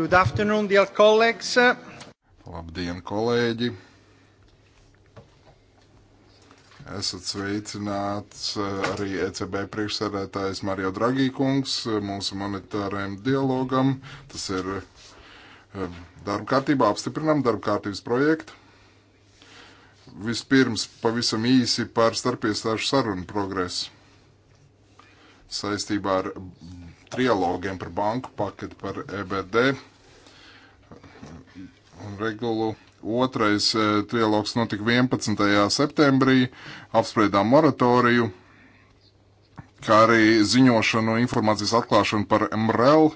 Good afternoon, dear colleagues. Labdien, kolēģi! Esat sveicināts eh, arī ECB priekšsēdētājs Mario Dragī kungs eh, mūsu monetārajam dialogam. Tas ir eh, darba kārtībā, apstiprinam darba kārtības projektu. Vispirms pavisam īsi par starpiestāšu sarunu progresu saistībā ar trialogiem par banku paketu par EBD regulu. Otrais e, trialogs notika 11. septembrī, apspriedām moratoriju, kā arī ziņošanu un informācijas atklāšanu par MRL.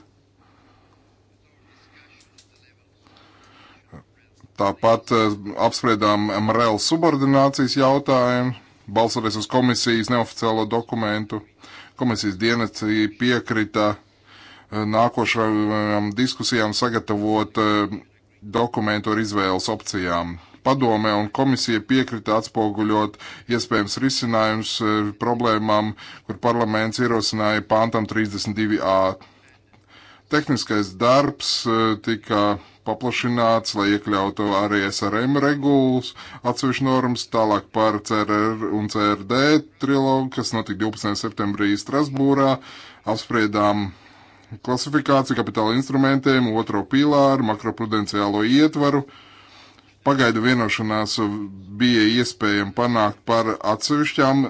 Tāpat e, apspriedām MRL subordinācijas jautājumu, balsoties uz komisijas neoficiālo dokumentu. Komisijas dienesti piekrita e, nākošajām diskusijām sagatavot dokumentu ar izvēles opcijām. Padomē un komisija piekrita atspoguļot iespējams risinājums e, problēmām, kur parlaments ierosināja pāntam 32a. Tehniskais darbs e, tika paplašināts, lai iekļautu arī SRM regulas atsevišķu normas, tālāk par CRR un CRD trilogu, kas notika 12. septembrī Strasbūrā. Apspriedām klasifikāciju kapitāla instrumentiem, otro pīlāru, makroprudenciālo ietvaru. Pagaidu vienošanās bija iespējama panākt par atsevišķām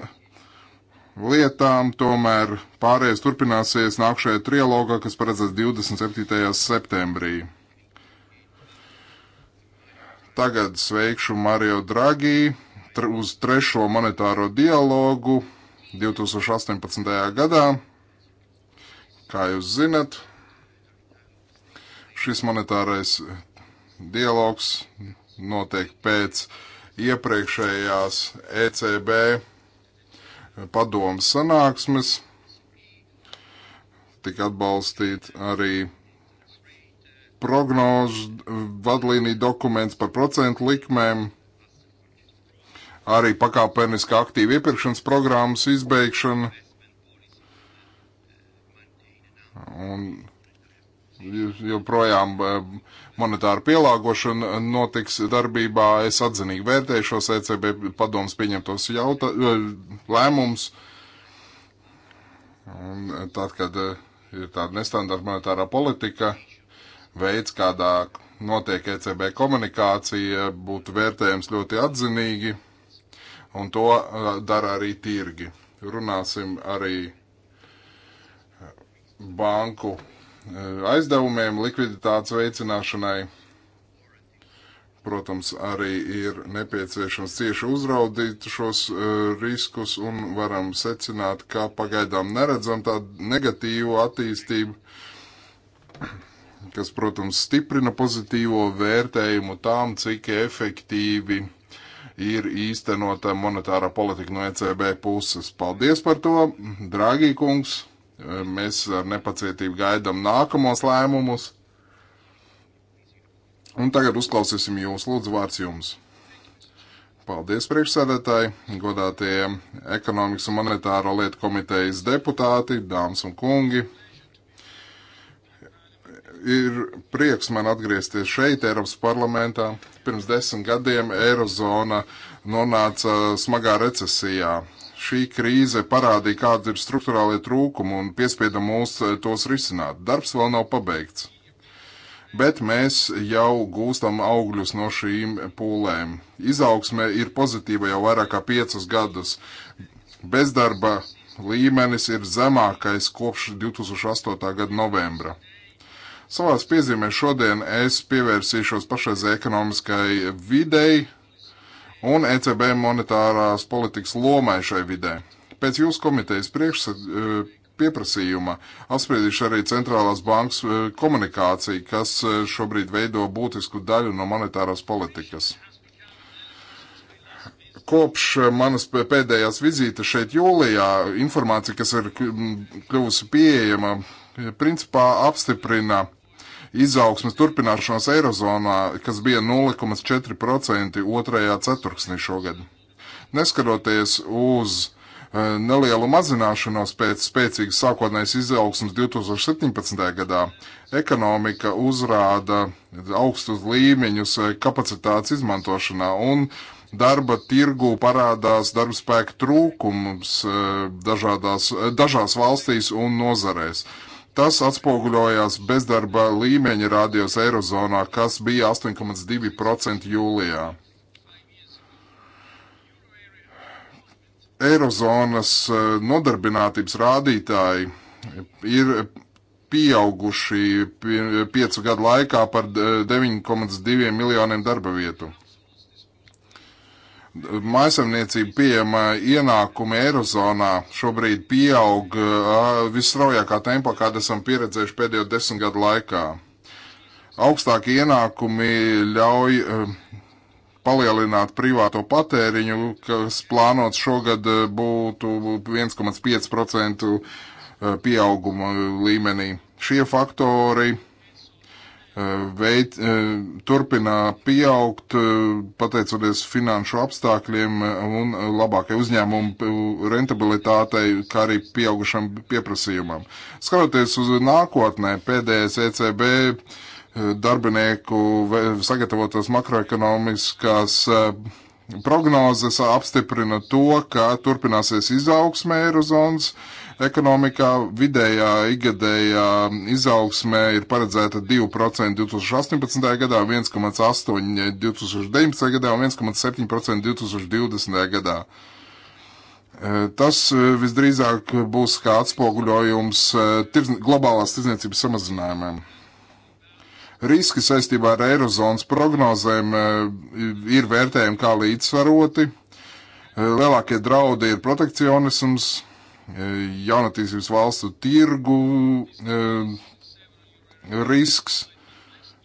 lietām, tomēr pārējais turpināsies nākšajā trilogā, kas paredzēts 27. septembrī. Tagad sveikšu Mario Draghi uz trešo monetāro dialogu 2018. gadā. Kā jūs zinat, šis monetārais dialogs notiek pēc iepriekšējās ECB padomas sanāksmes. Tika atbalstīt arī prognožu vadlīniju dokuments par procentu likmēm, arī pakāpeniska aktīva iepirkšanas programmas izbeigšana Un joprojām eh, monetāra pielāgošana notiks darbībā. Es atzinīgi vērtēšos ECB padomus pieņemtos jauta, eh, lēmums. Un tad, kad eh, ir tāda nestandarta monetārā politika, veids, kādā notiek ECB komunikācija, būtu vērtējams ļoti atzinīgi, un to dara arī tirgi. Runāsim arī banku e, aizdevumiem, likviditātes veicināšanai. Protams, arī ir nepieciešams cieši uzraudīt šos uh, riskus un varam secināt, ka pagaidām neredzam tādu negatīvu attīstību, kas, protams, stiprina pozitīvo vērtējumu tām, cik efektīvi ir īstenota monetārā politika no ECB puses. Paldies par to, Dragī kungs! Mēs ar nepacietību gaidām nākamos lēmumus. Un tagad uzklausīsim jūs, lūdzu, vārds jums. Paldies priekšsēdētāji, godātie ekonomikas un monetāro lietu komitejas deputāti, dāmas un kungi. Ir prieks man atgriezties šeit, Eiropas parlamentā. Pirms desmit gadiem Eirozona nonāca smagā recesijā. Šī krīze parādīja, kāda ir struktūrālie trūkumi un piespieda mūs eh, tos risināt. Darbs vēl nav pabeigts, bet mēs jau gūstam augļus no šīm pūlēm. Izaugsme ir pozitīva jau vairāk kā piecus gadus. Bezdarba līmenis ir zemākais kopš 2008. gada novembra. Savās piezīmēs šodien es pievērsīšos pašreizē ekonomiskai videi un ECB monetārās politikas lomai šai vidē. Pēc jūsu komitejas priekš, e, pieprasījuma apspriedīšu arī centrālās bankas e, komunikāciju, kas e, šobrīd veido būtisku daļu no monetāras politikas. Kopš manas pēdējās vizītes šeit jūlijā informācija, kas ir kļuvusi pieejama, principā apstiprina uh, izaugsmas turpināšanos Eirozonā, kas bija 0,4% otrajā ceturksnī šogad. Neskaroties uz e, nelielu mazināšanos pēc spēcīgas sākotnējas izaugsmas 2017. gadā, ekonomika uzrāda augstus līmeņus e, kapacitātes izmantošanā un darba tirgu parādās darba spēka trūkums e, dažādās, dažās valstīs un nozarēs. Tas atspoguļojās bezdarba līmeņa rādījos Eirozonā, kas bija 8,2% jūlijā. Eirozonas e, nodarbinātības rādītāji ir pieauguši piecu gadu laikā par 9,2 e, miljoniem darba vietu. Mājasemniecība pieejama ienākuma Eirozonā šobrīd pieaug visstraujākā tempā, kāda esam pieredzējuši pēdējo desmit gadu laikā. Augstākie ienākumi ļauj palielināt privāto patēriņu, kas plānots šogad būtu 1,5% pieauguma līmenī. Šie faktori Eh, veid, eh, turpinā pieaugt eh, pateicoties finanšu apstākļiem un labākai uzņēmumu rentabilitātei, kā arī pieaugušam pieprasījumam. Skatoties uz nākotnē, pēdējais ECB darbinieku sagatavotās makroekonomiskās prognozes apstiprina to, ka turpināsies izaugsme Eirozonas Ekonomikā vidējā igadējā izaugsmē ir paredzēta 2% 2018. gadā, 1,8% 2019. gadā un 1,7% 2020. gadā. E, tas e, visdrīzāk būs kā atspoguļojums e, tirzn globālās tirdzniecības samazinājumiem riski saistībā ar Eirozonas prognozēm ir vērtējami kā līdzsvaroti. Lielākie draudi ir protekcionisms, jaunatīstības valstu tirgu e, risks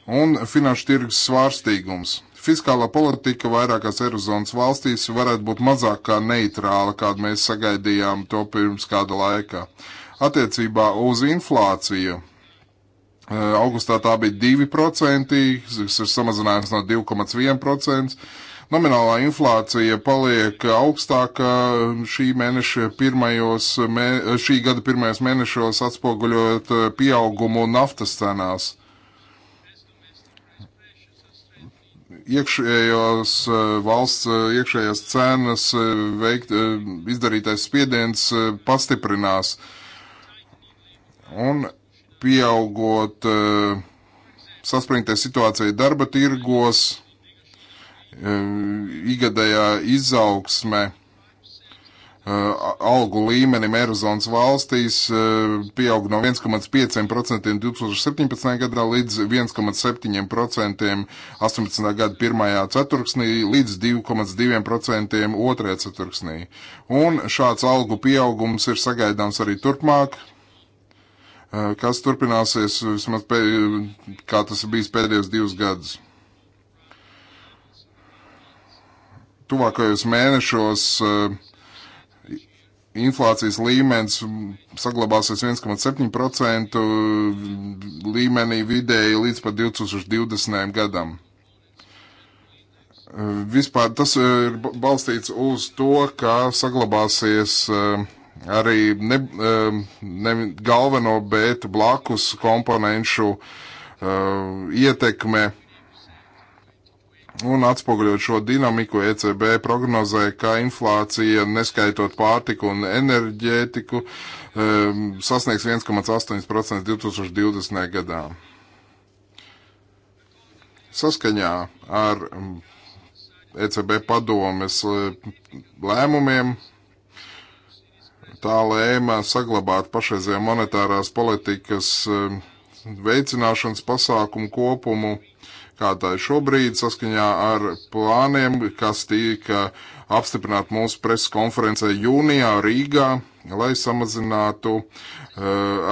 un finanšu tirgus svārstīgums. Fiskālā politika vairākās Eirozonas valstīs varētu būt mazāk kā neitrāla, kādu mēs sagaidījām to pirms kāda laika. Attiecībā uz inflāciju e, augustā tā bija 2%, kas ir samazinājums no 2,1%. Nominālā inflācija paliek augstāka šī, mēneša pirmajos, mē, šī gada pirmajos mēnešos, atspoguļojot eh, pieaugumu naftas cenās. Iekšējos eh, valsts, eh, iekšējās cenas veikt, izdarītais spiediens pastiprinās un pieaugot saspringtai situācijai darba tirgos Ehm, igadējā izaugsme eh, algu līmenim Eirozonas valstīs eh, pieaug no 1,5% 2017. gadā līdz 1,7% 18. gada pirmajā ceturksnī līdz 2,2% otrajā ceturksnī. Un šāds algu pieaugums ir sagaidāms arī turpmāk, eh, kas turpināsies vismaz, pē, kā tas bijis pēdējos divus gadus. tuvākajos mēnešos eh, inflācijas līmenis saglabāsies 1,7% līmenī vidēji līdz pat 2020. gadam. Eh, vispār tas ir eh, balstīts uz to, ka saglabāsies arī ne, ne galveno, bet blakus komponenšu ietekme Un atspoguļot šo dinamiku, ECB prognozē, ka inflācija, neskaitot pārtiku un enerģētiku, um, sasniegs 1,8% 2020. gadā. Saskaņā ar ECB padomes e, lēmumiem tā lēma saglabāt pašreizējo monetārās politikas veicināšanas pasākumu kopumu kā tā ir šobrīd, saskaņā ar plāniem, kas tika apstiprināti mūsu preses konferencē jūnijā Rīgā, lai samazinātu uh,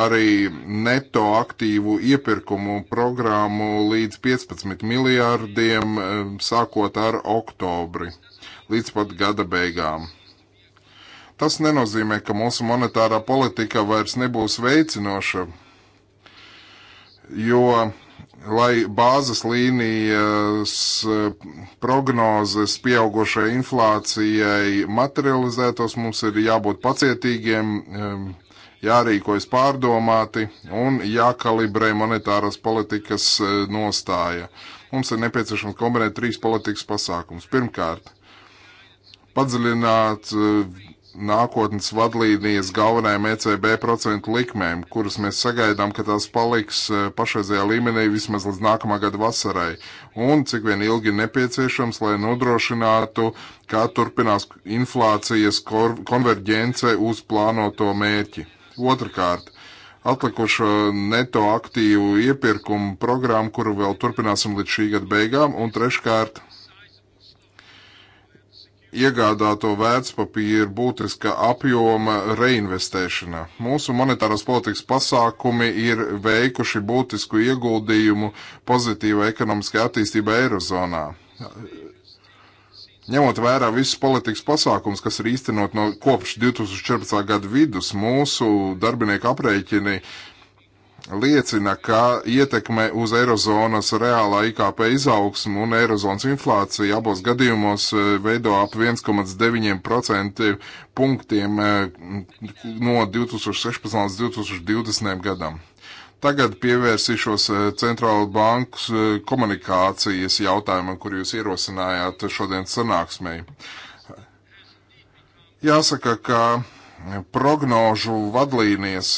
arī neto aktīvu iepirkumu programmu līdz 15 miljārdiem, uh, sākot ar oktobri, līdz pat gada beigām. Tas nenozīmē, ka mūsu monetārā politika vairs nebūs veicinoša, jo uh, lai bāzes līnijas eh, prognozes pieaugušai inflācijai materializētos, mums ir jābūt pacietīgiem, jārīkojas pārdomāti un jākalibrē monetāras politikas eh, nostāja. Mums ir nepieciešams kombinēt trīs politikas pasākums. Pirmkārt, padziļināt eh, nākotnes vadlīnijas galvenajām ECB procentu likmēm, kuras mēs sagaidām, ka tās paliks eh, pašreizajā līmenī vismaz līdz nākamā gada vasarai, un cik vien ilgi nepieciešams, lai nodrošinātu, kā turpinās inflācijas konverģence uz plānoto mērķi. Otrakārt, atlikušo neto aktīvu iepirkumu programmu, kuru vēl turpināsim līdz šī gada beigām, un treškārt, iegādāto vērtspapīru būtiska apjoma reinvestēšana. Mūsu monetāras politikas pasākumi ir veikuši būtisku ieguldījumu pozitīvā ekonomiskā attīstība Eirozonā. Ņemot vērā visus politikas pasākums, kas ir īstenot no kopš 2014. gada vidus, mūsu darbinieku aprēķini uh, liecina, ka ietekme uz Eirozonas reālā IKP izaugsmu un Eirozonas inflāciju abos gadījumos e, veido ap 1,9% punktiem e, no 2016 līdz 2020 gadam. Tagad pievērsīšos e, centrālo bankas komunikācijas jautājumam, kur jūs ierosinājāt šodien sanāksmēji. Jāsaka, ka prognožu vadlīnijas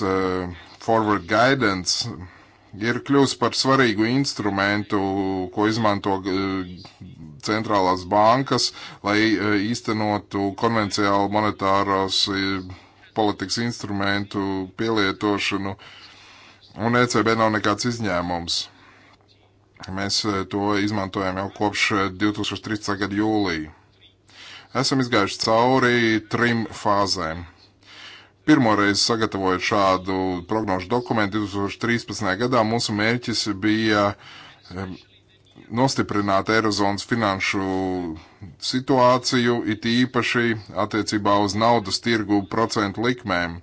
forward guidance ir kļūst par svarīgu instrumentu, ko izmanto uh, centrālās bankas, lai uh, īstenotu konvenciālu monetāros uh, politikas instrumentu pielietošanu, un ECB nav nekāds izņēmums. Mēs to izmantojam jau kopš 2013. gada jūlija. Esam izgājuši cauri trim fāzēm pirmoreiz sagatavojot šādu prognožu dokumentu 2013. gadā, mūsu mērķis bija nostiprināt Eirozonas finanšu situāciju, it īpaši attiecībā uz naudas tirgu procentu likmēm,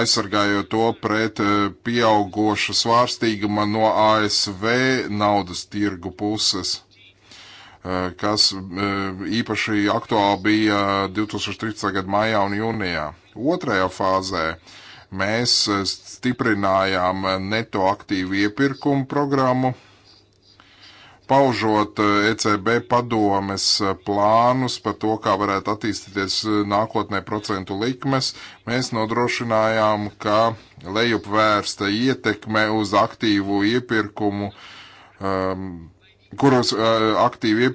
aizsargājot to pret e, pieaugošu svārstīguma no ASV naudas tirgu puses. E, kas e, īpaši aktuāli bija 2013. E, gada maijā un jūnijā. Otrajā fāzē mēs stiprinājām neto aktīvu iepirkumu programmu, paužot ECB padomes plānus par to, kā varētu attīstīties nākotnē procentu likmes, mēs nodrošinājām, ka lejupvērsta ietekme uz aktīvu iepirkumu um, kuros aktīvi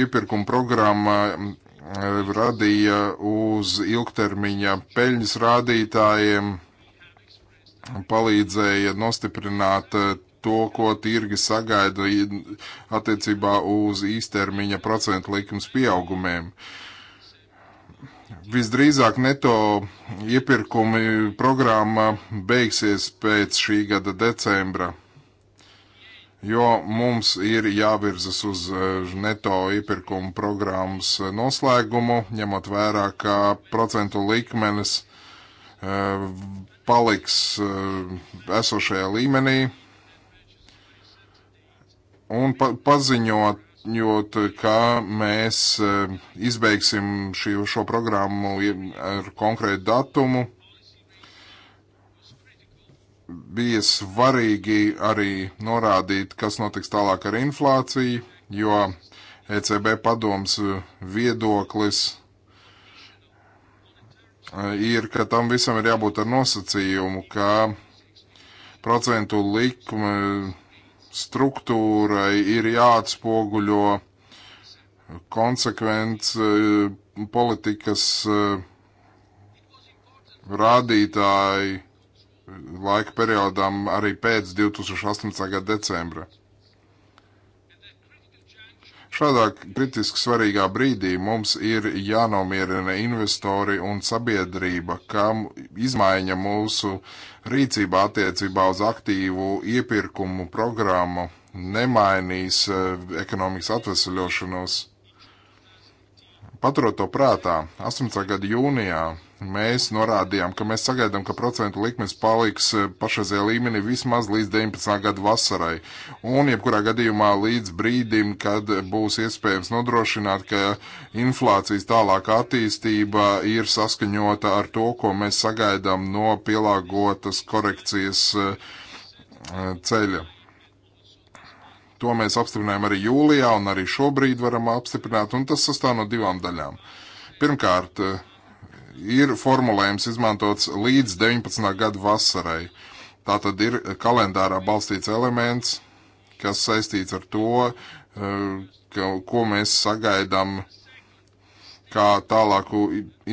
iepirkuma programma radīja uz ilgtermiņa peļņas rādītājiem, palīdzēja nostiprināt to, ko tirgi sagaida attiecībā uz īstermiņa procentu likums pieaugumiem. Visdrīzāk neto iepirkumi programma beigsies pēc šī gada decembra jo mums ir jāvirzas uz eh, neto iepirkuma programmas eh, noslēgumu, ņemot vērā, ka procentu likmenis eh, paliks esošajā līmenī un pa paziņot jūt, ka mēs izbeigsim šī, šo programmu ar konkrētu datumu bija svarīgi arī norādīt, kas notiks tālāk ar inflāciju, jo ECB padoms viedoklis eh, ir, ka tam visam ir jābūt ar nosacījumu, ka procentu likuma struktūrai ir jāatspoguļo konsekvents eh, politikas eh, rādītāji laika periodam arī pēc 2018. gada decembra. Šādā kritiski svarīgā brīdī mums ir jānomierina investori un sabiedrība, kam izmaiņa mūsu rīcība attiecībā uz aktīvu iepirkumu programmu nemainīs eh, ekonomikas atvesaļošanos Paturot to prātā, 18. gada jūnijā mēs norādījām, ka mēs sagaidām, ka procentu likmes paliks eh, pašreizajā līmenī vismaz līdz 19. gada vasarai. Un jebkurā gadījumā līdz brīdim, kad būs iespējams nodrošināt, ka inflācijas tālākā attīstība ir saskaņota ar to, ko mēs sagaidām no pielāgotas korekcijas eh, ceļa. To mēs apstiprinājām arī jūlijā un arī šobrīd varam apstiprināt, un tas sastāv no divām daļām. Pirmkārt, eh, ir formulējums izmantots līdz 19. gadu vasarai. Tā tad ir kalendārā balstīts elements, kas saistīts ar to, eh, ka, ko mēs sagaidām kā tālāku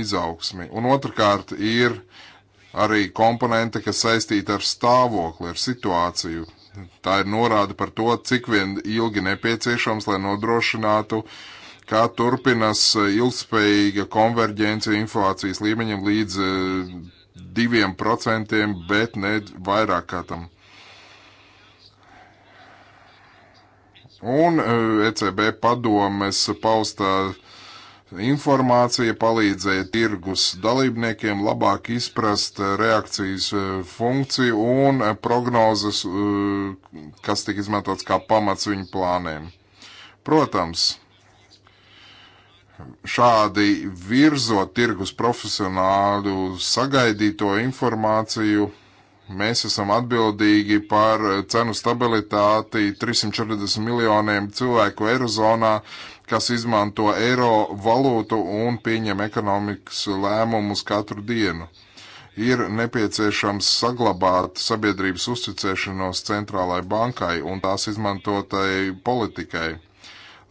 izaugsmi. Un otrkārt ir arī komponente, kas saistīta ar stāvokli, ar situāciju, Tā ir norāda par to, cik vien ilgi nepieciešams, lai nodrošinātu, kā turpinās ilgspējīga konverģence inflācijas līmeņam līdz eh, diviem procentiem, bet ne vairāk kā tam. Un ECB eh, e padomes paustā uh, informācija, palīdzēja tirgus dalībniekiem labāk izprast eh, reakcijas eh, funkciju un eh, prognozes, kas tika izmantots kā pamats viņu plāniem. Protams, šādi virzot tirgus profesionālu sagaidīto informāciju mēs esam atbildīgi par cenu stabilitāti 340 miljoniem cilvēku Eirozonā, kas izmanto eiro valūtu un pieņem ekonomikas lēmumus katru dienu. Ir nepieciešams saglabāt sabiedrības uzticēšanos centrālai bankai un tās izmantotai politikai.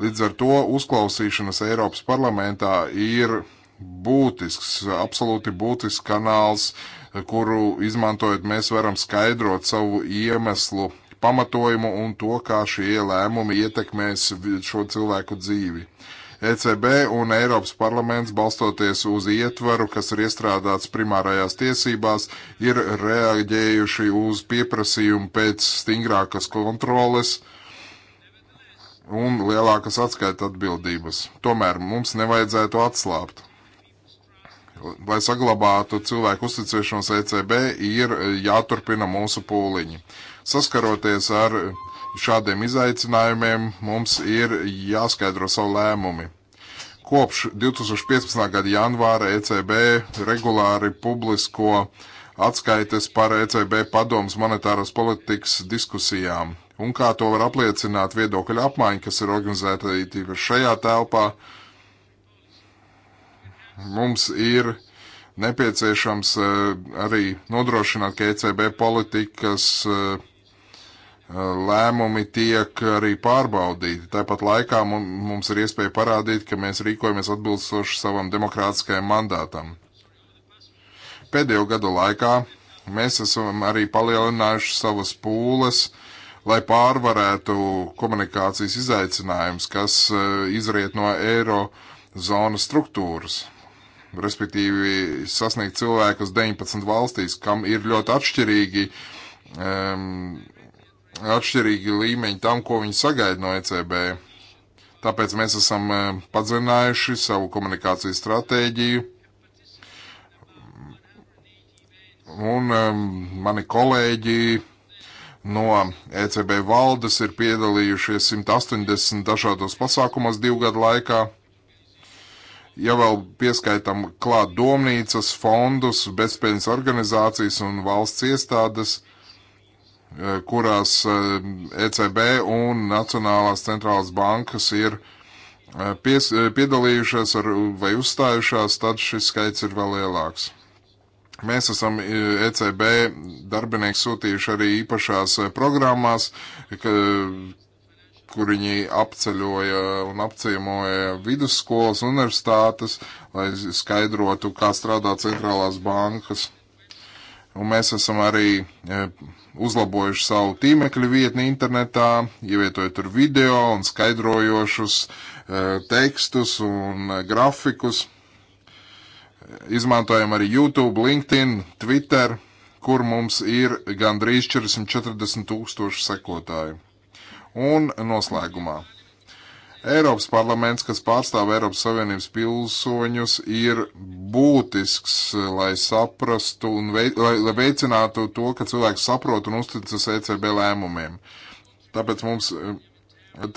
Līdz ar to uzklausīšanas Eiropas parlamentā ir būtisks, absolūti būtisks kanāls, kuru izmantojot mēs varam skaidrot savu iemeslu pamatojumu un to, kā šie lēmumi ietekmēs šo cilvēku dzīvi. ECB un Eiropas parlaments, balstoties uz ietvaru, kas ir iestrādāts primārajās tiesībās, ir reaģējuši uz pieprasījumu pēc stingrākas kontroles un lielākas atskaita atbildības. Tomēr mums nevajadzētu atslābt. Lai saglabātu cilvēku uzticēšanos ECB, ir jāturpina mūsu pūliņi. Saskaroties ar šādiem izaicinājumiem, mums ir jāskaidro savu lēmumi. Kopš 2015. gada janvāra ECB regulāri publisko atskaites par ECB padomus monetāras politikas diskusijām. Un kā to var apliecināt viedokļu apmaiņa, kas ir organizēta tīpaši šajā telpā, mums ir nepieciešams eh, arī nodrošināt, ka ECB politikas uh, lēmumi tiek arī pārbaudīti. Tāpat laikā mums ir iespēja parādīt, ka mēs rīkojamies atbilstoši savam demokrātiskajam mandātam. Pēdējo gadu laikā mēs esam arī palielinājuši savas pūles, lai pārvarētu komunikācijas izaicinājumus, kas eh, izriet no eiro zonas struktūras. Respektīvi, sasniegt cilvēkus 19 valstīs, kam ir ļoti atšķirīgi um, atšķirīgi līmeņi tam, ko viņi sagaida no ECB. Tāpēc mēs esam eh, padzinājuši savu komunikāciju stratēģiju. Un ehm, mani kolēģi no ECB valdes ir piedalījušies 180 dažādos pasākumos divu gadu laikā ja vēl pieskaitam klāt domnīcas, fondus, bezpējas organizācijas un valsts iestādes, E, kurās ECB e un Nacionālās centrālās bankas ir e, pies, piedalījušās ar, vai uzstājušās, tad šis skaits ir vēl lielāks. Mēs esam ECB darbinieki sūtījuši arī īpašās programmās, ka, kur viņi apceļoja un apciemoja vidusskolas, universitātes, lai skaidrotu, kā strādā centrālās bankas. Un mēs esam arī uzlabojuši savu tīmekļa vietni internetā, ievietojot tur video un skaidrojošus e, tekstus un e, grafikus. Izmantojam arī YouTube, LinkedIn, Twitter, kur mums ir gandrīz 440 tūkstoši sekotāju. Un noslēgumā Eiropas parlaments, kas pārstāv Eiropas Savienības pilsoņus, ir būtisks, lai saprastu un vei, lai, lai veicinātu to, ka cilvēki saprot un uzticas ECB lēmumiem. Tāpēc mums.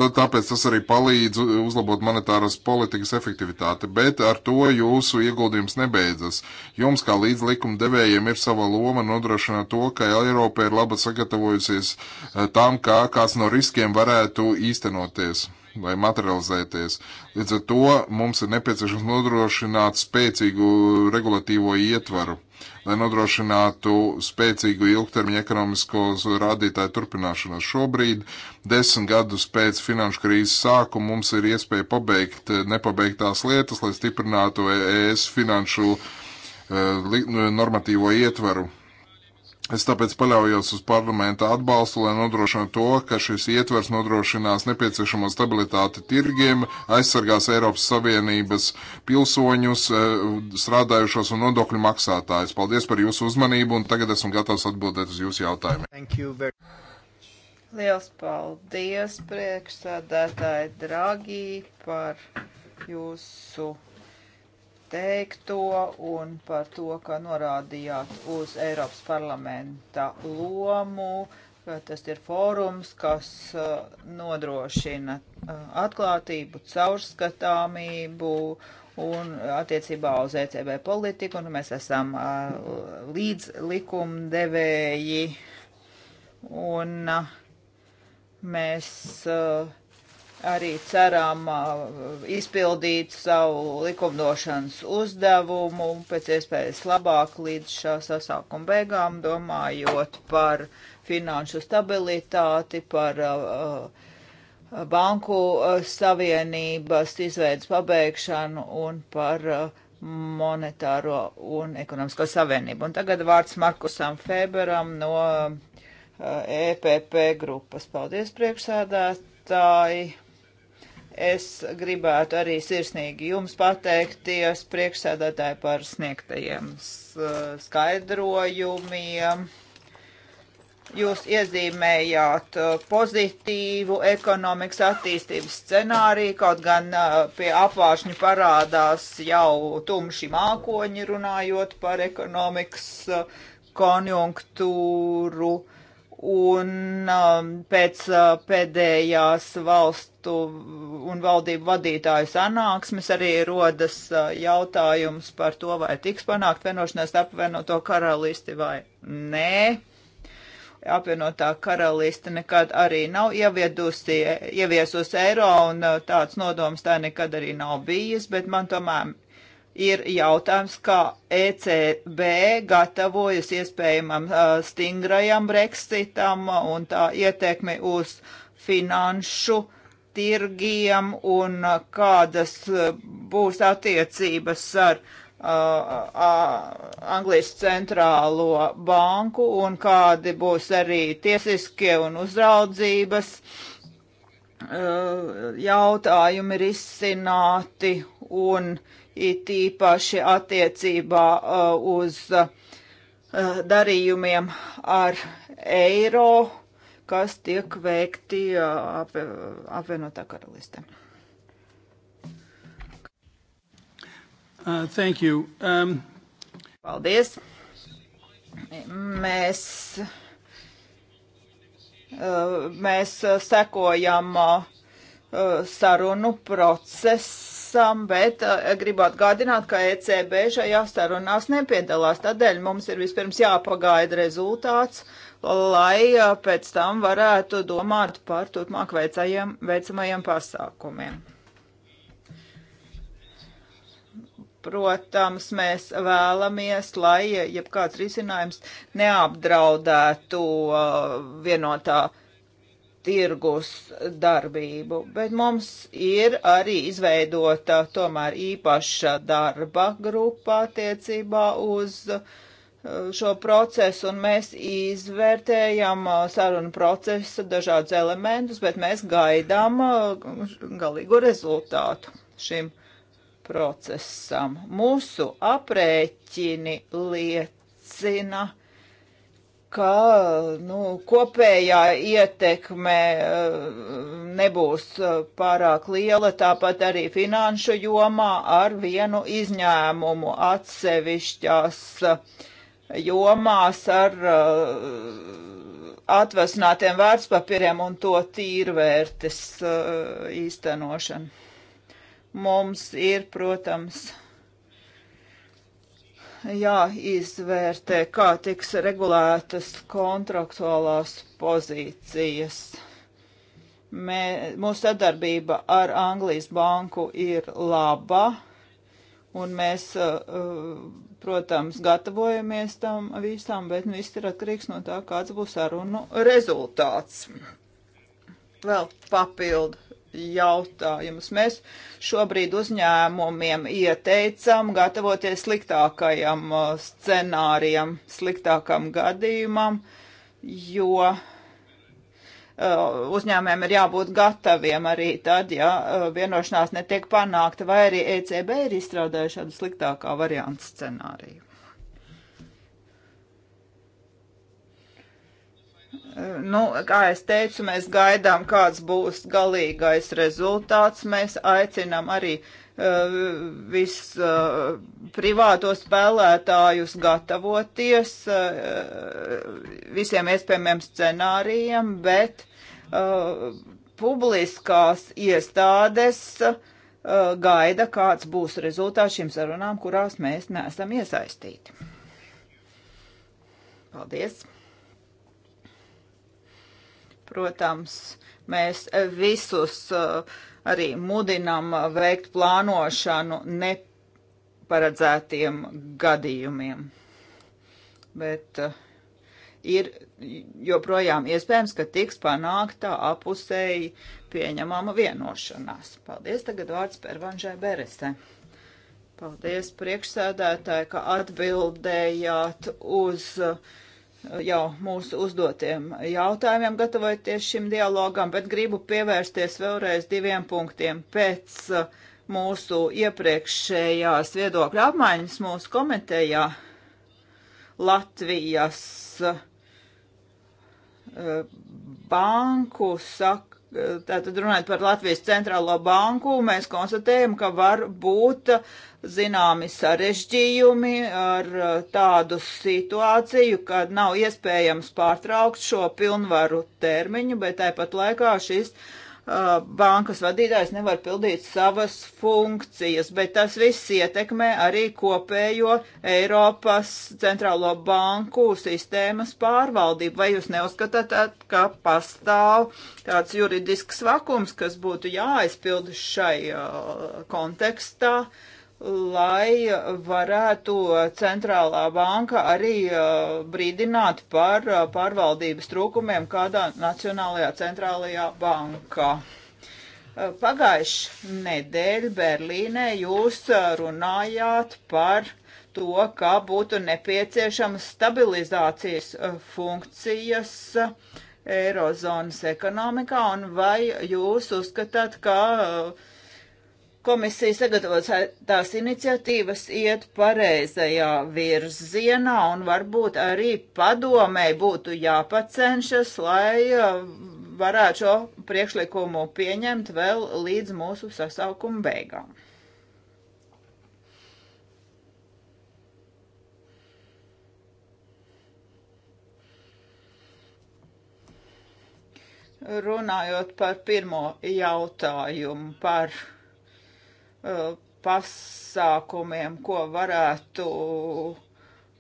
Tāpēc tas arī palīdz uzlabot monetāras politikas efektivitāti, bet ar to jūsu ieguldījums nebeidzas. Jums, kā līdzlikuma devējiem, ir sava loma nodrošināt to, ka Eiropa ir labi sagatavojusies eh, tam, kā kāds no riskiem varētu īstenoties vai materializēties. Līdz ar to mums ir nepieciešams nodrošināt spēcīgu regulatīvo ietvaru, lai nodrošinātu spēcīgu ilgtermiņa ekonomiskos rādītāju turpināšanos. Šobrīd, desmit gadus pēc finanšu krīzes sākuma, mums ir iespēja pabeigt nepabeigtās lietas, lai stiprinātu ES e finanšu uh, normatīvo ietvaru Es tāpēc paļaujos uz parlamenta atbalstu, lai nodrošinātu to, ka šis ietvers nodrošinās nepieciešamo stabilitāti tirgiem, aizsargās Eiropas Savienības pilsoņus, eh, strādājušos un nodokļu maksātājus. Paldies par jūsu uzmanību un tagad esmu gatavs atbildēt uz jūsu jautājumiem. Very... Liels paldies priekšsādātāji Dragī par jūsu teikto un par to, ka norādījāt uz Eiropas parlamenta lomu, ka tas ir fórums, kas uh, nodrošina uh, atklātību, caurskatāmību un attiecībā uz ECB politiku, un mēs esam uh, līdz likumdevēji, un mēs uh, arī ceram izpildīt savu likumdošanas uzdevumu pēc iespējas labāk līdz šā sasākuma beigām, domājot par finanšu stabilitāti, par banku savienības izveidas pabeigšanu un par monetāro un ekonomisko savienību. Un tagad vārds Markusam Feberam no EPP grupas. Paldies, priekšsēdētāji! Es gribētu arī sirsnīgi jums pateikties priekšsēdētāji par sniegtajiem skaidrojumiem. Jūs iezīmējāt uh, pozitīvu ekonomikas attīstības scenāriju, kaut gan uh, pie apvāršņu parādās jau tumši mākoņi runājot par ekonomikas uh, konjunktūru un um, pēc uh, pēdējās valstu un valdību vadītāju sanāksmes arī rodas uh, jautājums par to, vai tiks panākt vienošanās apvienoto karalisti vai nē. Apvienotā karaliste nekad arī nav ievedusi, ieviesusi eiro, un uh, tāds nodoms tā nekad arī nav bijis, bet man tomēr ir jautājums, kā ECB gatavojas iespējamam stingrajam Brexitam un tā ietekmi uz finanšu tirgiem un kādas būs attiecības ar uh, Anglijas centrālo banku un kādi būs arī tiesiskie un uzraudzības uh, jautājumi risināti un uh, it īpaši attiecībā uh, uz uh, darījumiem ar eiro, kas tiek veikti uh, apvienotā karalistē. Uh, thank you. Um... Paldies. Mēs, uh, mēs sekojam uh, sarunu procesu esam, bet eh, gribu atgādināt, ka ECB šajā sarunās nepiedalās. Tādēļ mums ir vispirms jāpagaida rezultāts, lai eh, pēc tam varētu domāt par turpmāk veicajiem, veicamajiem pasākumiem. Protams, mēs vēlamies, lai eh, jebkāds risinājums neapdraudētu uh, vienotā no tirgus darbību, bet mums ir arī izveidota tomēr īpaša darba grupa attiecībā uz uh, šo procesu, un mēs izvērtējam uh, sarunu procesa dažādus elementus, bet mēs gaidām uh, galīgu rezultātu šim procesam. Mūsu aprēķini liecina, ka nu, kopējā ietekme eh, nebūs eh, pārāk liela, tāpat arī finanšu jomā ar vienu izņēmumu atsevišķās eh, jomās ar atvasinātiem vērtspapīriem un to tīrvērtes īstenošanu. Mums ir, protams, jāizvērtē, kā tiks regulētas kontraktuālās pozīcijas. Mē, mūsu sadarbība ar Anglijas banku ir laba, un mēs, uh, protams, gatavojamies tam visam, bet nu, viss ir atkarīgs no tā, kāds būs sarunu rezultāts. Vēl papildu jautājumus. Mēs šobrīd uzņēmumiem ieteicam gatavoties sliktākajam uh, scenārijam, sliktākam gadījumam, jo uh, uzņēmējiem ir jābūt gataviem arī tad, ja uh, vienošanās netiek panākta, vai arī ECB ir izstrādājuši šādu sliktākā variantu scenāriju. Nu, kā es teicu, mēs gaidām, kāds būs galīgais rezultāts. Mēs aicinām arī uh, visus uh, privāto spēlētājus gatavoties uh, visiem iespējamiem scenārijiem, bet uh, publiskās iestādes uh, gaida, kāds būs rezultāts šīm sarunām, kurās mēs neesam iesaistīti. Paldies! Protams, mēs visus eh, arī mudinam veikt plānošanu neparedzētiem gadījumiem. Bet eh, ir joprojām iespējams, ka tiks panākta apusēji pieņemama vienošanās. Paldies, tagad vārds Pervanžai Beresē. Paldies priekšsēdētāji, ka atbildējāt uz uh, jau mūsu uzdotiem jautājumiem, gatavoties šim dialogam, bet gribu pievērsties vēlreiz diviem punktiem. Pēc uh, mūsu iepriekšējās viedokļa apmaiņas mūsu komitejā Latvijas uh, banku sak Tātad runājot par Latvijas centrālo banku, mēs konstatējam, ka var būt zināmi sarežģījumi ar uh, tādu situāciju, kad nav iespējams pārtraukt šo pilnvaru termiņu, bet tāpat laikā šis uh, bankas vadītājs nevar pildīt savas funkcijas, bet tas viss ietekmē arī kopējo Eiropas centrālo banku sistēmas pārvaldību. Vai jūs neuzskatāt, ka pastāv tāds juridisks vakums, kas būtu jāaizpild šai uh, kontekstā? Uh, lai varētu centrālā banka arī uh, brīdināt par uh, pārvaldības trūkumiem kādā Nacionālajā centrālajā bankā. Uh, Pagājuši nedēļ Berlīnē jūs runājāt par to, ka būtu nepieciešams stabilizācijas funkcijas Eirozonas ekonomikā, un vai jūs uzskatāt, ka uh, komisija sagatavotās iniciatīvas iet pareizajā virzienā un varbūt arī padomēji būtu jāpacenšas, lai eh, varētu šo priekšlikumu pieņemt vēl līdz mūsu sasaukuma beigām. Runājot par pirmo jautājumu par pasākumiem, ko varētu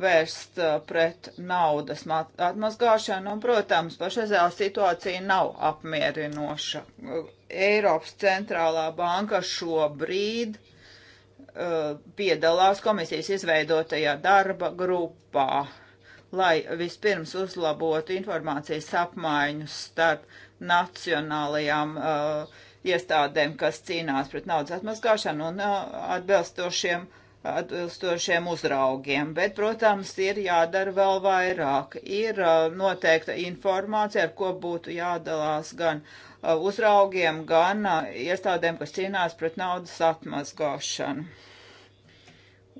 vērst uh, pret naudas atmazgāšanu. Un, protams, pašreizējā situācija nav apmierinoša. Eiropas centrālā banka šobrīd uh, piedalās komisijas izveidotajā darba grupā, lai vispirms uzlabotu informācijas apmaiņu starp nacionālajām uh, iestādēm, kas cīnās pret naudas atmaskāšanu un uh, atbilstošiem, atbilstošiem uzraugiem. Bet, protams, ir jādara vēl vairāk. Ir uh, noteikta informācija, ar ko būtu jādalās gan uh, uzraugiem, gan iestādēm, kas cīnās pret naudas atmaskāšanu.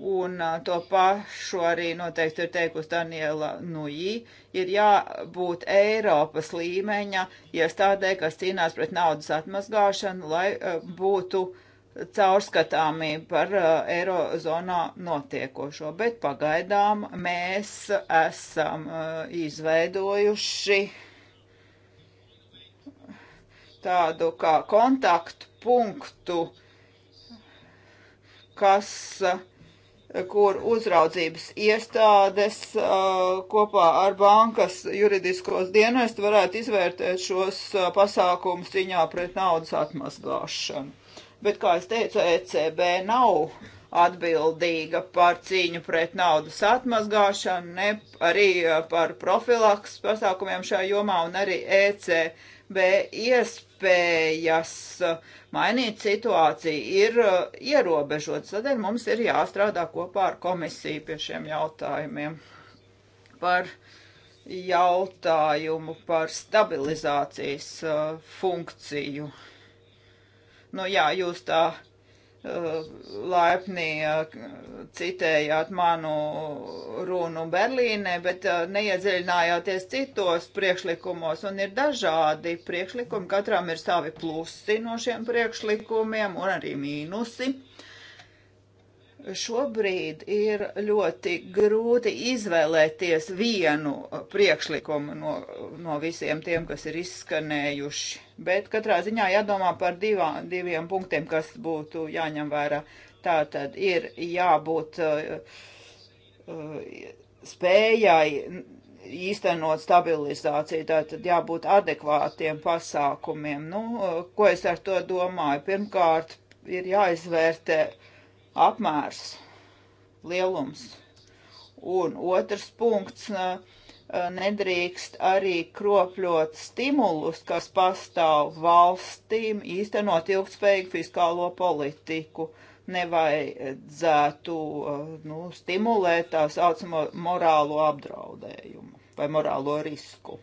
Un to pašu arī noteikti ir teikusi Daniela Nujī. Ir jābūt Eiropas līmeņa iestādē, kas cīnās pret naudas atmazgāšanu, lai būtu caurskatāmība par eirozonā notiekošo. Bet pagaidām mēs esam izveidojuši tādu kā kontaktu punktu, kas uh, kur uzraudzības iestādes uh, kopā ar bankas juridiskos dienestu varētu izvērtēt šos uh, pasākumus ciņā pret naudas atmazgāšanu. Bet, kā es teicu, ECB nav atbildīga par cīņu pret naudas atmazgāšanu, ne arī uh, par profilaks pasākumiem šajā jomā, un arī ECB iespējas mainīt situāciju ir uh, ierobežotas. Tādēļ mums ir jāstrādā kopā ar komisiju pie šiem jautājumiem par jautājumu par stabilizācijas uh, funkciju. Nu jā, jūs tā uh, laipni eh, citējāt manu runu Berlīnē, bet eh, neiedziļinājāties citos priekšlikumos, un ir dažādi priekšlikumi, katram ir savi plusi no šiem priekšlikumiem un arī mīnusi šobrīd ir ļoti grūti izvēlēties vienu priekšlikumu no, no visiem tiem, kas ir izskanējuši. Bet katrā ziņā jādomā par divā, diviem punktiem, kas būtu jāņem vērā. Tā tad ir jābūt uh, uh, spējai īstenot stabilizāciju, tātad jābūt adekvātiem pasākumiem. Nu, uh, ko es ar to domāju? Pirmkārt, ir jāizvērtē apmērs, lielums. Un otrs punkts uh, uh, nedrīkst arī kropļot stimulus, kas pastāv valstīm īstenot ilgspējīgu fiskālo politiku. Nevajadzētu uh, nu, stimulēt tā saucamo morālo apdraudējumu vai morālo risku.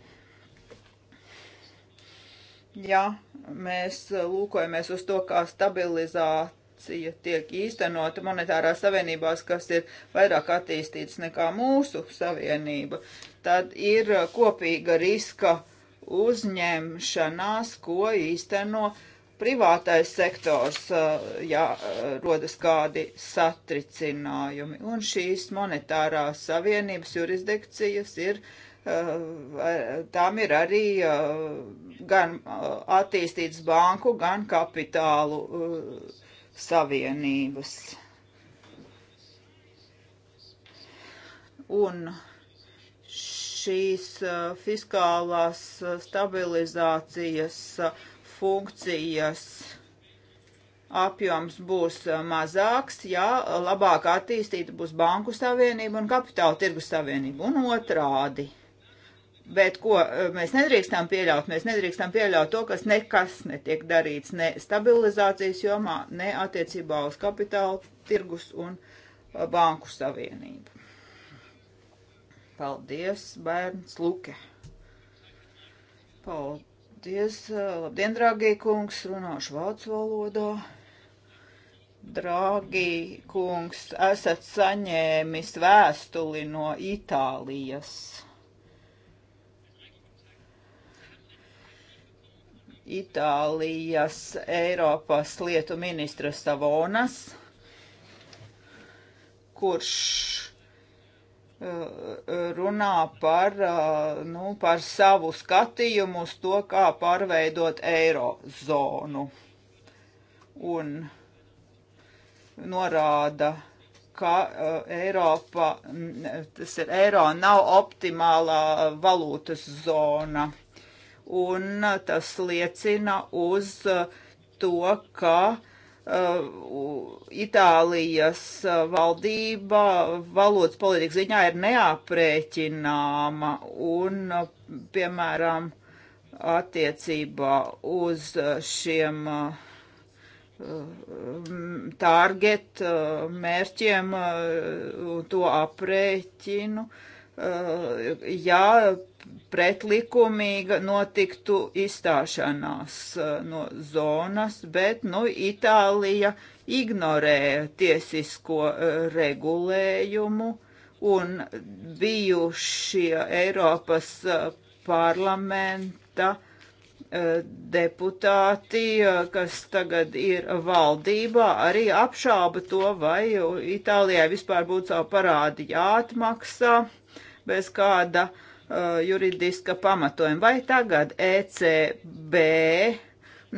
Ja mēs lūkojamies uz to kā stabilizāt koordinācija tiek īstenota monetārās savienībās, kas ir vairāk attīstīts nekā mūsu savienība, tad ir uh, kopīga riska uzņemšanās, ko īsteno privātais sektors, uh, ja uh, rodas kādi satricinājumi. Un šīs monetārās savienības jurisdikcijas ir, tām ir arī gan attīstīts banku, gan kapitālu Savienības. Un šīs uh, fiskālās uh, stabilizācijas uh, funkcijas apjoms būs mazāks, ja labāk attīstīta būs banku savienība un kapitāla tirgus savienība un otrādi. Bet ko e, mēs nedrīkstam pieļaut? Mēs nedrīkstam pieļaut to, kas nekas netiek darīts ne stabilizācijas jomā, ne attiecībā uz kapitālu tirgus un e, banku savienību. Paldies, bērns Luke. Paldies, e, labdien, draugie kungs, runāšu vācu valodā. Draugie kungs, esat saņēmis vēstuli no Itālijas Itālijas Eiropas lietu ministra Savonas, kurš eh, runā par, eh, nu, par savu skatījumu uz to, kā pārveidot eirozonu. Un norāda, ka eh, Eiropa, tas ir eiro, nav optimālā valūtas zona un uh, tas liecina uz uh, to, ka uh, Itālijas uh, valdība valodas politikas ziņā ir neaprēķināma un, piemēram, attiecībā uz šiem uh, target mērķiem un to aprēķinu. Uh, ja pretlikumīga notiktu izstāšanās e, no zonas, bet, nu, Itālija ignorē tiesisko e, regulējumu un bijušie Eiropas e, parlamenta deputāti, kas tagad ir valdībā, arī apšāba to, vai Itālijai vispār būtu savu parādi jāatmaksā bez kāda uh, juridiska pamatojuma. Vai tagad ECB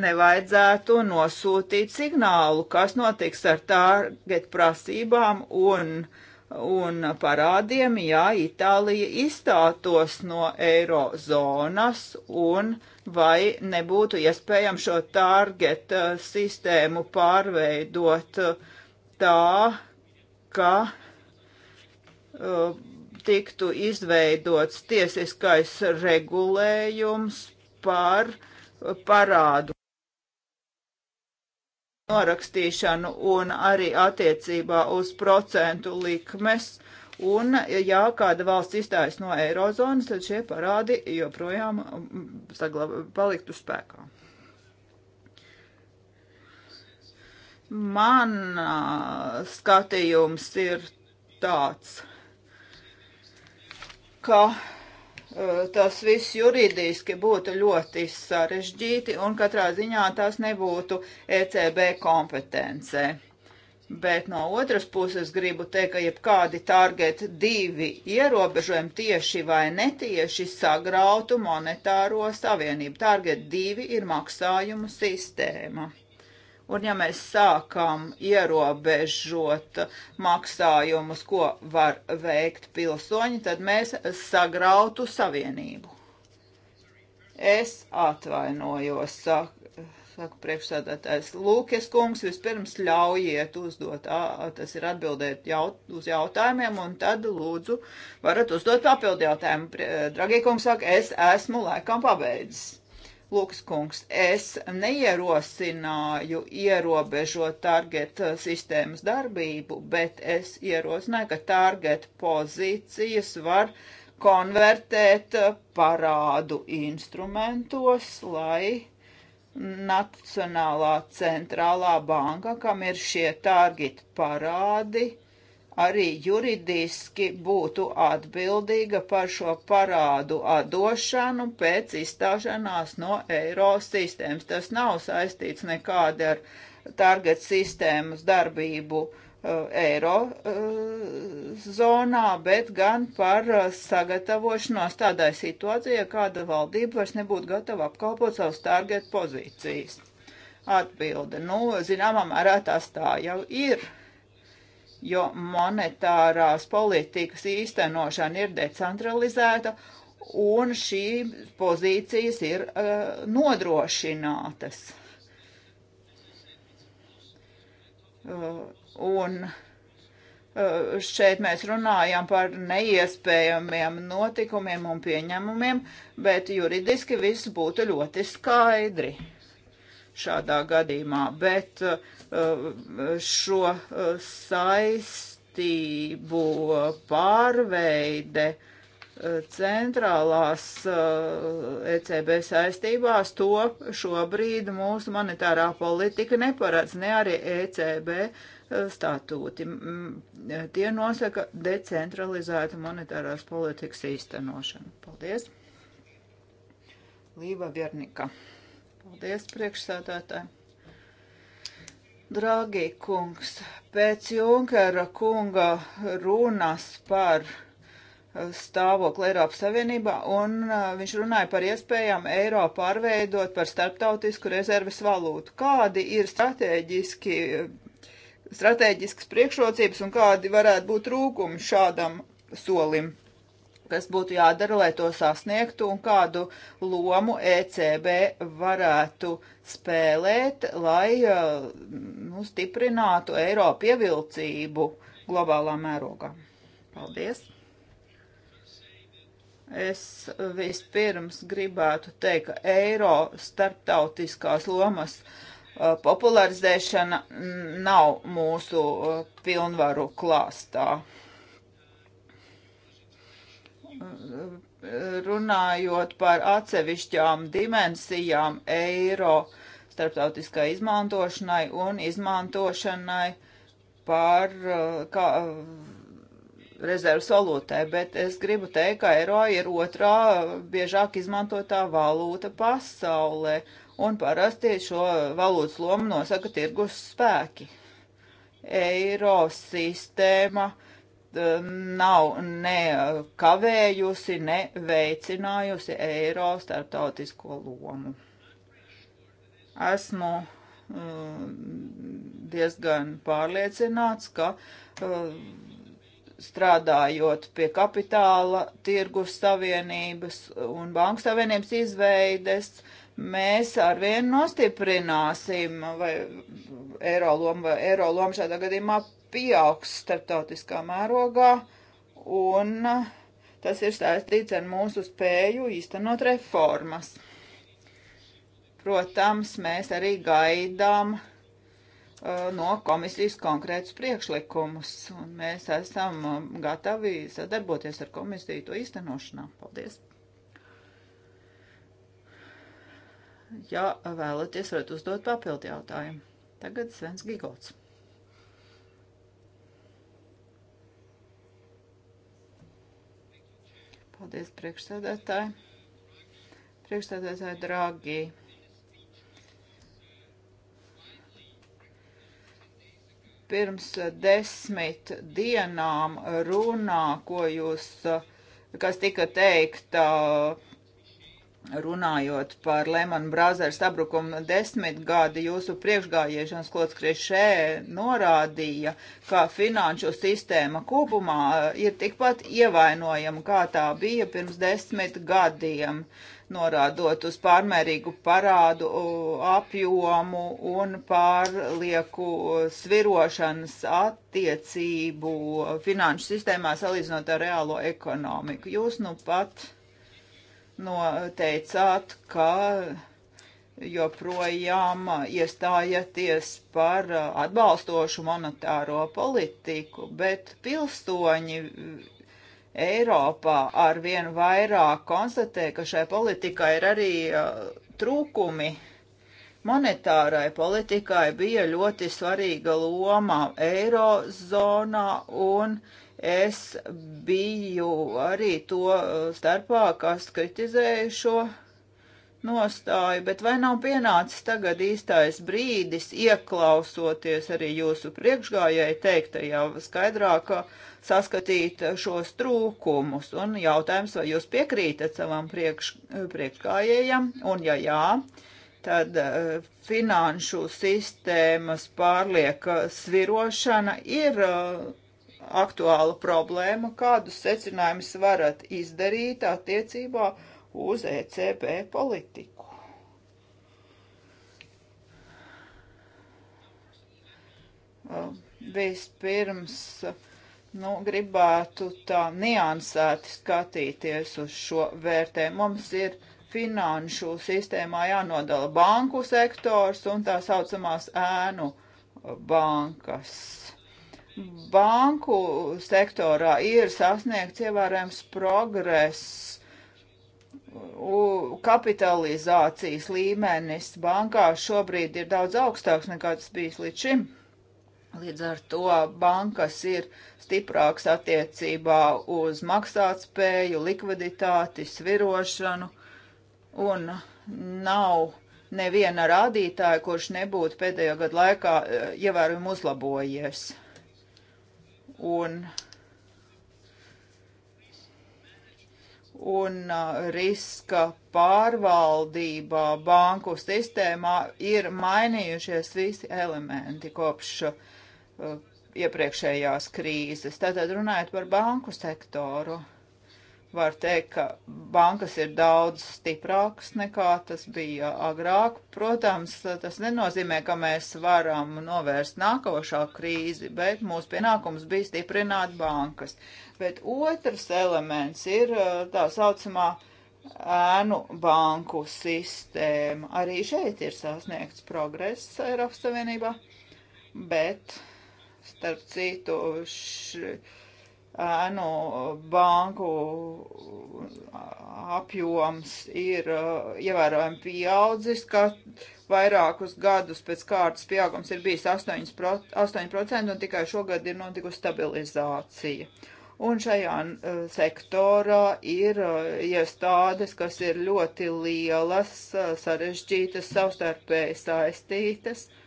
nevajadzētu nosūtīt signālu, kas notiks ar target prasībām un uh, un parādiem, ja Itālija izstātos no eirozonas un vai nebūtu iespējams šo target uh, sistēmu pārveidot uh, tā, ka uh, tiktu izveidots tiesiskais regulējums par parādu norakstīšanu un arī attiecībā uz procentu likmes. Un, ja kāda valsts izstājas no eirozonas, tad šie parādi joprojām mm, saglab, paliktu spēkā. Man skatījums ir tāds ka e, tas viss juridiski būtu ļoti sarežģīti un katrā ziņā tas nebūtu ECB kompetencē. Bet no otras puses gribu teikt, ka jebkādi target divi ierobežojumi tieši vai netieši sagrautu monetāro savienību. Target divi ir maksājumu sistēma. Un ja mēs sākam ierobežot maksājumus, ko var veikt pilsoņi, tad mēs sagrautu savienību. Es atvainojos, saka, saka priekšsēdētājs Lūkes kungs, vispirms ļaujiet uzdot, ā, tas ir atbildēt jaut, uz jautājumiem, un tad lūdzu varat uzdot papildu jautājumu. Dragie kungs saka, es esmu laikam pabeidzis. Lūkskungs, es neierosināju ierobežot target sistēmas darbību, bet es ierosināju, ka target pozīcijas var konvertēt parādu instrumentos, lai Nacionālā centrālā banka, kam ir šie target parādi, uh, arī juridiski būtu atbildīga par šo parādu atdošanu pēc izstāšanās no eiro sistēmas. Tas nav saistīts nekādi ar target sistēmas darbību uh, eiro uh, zonā, bet gan par uh, sagatavošanos tādai situācijai, kāda valdība vairs nebūtu gatava apkalpot savus target pozīcijas. Atbilde. Nu, zināmā mērā tas tā jau ir jo monetārās politikas īstenošana ir decentralizēta un šīs pozīcijas ir uh, nodrošinātas. Uh, un uh, šeit mēs runājam par neiespējamiem notikumiem un pieņemumiem, bet juridiski viss būtu ļoti skaidri šādā gadījumā, bet uh, šo uh, saistību pārveide uh, centrālās ECB saistībās to šobrīd mūsu monetārā politika neparedz, ne arī ECB statūti. Tie nosaka decentralizētu monetārās politikas īstenošanu. Paldies! Līva Viernika. Paldies, priekšsēdētāji! Dragi kungs, pēc Junkera kunga runas par eh, stāvokli Eiropas Savienībā, un eh, viņš runāja par iespējām eiro pārveidot par starptautisku rezerves valūtu. Kādi ir strateģiski, eh, strateģisks priekšrocības un kādi varētu būt trūkumi šādam solim? kas būtu jādara, lai to sasniegtu, un kādu lomu ECB varētu spēlēt, lai eh, nu, stiprinātu eiro pievilcību globālā mērogā. Paldies! Es vispirms gribētu teikt, ka eiro starptautiskās lomas eh, popularizēšana nav mūsu eh, pilnvaru klāstā runājot par atsevišķām dimensijām eiro starptautiskai izmantošanai un izmantošanai par uh, kā, uh, rezerves valūtai, bet es gribu teikt, ka eiro ir otrā biežāk izmantotā valūta pasaulē, un parasti šo valūtas lomu nosaka tirgus spēki. Eiro sistēma uh, E, nav ne kavējusi, ne veicinājusi eiro starptautisko lomu. Esmu e, diezgan pārliecināts, ka e, strādājot pie kapitāla tirgus savienības un banku savienības izveides, mēs arvien nostiprināsim vai eiro lomu, vai eiro lomu šādā gadījumā pieaugs starptautiskā mērogā, un tas ir saistīts ar mūsu spēju īstenot reformas. Protams, mēs arī gaidām uh, no komisijas konkrētus priekšlikumus, un mēs esam um, gatavi sadarboties ar komisiju to īstenošanā. Paldies! Ja vēlaties, varat uzdot papildu jautājumu. Tagad Svens Gigots. Paldies, priekšsēdētāji. Priekšsēdētāji, draugi. Pirms desmit dienām runā, ko jūs, kas tika teikta, uh, Runājot par Lehman Brothers sabrukumu desmitgadi, jūsu priekšgājiešanas klots Krešē norādīja, ka finanšu sistēma kopumā eh, ir tikpat ievainojama, kā tā bija pirms desmit gadiem, norādot uz pārmērīgu parādu eh, apjomu un pārlieku eh, svirošanas attiecību finanšu sistēmā salīdzinot ar reālo ekonomiku. Jūs nu pat noteicāt, ka joprojām iestājaties par atbalstošu monetāro politiku, bet pilsoņi Eiropā ar vien vairāk konstatē, ka šai politikai ir arī uh, trūkumi. Monetārai politikai bija ļoti svarīga loma eirozonā un uh, Es biju arī to uh, starpā, kas kritizēja šo nostāju, bet vai nav pienācis tagad īstais brīdis ieklausoties arī jūsu priekšgājai teiktajā skaidrāk uh, saskatīt uh, šos trūkumus? Un jautājums, vai jūs piekrītat savam priekš, priekšgājējam? Un ja jā, tad uh, finanšu sistēmas pārlieka svirošana ir uh, aktuālu problēmu. Kādus secinājumus varat izdarīt attiecībā uz ECB politiku? Um, vispirms nu, gribētu tā niansēti skatīties uz šo vērtē. Mums ir finanšu sistēmā jānodala banku sektors un tā saucamās ēnu bankas banku sektorā ir sasniegts ievērojams progress. Kapitalizācijas līmenis bankā šobrīd ir daudz augstāks nekā tas bijis līdz šim. Līdz ar to bankas ir stiprāks attiecībā uz maksātspēju, likviditāti, svirošanu un nav neviena rādītāja, kurš nebūtu pēdējo gadu laikā eh, ievērojami uzlabojies un, un uh, riska pārvaldībā banku sistēmā ir mainījušies visi elementi kopš uh, iepriekšējās krīzes. Tātad runājot par banku sektoru. Uh, var teikt, ka bankas ir daudz stiprākas nekā tas bija agrāk. Protams, tas nenozīmē, ka mēs varam novērst nākošā krīzi, bet mūsu pienākums bija stiprināt bankas. Bet otrs elements ir eh, tā saucamā ēnu banku sistēma. Arī šeit ir sasniegts progress Eiropas Savienībā, bet starp citu. Š ēnu banku apjoms ir uh, ievērojami pieaudzis, ka vairākus gadus pēc kārtas pieaugums ir bijis 8%, 8% un tikai šogad ir notikusi stabilizācija. Un šajā uh, sektorā ir uh, iestādes, kas ir ļoti lielas, uh, sarežģītas, savstarpēji saistītas. Uh,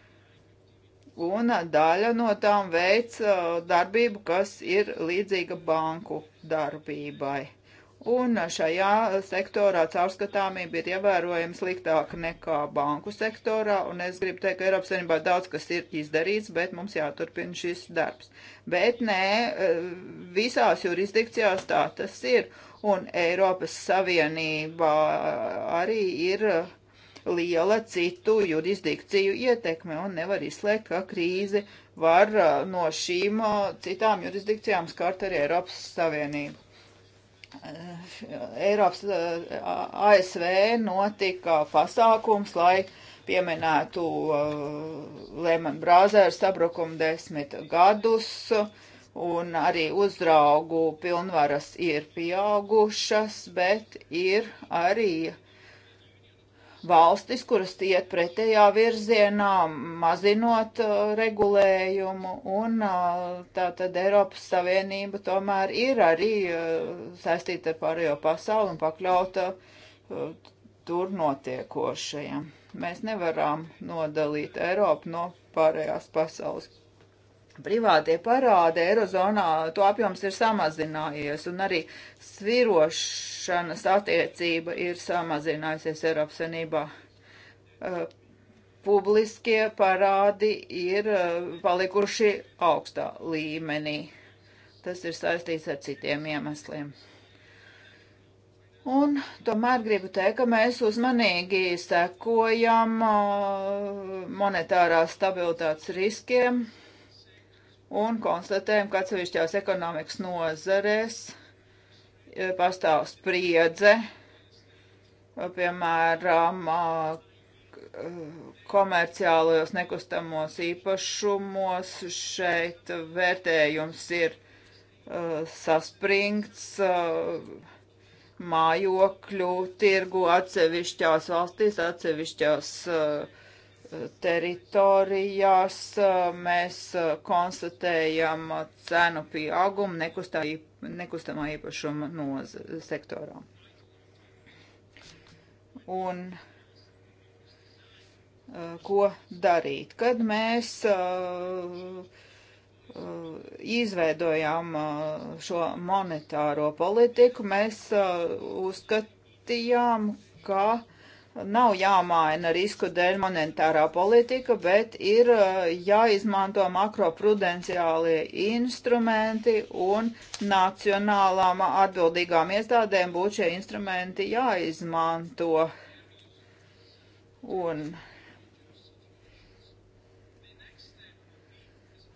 un daļa no tām veic uh, darbību, kas ir līdzīga banku darbībai. Un šajā sektorā caurskatāmība ir ievērojami sliktāka nekā banku sektorā, un es gribu teikt, ka Eiropas Savienībā daudz kas ir izdarīts, bet mums jāturpina šis darbs. Bet nē, uh, visās jurisdikcijās tā tas ir, un Eiropas Savienībā arī ir uh, liela citu jurisdikciju ietekme un nevar izslēgt, ka krīze var no šīm citām jurisdikcijām skart arī Eiropas Savienību. Eiropas ASV notika pasākums, lai pieminētu Lehman Brothers sabrukumu desmit gadus, un arī uzraugu pilnvaras ir pieaugušas, bet ir arī valstis, kuras iet pretējā virzienā, mazinot uh, regulējumu, un uh, tā tad Eiropas Savienība tomēr ir arī uh, saistīta ar pārējo pasauli un pakļauta tur notiekošajam. Mēs nevaram nodalīt Eiropu no pārējās pasaules. Privātie parādi Eirozonā to apjoms ir samazinājies un arī svirošs ražošanas attiecība ir samazinājusies Eiropas Savienībā. Eh, publiskie parādi ir eh, palikuši augstā līmenī. Tas ir saistīts ar citiem iemesliem. Un tomēr gribu teikt, ka mēs uzmanīgi sekojam eh, monetārās stabilitātes riskiem un konstatējam, ka atsevišķās ekonomikas nozarēs Eh, pastāv spriedze, eh, piemēram, eh, komerciālajos nekustamos īpašumos šeit vērtējums ir uh, saspringts uh, mājokļu tirgu atsevišķās valstīs, atsevišķās uh, teritorijās. Mēs konstatējam cenu pieaugumu nekustāju nekustamā īpašuma noz sektorā. Un eh, ko darīt? Kad mēs eh, eh, izveidojām šo monetāro politiku, mēs uzskatījām, ka nav jāmaina risku dēļ monetārā politika, bet ir uh, jāizmanto makroprudenciālie instrumenti un nacionālām atbildīgām iestādēm būtu šie instrumenti jāizmanto. Un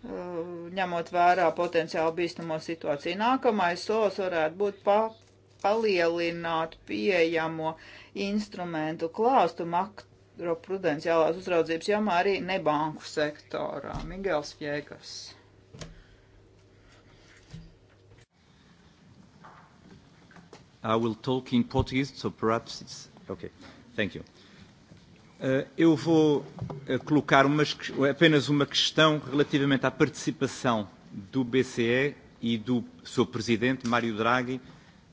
uh, ņemot vērā potenciāli bīstamo situāciju. Nākamais solis varētu būt pa, palielināt pieejamo instrumentu klāstu makroprudenciālās uzraudzības jomā arī nebanku sektorā. Migels Jēgas. I will talk in Portuguese, so perhaps it's okay. Thank you. Uh, eu vou uh, colocar umas, apenas uma questão relativamente à participação do BCE e do seu presidente, Mário Draghi,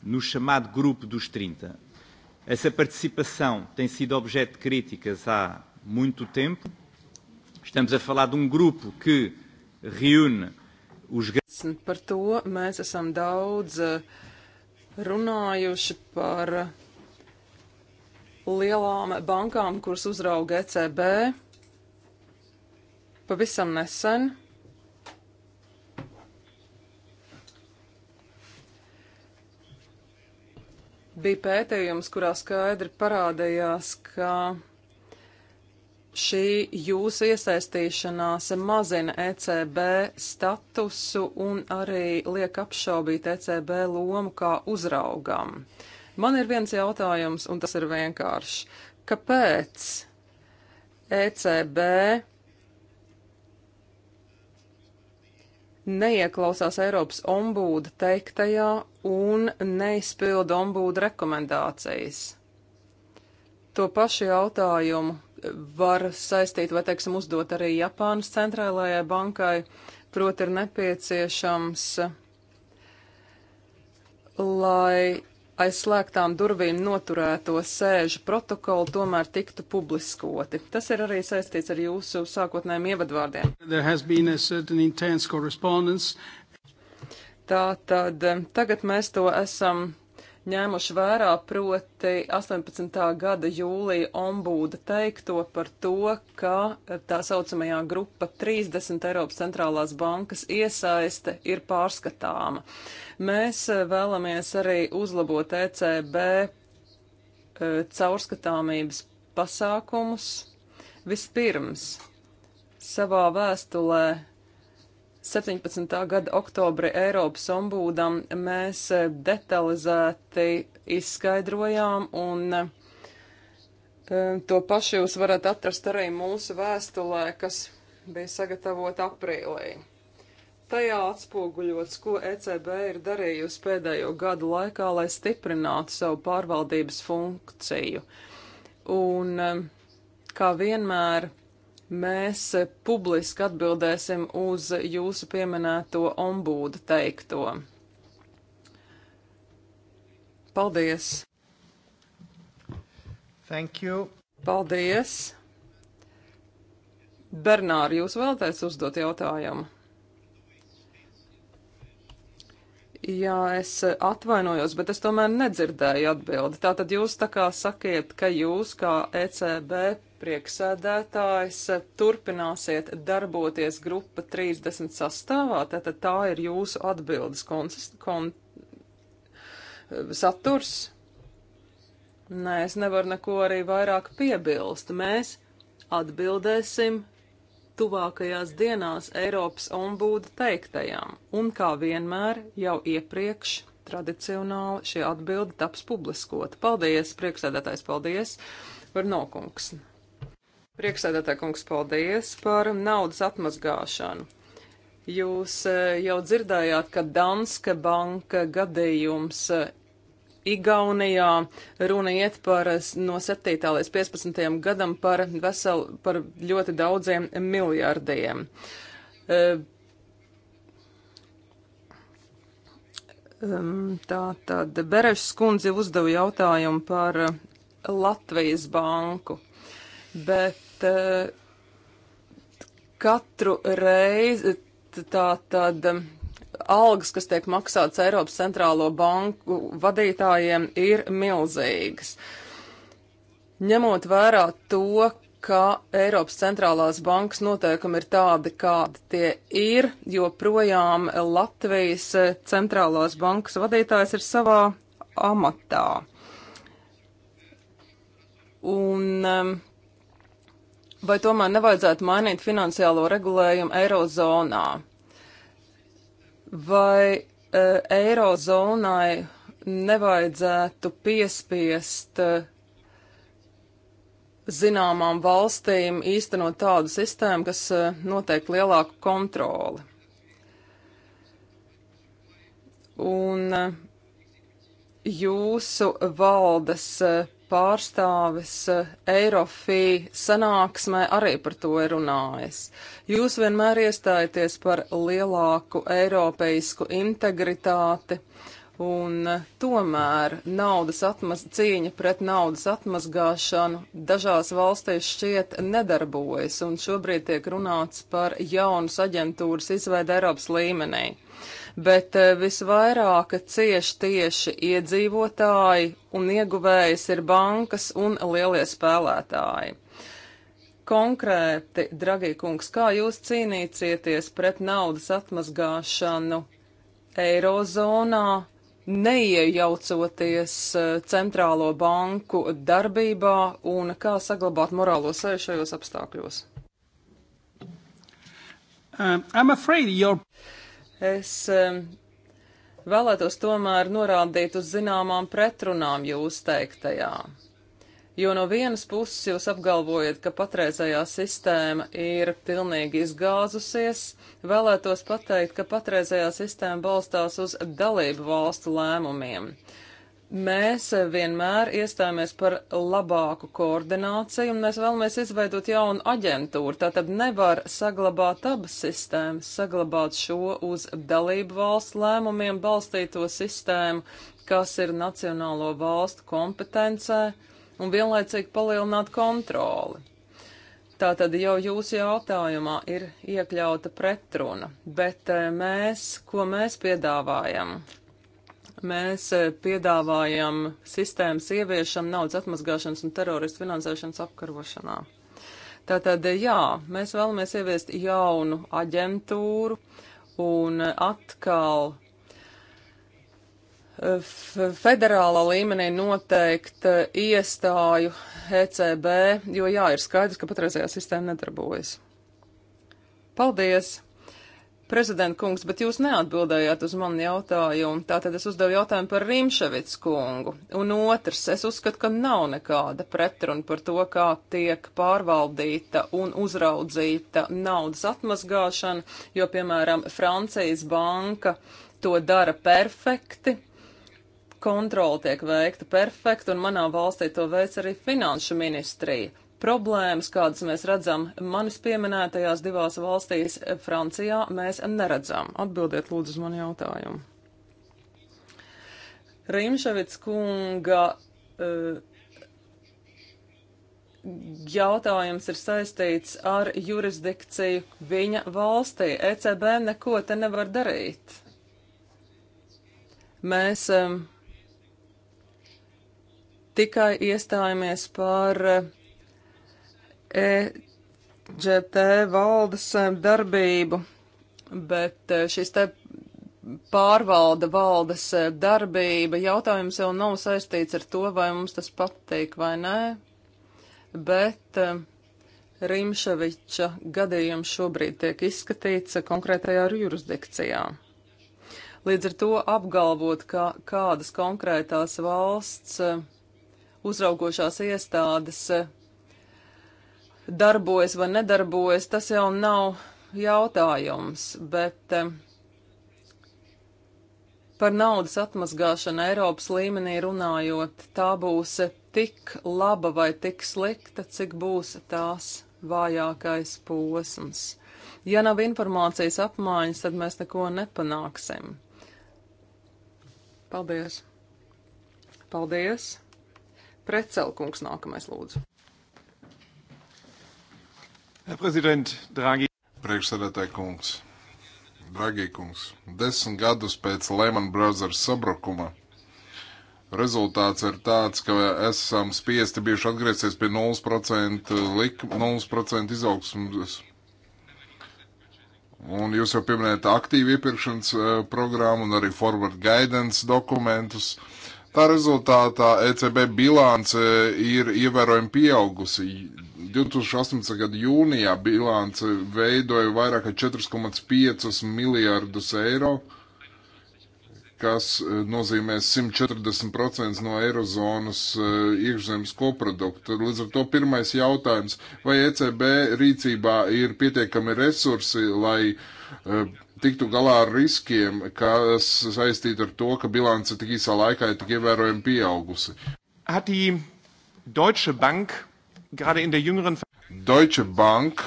no chamado Grupo dos 30. Essa participação tem sido objeto de críticas há muito tempo. Estamos a falar de um grupo que reúne os. Par to mēs esam daudz eh, runājuši par lielām bankām, kuras uzrauga ECB pavisam nesen. bija pētījums, kurā skaidri parādījās, ka šī jūsu iesaistīšanās mazina ECB statusu un arī liek apšaubīt ECB lomu kā uzraugam. Man ir viens jautājums, un tas ir vienkāršs. Kāpēc ECB neieklausās Eiropas ombūda teiktajā un neizpilda ombūda rekomendācijas. To pašu jautājumu var saistīt vai, teiksim, uzdot arī Japānas centrālajai bankai, proti ir nepieciešams, lai aizslēgtām durvīm noturēto sēžu protokolu tomēr tiktu publiskoti. Tas ir arī saistīts ar jūsu sākotnējiem ievadvārdiem. Tā tad tagad mēs to esam ņēmuši vērā proti 18. gada jūlija ombūda teikto par to, ka tā saucamajā grupa 30 Eiropas centrālās bankas iesaiste ir pārskatāma. Mēs eh, vēlamies arī uzlabot ECB e, eh, caurskatāmības pasākumus. Vispirms savā vēstulē 17. gada oktobra Eiropas ombūdam mēs detalizēti izskaidrojām un eh, to pašu jūs varat atrast arī mūsu vēstulē, kas bija sagatavota aprīlī. Tajā atspoguļots, ko ECB ir darījusi pēdējo gadu laikā, lai stiprinātu savu pārvaldības funkciju. Un, eh, kā vienmēr, mēs publiski atbildēsim uz jūsu pieminēto ombūdu teikto. Paldies! Thank you! Paldies! Bernāri, jūs vēlaties uzdot jautājumu? Jā, es atvainojos, bet es tomēr nedzirdēju atbildi. Tātad jūs tā kā sakiet, ka jūs kā ECB Prieksēdētājs, turpināsiet darboties grupa 30 sastāvā, tātad tā ir jūsu atbildes konsist, kon, saturs. Nē, es nevaru neko arī vairāk piebilst. Mēs atbildēsim tuvākajās dienās Eiropas ombūda teiktajām, un kā vienmēr jau iepriekš tradicionāli šie atbildi taps publiskota. Paldies, priekšsēdētājs, paldies, var nokungs. Priekšsēdētā kungs, paldies par naudas atmazgāšanu. Jūs eh, jau dzirdējāt, ka Danske banka gadījums eh, Igaunijā runa iet par eh, no 7. līdz 15. gadam par, vesel, par ļoti daudziem miljardiem. Ehm, tā tad Berešs kundze uzdeva jautājumu par Latvijas banku, bet Eh, katru reizi tā tad eh, algas, kas tiek maksātas Eiropas centrālo banku vadītājiem, ir milzīgas. Ņemot vērā to, ka Eiropas centrālās bankas noteikumi ir tādi, kādi tie ir, joprojām Latvijas eh, centrālās bankas vadītājs ir savā amatā. Un Vai tomēr nevajadzētu mainīt finansiālo regulējumu eirozonā? Vai e, eirozonai nevajadzētu piespiest e, zināmām valstīm īstenot tādu sistēmu, kas e, noteikti lielāku kontroli? Un e, jūsu valdes e, pārstāvis eh, Eirofī sanāksmē arī par to ir runājis. Jūs vienmēr iestājaties par lielāku eiropeisku integritāti, un eh, tomēr naudas atmaz, cīņa pret naudas atmazgāšanu dažās valstīs šķiet nedarbojas, un šobrīd tiek runāts par jaunas aģentūras izveidu Eiropas līmenī bet eh, visvairāk cieši tieši iedzīvotāji un ieguvējs ir bankas un lielie spēlētāji. Konkrēti, Dragī kungs, kā jūs cīnīsieties pret naudas atmazgāšanu Eirozonā, neiejaucoties eh, centrālo banku darbībā un kā saglabāt morālo seju šajos apstākļos? Um, your... Es vēlētos tomēr norādīt uz zināmām pretrunām jūs teiktajā. Jo no vienas puses jūs apgalvojat, ka patreizējā sistēma ir pilnīgi izgāzusies, vēlētos pateikt, ka patreizējā sistēma balstās uz dalību valstu lēmumiem. Mēs vienmēr iestājāmies par labāku koordināciju, un mēs vēlamies izveidot jaunu aģentūru. Tātad nevar saglabāt abas sistēmas, saglabāt šo uz dalību valsts lēmumiem balstīto sistēmu, kas ir nacionālo valstu kompetencē, un vienlaicīgi palielināt kontroli. Tātad jau jūsu jautājumā ir iekļauta pretruna, bet eh, mēs, ko mēs piedāvājam? Mēs e, piedāvājam sistēmas ieviešam naudas atmazgāšanas un teroristu finansēšanas apkarošanā. Tātad, jā, mēs vēlamies ieviest jaunu aģentūru un atkal e, federālā līmenī noteikt e, iestāju ECB, jo jā, ir skaidrs, ka patreizējā sistēma nedarbojas. Paldies! Prezident kungs, bet jūs neatbildējāt uz manu jautājumu, tātad es uzdevu jautājumu par Rimševic kungu. Un otrs, es uzskatu, ka nav nekāda pretruna par to, kā tiek pārvaldīta un uzraudzīta naudas atmazgāšana, jo, piemēram, Francijas banka to dara perfekti, kontrola tiek veikta perfekti, un manā valstī to veic arī finanšu ministrija. Problēmas, kādas mēs redzam manis pieminētajās divās valstīs, Francijā, mēs neredzam. Atbildiet lūdzu uz manu jautājumu. Rimšavits kunga eh, jautājums ir saistīts ar jurisdikciju viņa valstī. ECB neko te nevar darīt. Mēs um, tikai iestājamies par uh, EGT valdes eh, darbību, bet eh, šis te pārvalda valdes eh, darbība jautājums jau nav saistīts ar to, vai mums tas patīk vai nē, bet Rimševiča gadījums šobrīd tiek izskatīts konkrētajā jurisdikcijā. Līdz ar to apgalvot, ka kādas konkrētās valsts uzraugošās iestādes darbojas vai nedarbojas, tas jau nav jautājums, bet eh, par naudas atmazgāšanu Eiropas līmenī runājot, tā būs tik laba vai tik slikta, cik būs tās vājākais posms. Ja nav informācijas apmaiņas, tad mēs neko nepanāksim. Paldies! Paldies! Precelkungs nākamais lūdzu. Priekšsēdētāji kungs, Dragi kungs, desmit gadus pēc Lehman Brothers sabrukuma rezultāts ir tāds, ka esam spiesti bijuši atgriezties pie 0% likuma, 0% izaugsmas. Un jūs jau pieminējat aktīvu iepirkšanas eh, programmu un arī forward guidance dokumentus. Uh, Tā rezultātā ECB bilance ir ievērojami pieaugusi. 2018. gada jūnijā bilance veidoja vairāk kā 4,5 miljārdus eiro, kas eh, nozīmē 140% no eirozonas eh, iekšzemes koprodukta. Līdz ar to pirmais jautājums, vai ECB rīcībā ir pietiekami resursi, lai eh, tiktu galā ar riskiem, kas saistīti ar to, ka bilance tik īsā laikā ir tik ievērojami pieaugusi. Bank, jüngeren... Deutsche Bank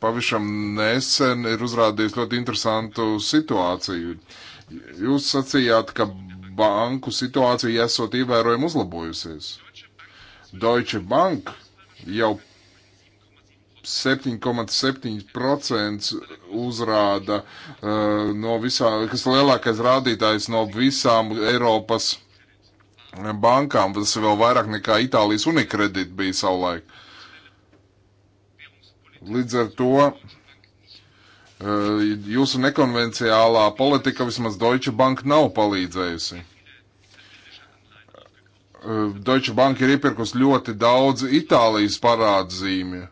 pavisam nesen ir uzrādījusi ļoti interesantu situāciju. Jūs sacījāt, ka banku situācija esot ievērojami uzlabojusies. Deutsche Bank jau 7,7% uzrāda uh, no visām, kas lielākais rādītājs no visām Eiropas eh, bankām. Tas ir vēl vairāk nekā Itālijas unikredit bija savulaik. Līdz ar to uh, jūsu nekonvenciālā politika vismaz Deutsche Bank nav palīdzējusi. Uh, Deutsche Bank ir iepirkus ļoti daudz Itālijas parādzīmju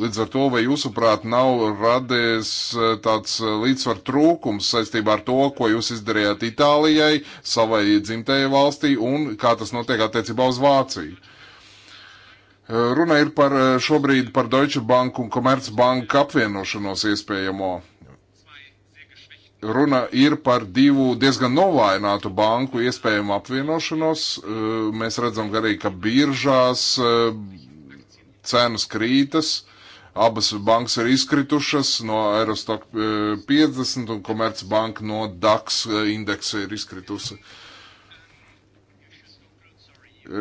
Līdz ar to, vai jūsuprāt nav radies eh, tāds eh, līdzsvar trūkums saistībā ar to, ko jūs izdarījāt Itālijai, savai dzimtajai valstī un kā tas notiek attiecībā uz Vāciju? Eh, runa ir par šobrīd par Deutsche Bank un Commerzbank apvienošanos iespējamo. Runa ir par divu diezgan novājinātu banku iespējamu apvienošanos. Mēs redzam arī, ka biržās cenas krītas Abas bankas ir izkritušas no Eurostok 50 eh, un Komercbanka no DAX eh, indeksa ir izkritusi.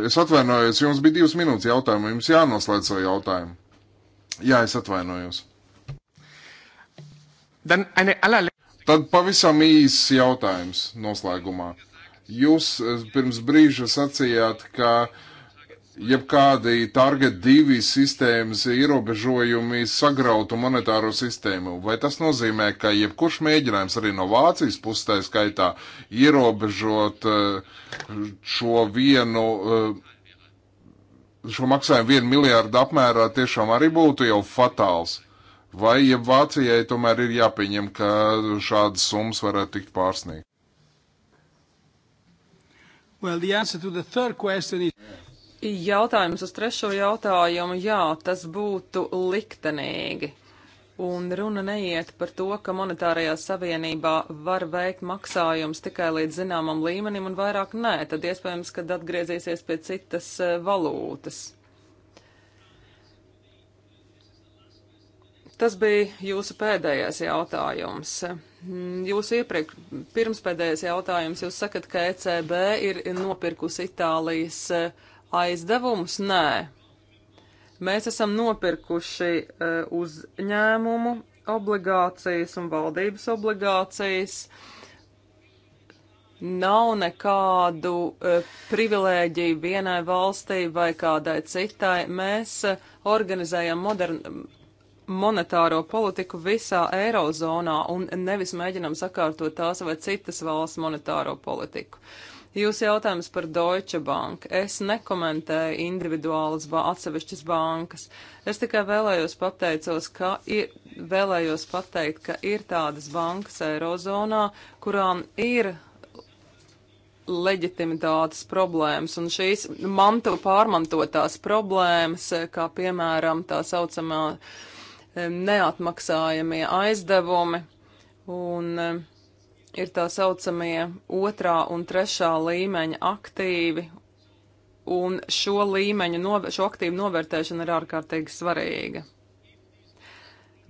Es atvainojos, jums bija divas minūtes jautājumu, jums jānoslēdz savu jautājumu. Jā, es atvainojos. Tad pavisam īss jautājums noslēgumā. Jūs eh, pirms brīža sacījāt, ka uh, jebkādi target divi sistēmas ierobežojumi sagrautu monetāro sistēmu. Vai tas nozīmē, ka jebkurš mēģinājums arī no Vācijas puses tā skaitā ierobežot eh, šo vienu, eh, šo maksājumu vienu miljārdu apmērā tiešām arī būtu jau fatāls? Vai ja Vācijai tomēr ir jāpieņem, ka šādas summas varētu tikt pārsniegt? Well, the answer to the third question is Jautājums uz trešo jautājumu. Jā, tas būtu liktenīgi. Un runa neiet par to, ka monetārajā savienībā var veikt maksājums tikai līdz zināmam līmenim un vairāk nē, tad iespējams, ka atgriezīsies pie citas e, valūtas. Tas bija jūsu pēdējais jautājums. Mm, jūsu iepriekš, pirmspēdējais jautājums, jūs sakat, ka ECB ir nopirkusi Itālijas uh, aizdevumus? Nē. Mēs esam nopirkuši uh, uzņēmumu obligācijas un valdības obligācijas. Nav nekādu uh, privilēģiju vienai valstī vai kādai citai. Mēs uh, organizējam modern, monetāro politiku visā Eirozonā un nevis mēģinam sakārtot tās vai citas valsts monetāro politiku. Uh, Jūsu jautājums par Deutsche Bank. Es nekomentēju individuālas ba atsevišķas bankas. Es tikai vēlējos, pateicos, ka ir, vēlējos pateikt, ka ir tādas bankas Eirozonā, kurām ir leģitimitātes problēmas un šīs manto pārmantotās problēmas, kā piemēram tā saucamā neatmaksājamie aizdevumi. Un, ir tā saucamie otrā un trešā līmeņa aktīvi, un šo līmeņu, šo aktīvu novērtēšana ir ārkārtīgi svarīga.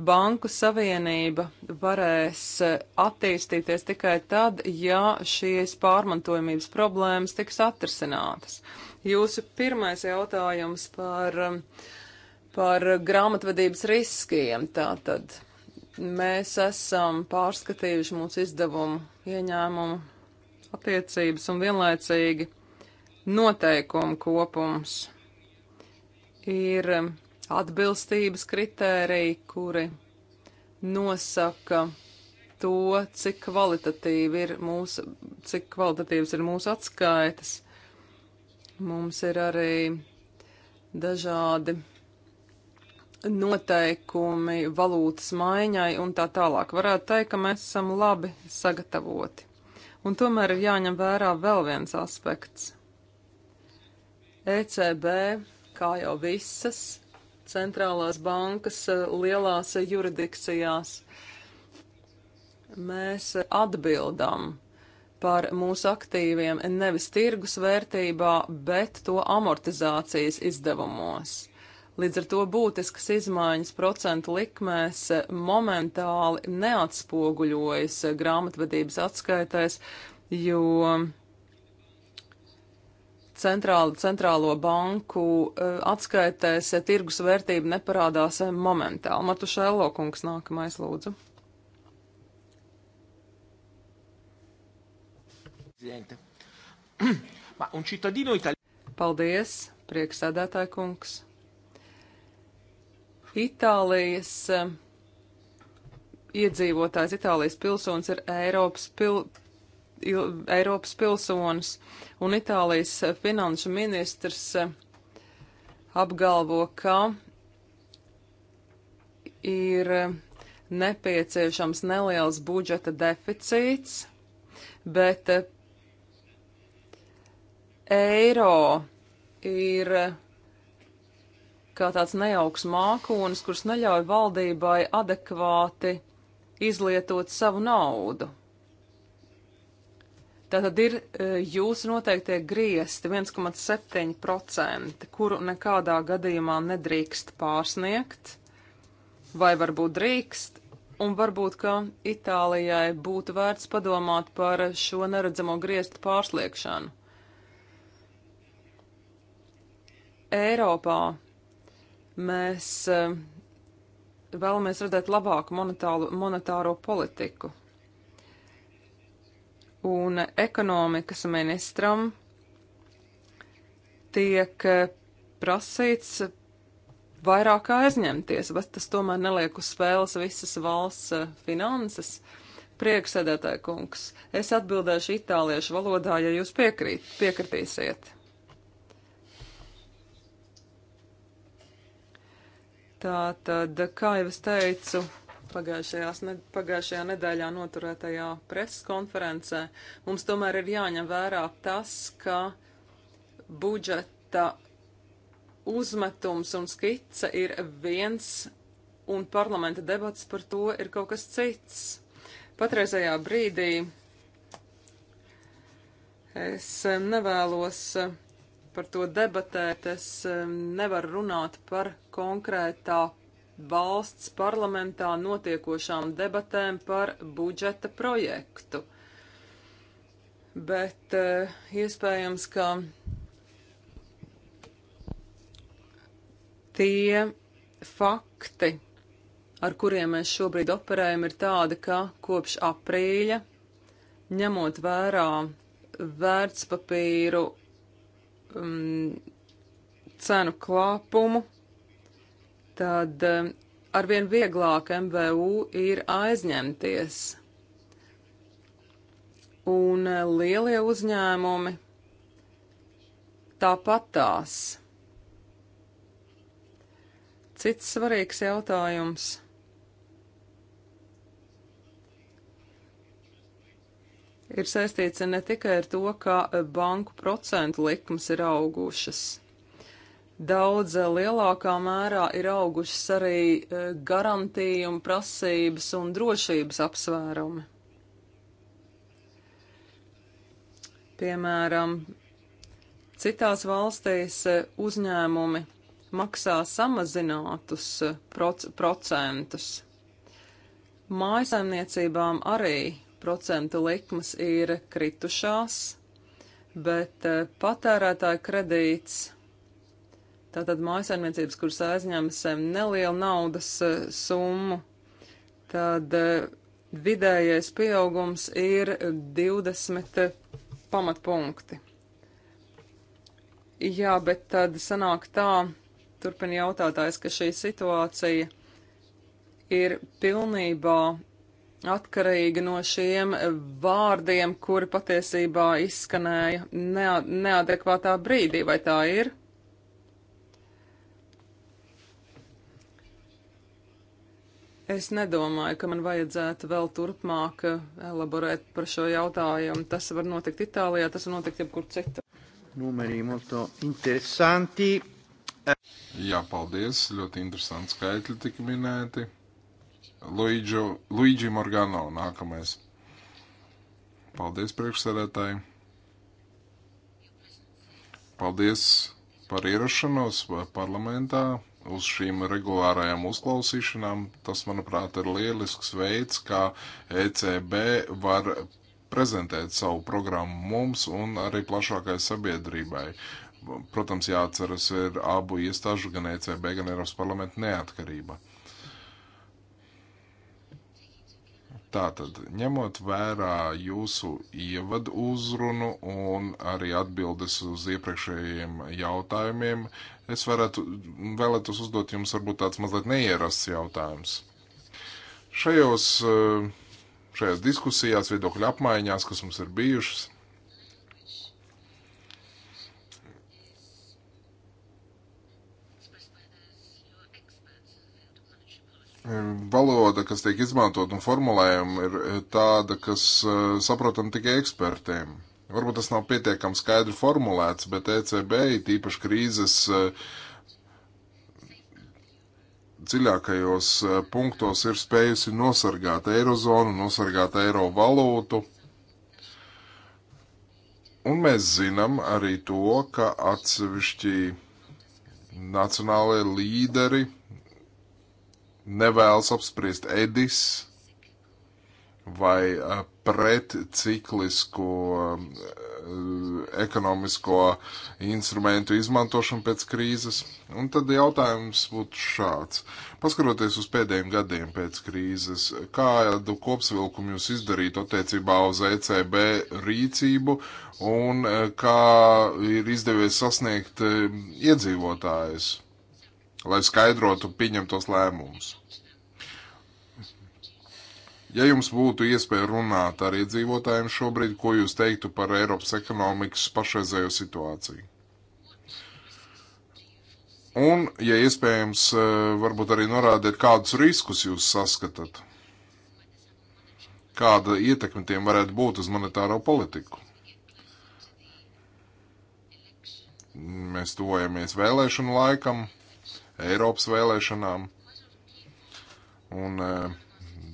Banku savienība varēs attīstīties tikai tad, ja šīs pārmantojamības problēmas tiks atrisinātas. Jūsu pirmais jautājums par, par grāmatvedības riskiem tātad. Mēs esam pārskatījuši mūsu izdevumu ieņēmumu attiecības un vienlaicīgi noteikumu kopums ir atbilstības kritēriji, kuri nosaka to, cik kvalitatīvi ir mūsu, cik kvalitatīvas ir mūsu atskaitas. Mums ir arī dažādi noteikumi valūtas maiņai un tā tālāk. Varētu teikt, ka mēs esam labi sagatavoti. Un tomēr ir jāņem vērā vēl viens aspekts. ECB, kā jau visas centrālās bankas lielās juridikcijās, mēs atbildam par mūsu aktīviem nevis tirgus vērtībā, bet to amortizācijas izdevumos. Līdz ar to būtiskas izmaiņas procentu likmēs momentāli neatspoguļojas grāmatvedības atskaitēs, jo centrālu, centrālo banku e, atskaitēs tirgus vērtība neparādās momentāli. Matušēlo kungs nākamais lūdzu. Paldies, prieksēdētāja kungs. Itālijas eh, iedzīvotājs, Itālijas pilsonis ir Eiropas, pil, Eiropas pilsonis, un Itālijas eh, finanšu ministrs eh, apgalvo, ka ir nepieciešams neliels budžeta deficīts, bet eiro ir kā tāds nejauks mākonis, kurš neļauj valdībai adekvāti izlietot savu naudu. Tātad ir e, jūsu noteiktie griezti 1,7%, kuru nekādā gadījumā nedrīkst pārsniegt, vai varbūt drīkst, un varbūt, ka Itālijai būtu vērts padomāt par šo neredzamo grieztu pārsliekšanu. Eiropā Mēs e, vēlamies redzēt labāku monetālu, monetāro politiku. Un ekonomikas ministram tiek e, prasīts vairāk aizņemties, bet tas tomēr neliek uz spēles visas valsts e, finanses. Prieksēdētāji kungs, es atbildēšu itāliešu valodā, ja jūs piekrīt, piekritīsiet. Tā tad, kā jau es teicu, ne, pagājušajā nedēļā noturētajā preses konferencē, mums tomēr ir jāņem vērā tas, ka budžeta uzmetums un skice ir viens, un parlamenta debats par to ir kaut kas cits. Patreizajā brīdī es nevēlos par to debatēt. Es um, nevaru runāt par konkrētā valsts parlamentā notiekošām debatēm par budžeta projektu. Bet uh, iespējams, ka tie fakti, ar kuriem mēs šobrīd operējam, ir tādi, ka kopš aprīļa, ņemot vērā vērtspapīru um, cenu klāpumu, tad um, arvien vieglāk MVU ir aizņemties. Un uh, lielie uzņēmumi tāpatās. Cits svarīgs jautājums. ir saistīts ne tikai ar to, ka banku procentu likums ir augušas. Daudz eh, lielākā mērā ir augušas arī eh, garantījuma prasības un drošības apsvērumi. Piemēram, citās valstīs eh, uzņēmumi maksā samazinātus proc procentus. Mājasaimniecībām arī procentu likmes ir kritušās, bet eh, patērētāja kredīts, tātad mājasaimniecības, kuras aizņemas nelielu naudas eh, summu, tad eh, vidējais pieaugums ir 20 pamatpunkti. Jā, bet tad sanāk tā, turpina jautātājs, ka šī situācija ir pilnībā atkarīga no šiem vārdiem, kuri patiesībā izskanēja neadekvātā brīdī, vai tā ir? Es nedomāju, ka man vajadzētu vēl turpmāk elaborēt par šo jautājumu. Tas var notikt Itālijā, tas var notikt jebkur citur. Numeri molto interesanti. Jā, paldies. Ļoti interesanti skaitļi tika minēti. Luidžo, Luidži Morgano nākamais. Paldies priekšsēdētāji. Paldies par ierašanos parlamentā uz šīm regulārajām uzklausīšanām. Tas, manuprāt, ir lielisks veids, kā ECB var prezentēt savu programmu mums un arī plašākai sabiedrībai. Protams, jāatceras ir abu iestāžu, gan ECB, gan Eiropas parlamenta neatkarība. Tātad, ņemot vērā jūsu ievadu uzrunu un arī atbildes uz iepriekšējiem jautājumiem, es varētu vēlētos uzdot jums varbūt tāds mazliet neierasts jautājums. Šajos, eh, šajās diskusijās, viedokļu apmaiņās, kas mums ir bijušas, E, valoda, kas tiek izmantot un formulējumi, ir e, tāda, kas e, saprotam tikai ekspertiem. Varbūt tas nav pietiekami skaidri formulēts, bet ECB tīpaši krīzes dziļākajos punktos ir spējusi nosargāt eirozonu, nosargāt eiro valūtu. Un mēs zinām arī to, ka atsevišķi nacionālajie līderi nevēlas apspriest Edis vai eh, pretciklisko eh, ekonomisko instrumentu izmantošanu pēc krīzes. Un tad jautājums būtu šāds. Paskaroties uz pēdējiem gadiem pēc krīzes, kādu kopsvilkumu jūs izdarītu attiecībā uz ECB rīcību un eh, kā ir izdevies sasniegt iedzīvotājus, lai skaidrotu pieņemtos lēmumus? Ja jums būtu iespēja runāt ar iedzīvotājiem šobrīd, ko jūs teiktu par Eiropas ekonomikas pašreizējo situāciju? Un, ja iespējams, eh, varbūt arī norādēt, kādus riskus jūs saskatāt, kāda ietekme tiem varētu būt uz monetāro politiku. Mēs tojamies vēlēšanu laikam, Eiropas vēlēšanām. Un, uh,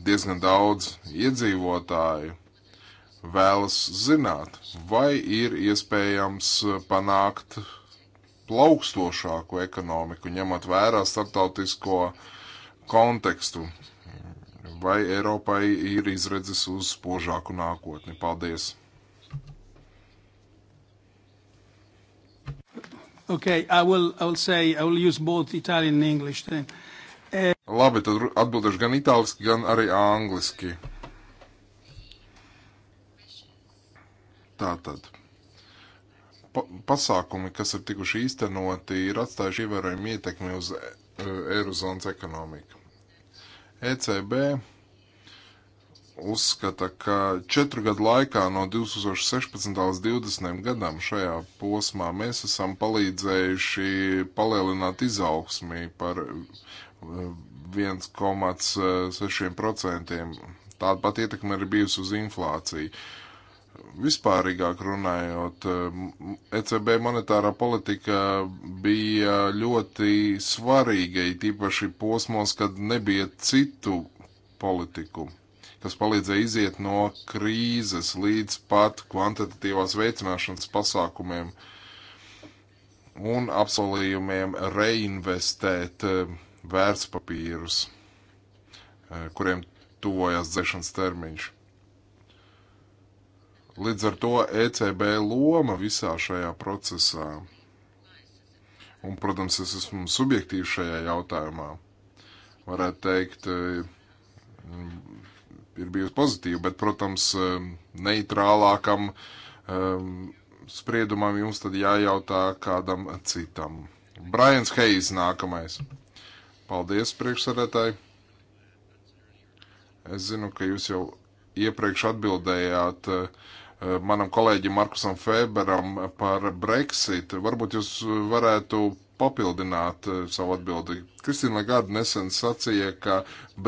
diezgan daudz iedzīvotāju vēlas zināt, vai ir iespējams panākt plaukstošāku ekonomiku, ņemot vērā starptautisko kontekstu, vai Eiropai ir izredzes uz spožāku nākotni. Paldies! Okay, I will, I will say, I will use both Italian and English then. Uh, Labi, tad atbildēšu gan itāliski, gan arī angliski. Tātad. Pa pasākumi, kas ir tikuši īstenoti, ir atstājuši ievērojumu ietekmi uz e Eirozonas ekonomiku. ECB uzskata, ka četru gadu laikā no 2016. līdz 2020. gadam šajā posmā mēs esam palīdzējuši palielināt izaugsmī par 1,5 1,6%. Eh, Tāda pat ietekme ir bijusi uz inflāciju. Vispārīgāk runājot, ECB eh, e monetārā politika bija ļoti svarīga, tīpaši posmos, kad nebija citu politiku, kas palīdzēja iziet no krīzes līdz pat kvantitatīvās veicināšanas pasākumiem un apsolījumiem reinvestēt uh, vērtspapīrus, eh, kuriem tuvojas dzēšanas termiņš. Līdz ar to ECB loma visā šajā procesā, un, protams, es esmu subjektīvs šajā jautājumā, varētu teikt, eh, ir bijusi pozitīva, bet, protams, eh, neitrālākam um, spriedumam jums tad jājautā kādam citam. Brians Heijs nākamais. Paldies, priekšsarētāji. Es zinu, ka jūs jau iepriekš atbildējāt eh, manam kolēģim Markusam Feberam par Brexit. Varbūt jūs varētu papildināt eh, savu atbildi. Kristīna Lagarde nesen sacīja, ka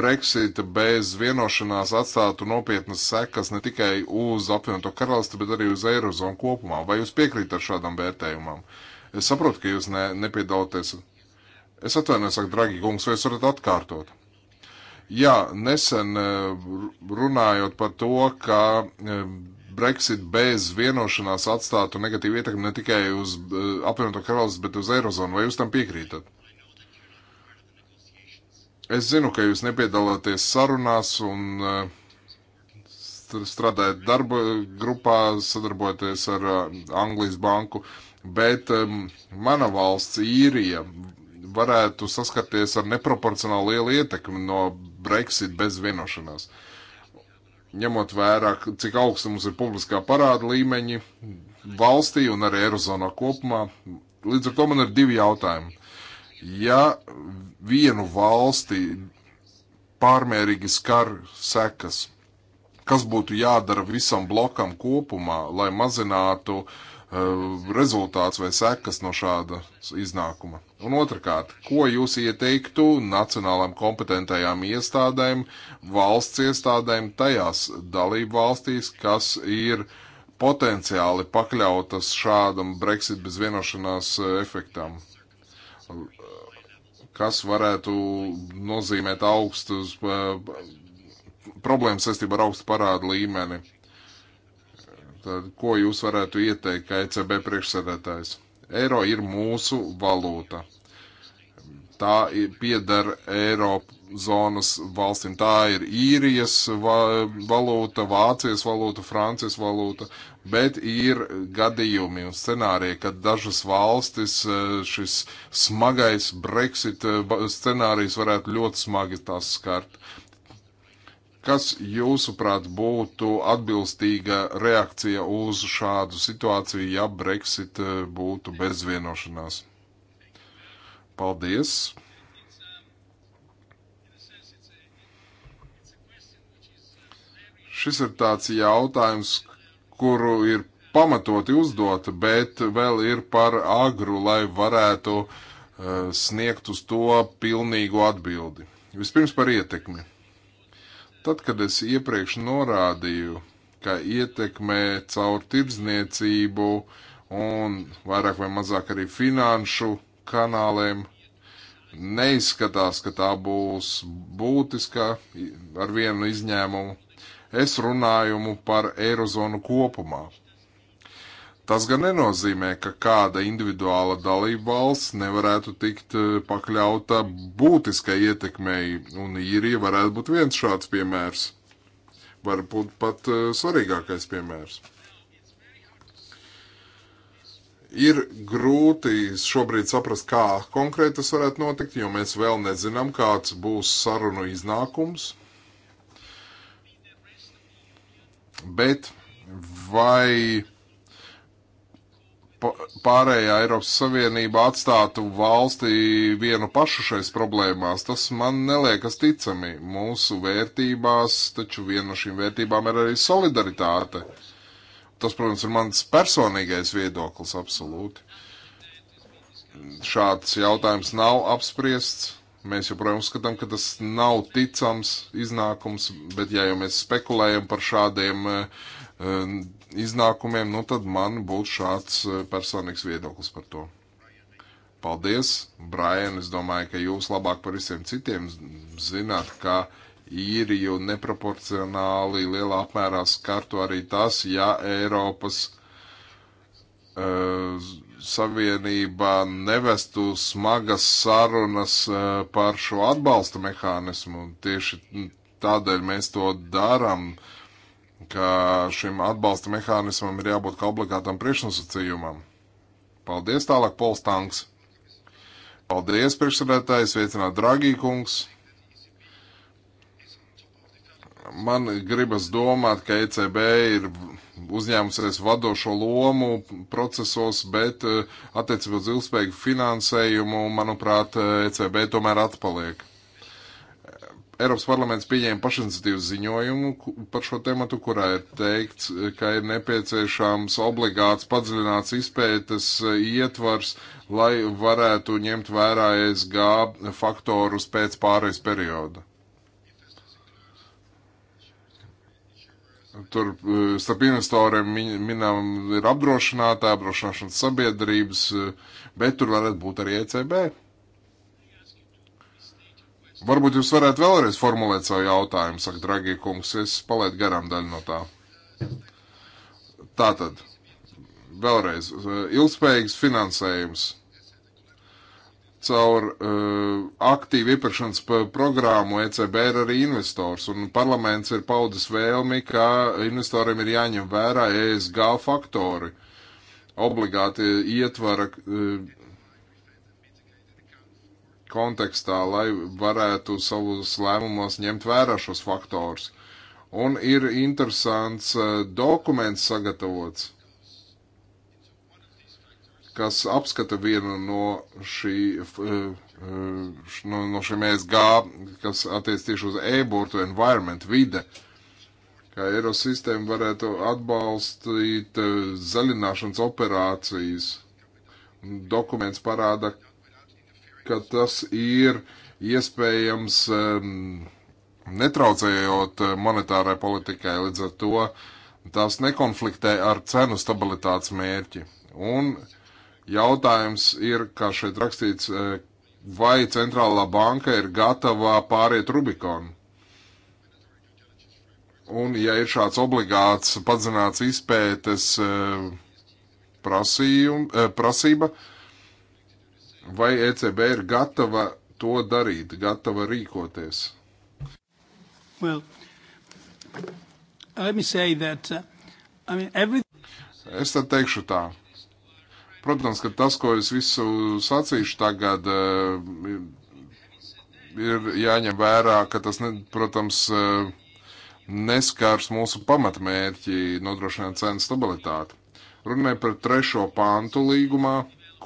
Brexit bez vienošanās atstātu nopietnas sekas ne tikai uz apvienoto karalisti, bet arī uz Eirozonu kopumā. Vai jūs piekrītat šādam vērtējumam? Es saprotu, ka jūs ne, nepiedalāties Es atvainojos, saka, dragi kungs, vai jūs varat atkārtot? Jā, nesen eh, runājot par to, ka eh, Brexit bez vienošanās atstātu negatīvu ietekmi ne tikai uz eh, apvienoto karalistu, bet uz Eirozonu. Vai jūs tam piekrītat? Es zinu, ka jūs nepiedalāties sarunās un strādājat darba grupā, sadarbojoties ar Anglijas banku, bet mana valsts, īrija, varētu saskarties ar neproporcionāli lielu ietekmi no Brexit bez vienošanās. Ņemot vērā, cik augsti mums ir publiskā parāda līmeņi valstī un arī Eirozonā kopumā, līdz ar to man ir divi jautājumi. Ja vienu valsti pārmērīgi skar sekas, kas būtu jādara visam blokam kopumā, lai mazinātu uh, Eh, rezultāts vai sekas no šāda iznākuma. Un otrkārt, ko jūs ieteiktu nacionālām kompetentajām iestādēm, valsts iestādēm tajās dalību valstīs, kas ir potenciāli pakļautas šādam Brexit bez vienošanās eh, efektam? Kas varētu nozīmēt augstus eh, problēmas saistībā ar augstu parādu līmeni? Tad, ko jūs varētu ieteikt, kā ECB priekšsēdētājs? Eiro ir mūsu valūta. Tā piedara Eirozonas valstīm. Tā ir īrijas valūta, Vācijas valūta, Francijas valūta, bet ir gadījumi un scenārija, kad dažas valstis e, šis smagais Brexit e, scenārijs varētu ļoti smagi tās skart. Kas jūsuprāt būtu atbilstīga reakcija uz šādu situāciju, ja Brexit e, būtu bez vienošanās? Paldies! Šis ir tāds jautājums, kuru ir pamatoti uzdota, bet vēl ir par agru, lai varētu uh, sniegt uz to pilnīgu atbildi. Vispirms par ietekmi. Tad, kad es iepriekš norādīju, ka ietekmē caur tirdzniecību un vairāk vai mazāk arī finanšu kanāliem neizskatās, ka tā būs būtiska ar vienu izņēmumu. Es runājumu par Eirozonu kopumā, Tas gan nenozīmē, ka kāda individuāla dalība valsts nevarētu tikt eh, pakļauta būtiskai ietekmei, un īrija varētu būt viens šāds piemērs. Varbūt pat eh, svarīgākais piemērs. Ir grūti šobrīd saprast, kā konkrēti tas varētu notikt, jo mēs vēl nezinām, kāds būs sarunu iznākums. Bet vai pārējā Eiropas Savienība atstātu valsti vienu pašu šais problēmās, tas man neliekas ticami. Mūsu vērtībās, taču viena no šīm vērtībām ir arī solidaritāte. Tas, protams, ir mans personīgais viedoklis absolūti. Šāds jautājums nav apspriests. Mēs joprojām uzskatām, ka tas nav ticams iznākums, bet ja jau mēs spekulējam par šādiem uh, iznākumiem, nu tad man būtu šāds e, personīgs viedoklis par to. Paldies, Brian. Es domāju, ka jūs labāk par visiem citiem zināt, ka īriju neproporcionāli lielā apmērā skartu arī tas, ja Eiropas uh, Savienība nevestu smagas sarunas uh, par šo atbalsta mehānismu. Tieši tādēļ mēs to darām. Uh, ka šim atbalsta mehānismam ir jābūt kā obligātam priekšnosacījumam. Paldies tālāk, Pols Tanks. Paldies, priekšsēdētājs, veicināt Dragī kungs. Man gribas domāt, ka ECB ir uzņēmusies vadošo lomu procesos, bet eh, attiecībā uz ilgspējīgu finansējumu, manuprāt, ECB tomēr atpaliek. Eiropas parlaments pieņēma pašiniciatīvas ziņojumu par šo tematu, kurā ir teikts, ka ir nepieciešams obligāts padziļināts izpētes e, ietvars, lai varētu ņemt vērā ESG faktorus pēc pārejas perioda. Tur e, starp investoriem minām ir apdrošinātāji, apdrošināšanas sabiedrības, e, bet tur varētu būt arī ECB. Varbūt jūs varētu vēlreiz formulēt savu jautājumu, saka Dragie kungs, es palaidu garām daļu no tā. Tātad, vēlreiz, eh, ilgspējīgs finansējums caur uh, aktīvu iepirkšanas programmu ECB ir arī investors, un parlaments ir paudis vēlmi, ka investoriem ir jāņem vērā ESG faktori, obligāti ietvara uh, kontekstā, lai varētu savus lēmumos ņemt vērā šos faktors. Un ir interesants eh, dokuments sagatavots, kas apskata vienu no, šī, eh, eh, no, no šiem ESG, kas attiec tieši uz e-burtu environment, vide kā Eirosistēma varētu atbalstīt zaļināšanas operācijas. Dokuments parāda, ka tas ir iespējams netraucējot monetārai politikai, līdz ar to tas nekonfliktē ar cenu stabilitātes mērķi. Un jautājums ir, kā šeit rakstīts, e, vai centrālā banka ir gatava pāriet Rubikonu. Un, ja ir šāds obligāts padzināts izpētes e, prasījum, e, prasība, Vai ECB ir gatava to darīt, gatava rīkoties? Well, that, uh, I mean, every... Es tad teikšu tā. Protams, ka tas, ko es visu sacīšu tagad, uh, ir jāņem vērā, ka tas, ne, protams, uh, neskārs mūsu pamatmērķi nodrošināt cenu stabilitāti. Runāju par trešo pāntu līgumā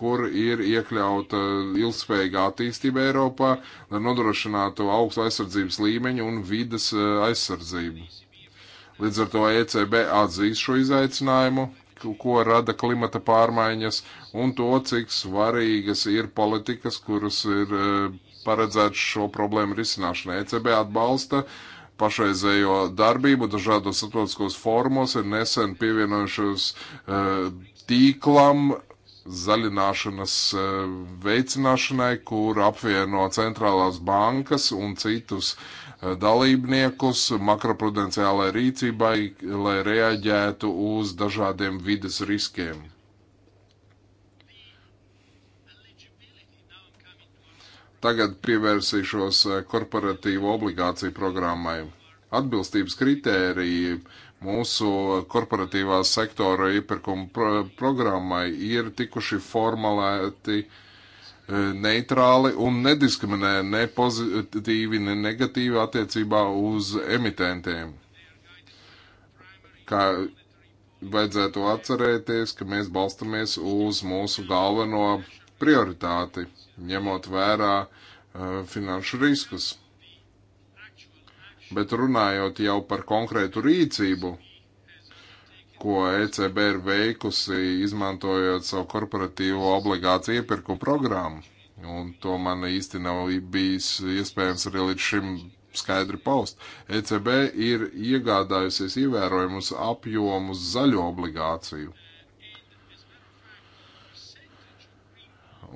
kur ir iekļauta ilgspējīga attīstība Eiropā, lai nodrošinātu augstu aizsardzības līmeņu un vides eh, aizsardzību. Līdz ar to ECB atzīst šo izaicinājumu, ko rada klimata pārmaiņas, un to, cik svarīgas ir politikas, kuras ir eh, paredzētas šo problēmu risināšanai. ECB atbalsta pašreizējo darbību dažādos starptautiskos formos, ir nesen pievienojušos eh, tīklam zaļināšanas e, veicināšanai, kur apvieno centrālās bankas un citus e, dalībniekus makroprudenciālai rīcībai, lai reaģētu uz dažādiem vides riskiem. Tagad pievērsīšos e, korporatīvo obligāciju programmai. Atbilstības kritēriji mūsu korporatīvā sektora iepirkuma pro programmai ir tikuši formulēti e, neitrāli un nediskriminē ne pozitīvi, ne negatīvi attiecībā uz emitentiem. Kā vajadzētu atcerēties, ka mēs balstamies uz mūsu galveno prioritāti, ņemot vērā uh, finanšu riskus. Bet runājot jau par konkrētu rīcību, ko ECB ir veikusi, izmantojot savu korporatīvo obligāciju iepirku programmu, un to man īsti nav bijis iespējams arī līdz šim skaidri paust. ECB ir iegādājusies ievērojumus apjomus zaļo obligāciju.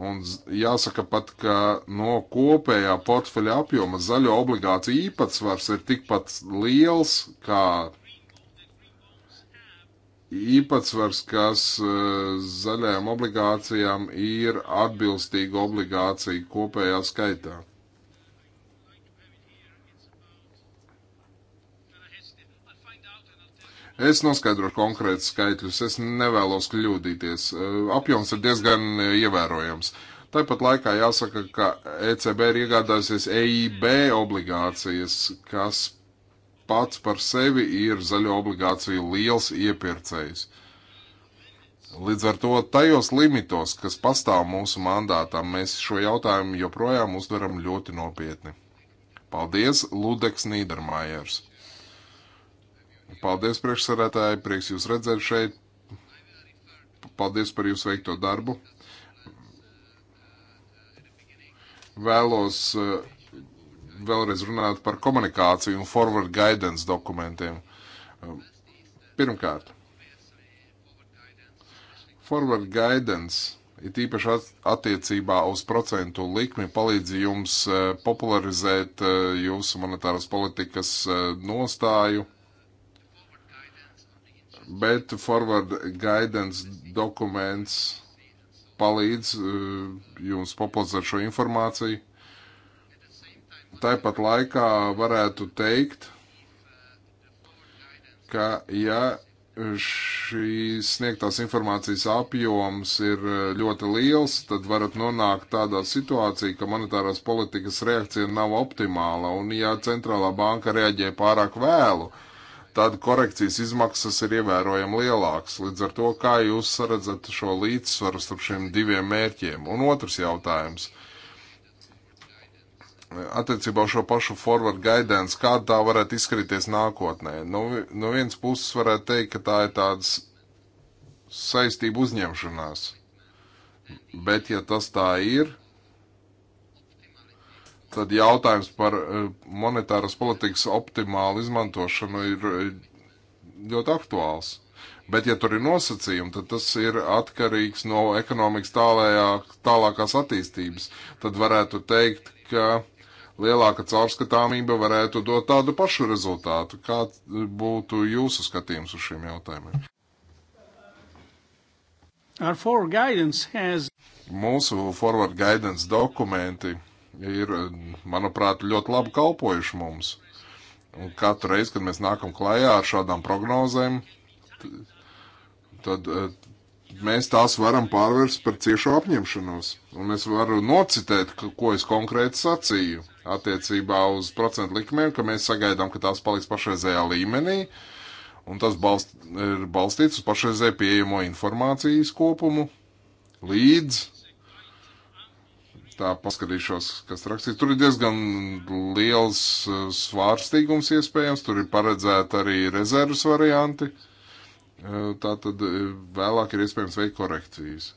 Un jāsaka pat, ka no kopējā portfeļa apjoma zaļo obligāciju īpatsvars ir tikpat liels kā īpatsvars, kas e, zaļajām obligācijām ir atbilstīga obligācija kopējā skaitā. Es noskaidrošu konkrētus skaitļus, es nevēlos kļūdīties. Apjoms ir diezgan ievērojams. Tāpat laikā jāsaka, ka ECB ir iegādājusies EIB obligācijas, kas pats par sevi ir zaļo obligāciju liels iepirkējs. Līdz ar to tajos limitos, kas pastāv mūsu mandātā, mēs šo jautājumu joprojām uztveram ļoti nopietni. Paldies, Ludeks Nīdermājers! Paldies, priekšsarētāji, prieks jūs redzēt šeit. Paldies par jūsu veikto darbu. Vēlos eh, vēlreiz runāt par komunikāciju un forward guidance dokumentiem. Pirmkārt, forward guidance it īpaši attiecībā uz procentu likmi palīdz jums eh, popularizēt eh, jūsu monetāras politikas nostāju bet forward guidance dokuments palīdz e, jums populizēt šo informāciju. Tāpat laikā varētu teikt, ka ja šīs sniegtās informācijas apjoms ir e, ļoti liels, tad varat nonākt tādā situācijā, ka monetārās politikas reakcija nav optimāla, un ja centrālā banka reaģē pārāk vēlu, uh, tad korekcijas izmaksas ir ievērojami lielākas. Līdz ar to, kā jūs saredzat šo līdzsvaru starp šiem diviem mērķiem? Un otrs jautājums. Attiecībā uz šo pašu forward guidance, kā tā varētu izskatīties nākotnē? No, nu, no nu vienas puses varētu teikt, ka tā ir tāds saistību uzņemšanās. Bet, ja tas tā ir, Tad jautājums par eh, monetāras politikas optimālu izmantošanu ir eh, ļoti aktuāls. Bet, ja tur ir nosacījumi, tad tas ir atkarīgs no ekonomikas tālējā, tālākās attīstības. Tad varētu teikt, ka lielāka caurskatāmība varētu dot tādu pašu rezultātu. Kā eh, būtu jūsu skatījums uz šiem jautājumiem? Has... Mūsu forward guidance dokumenti ir, manuprāt, ļoti labi kalpojuši mums. Un katru reizi, kad mēs nākam klajā ar šādām prognozēm, tad eh, mēs tās varam pārvērst par ciešo apņemšanos. Un es varu nocitēt, ko es konkrēti sacīju attiecībā uz procentu likmēm, ka mēs sagaidām, ka tās paliks pašreizējā līmenī. Un tas balst, ir balstīts uz pašreizēju pieejamo informācijas kopumu līdz tā paskatīšos, kas rakstīts. Tur ir diezgan liels e, svārstīgums iespējams, tur ir paredzēta arī rezervas varianti. E, tā tad e, vēlāk ir iespējams veikt korekcijas.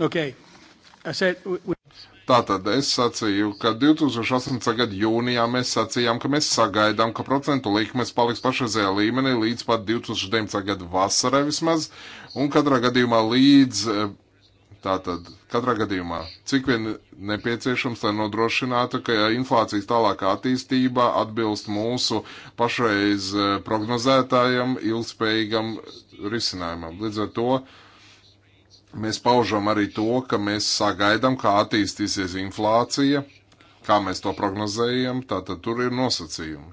Okay. I said we... Tātad es sacīju, ka 2018. gada jūnijā mēs sacījām, ka mēs sagaidām, ka procentu likmes paliks pašreizējā līmenī līdz pat 2019. gada vasarai vismaz, un katrā gadījumā līdz, e, tātad, katrā gadījumā, cik vien nepieciešams, lai nodrošinātu, ka inflācijas tālākā attīstība atbilst mūsu pašreiz e, prognozētājam ilgspējīgam risinājumam. Līdz ar to Mēs paužam arī to, ka mēs sagaidām, kā attīstīsies inflācija, kā mēs to prognozējam, tātad tur ir nosacījumi.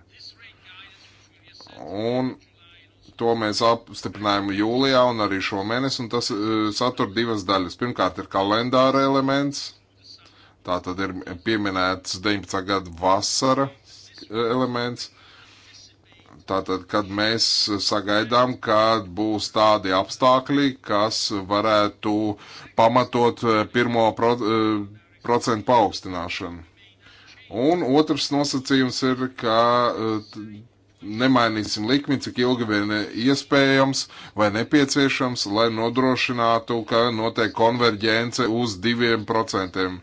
Un to mēs apstiprinājām jūlijā un arī šomēnes, un tas e, satur divas daļas. Pirmkārt ir kalendāra elements, tā tad ir pieminēts 19. gada vasara e, elements, Tātad, kad mēs sagaidām, ka būs tādi apstākļi, kas varētu pamatot eh, pirmo pro, eh, procentu paaugstināšanu. Un otrs nosacījums ir, ka eh, nemainīsim likmi, cik ilgi vien iespējams vai nepieciešams, lai nodrošinātu, ka notiek konverģence uz diviem procentiem.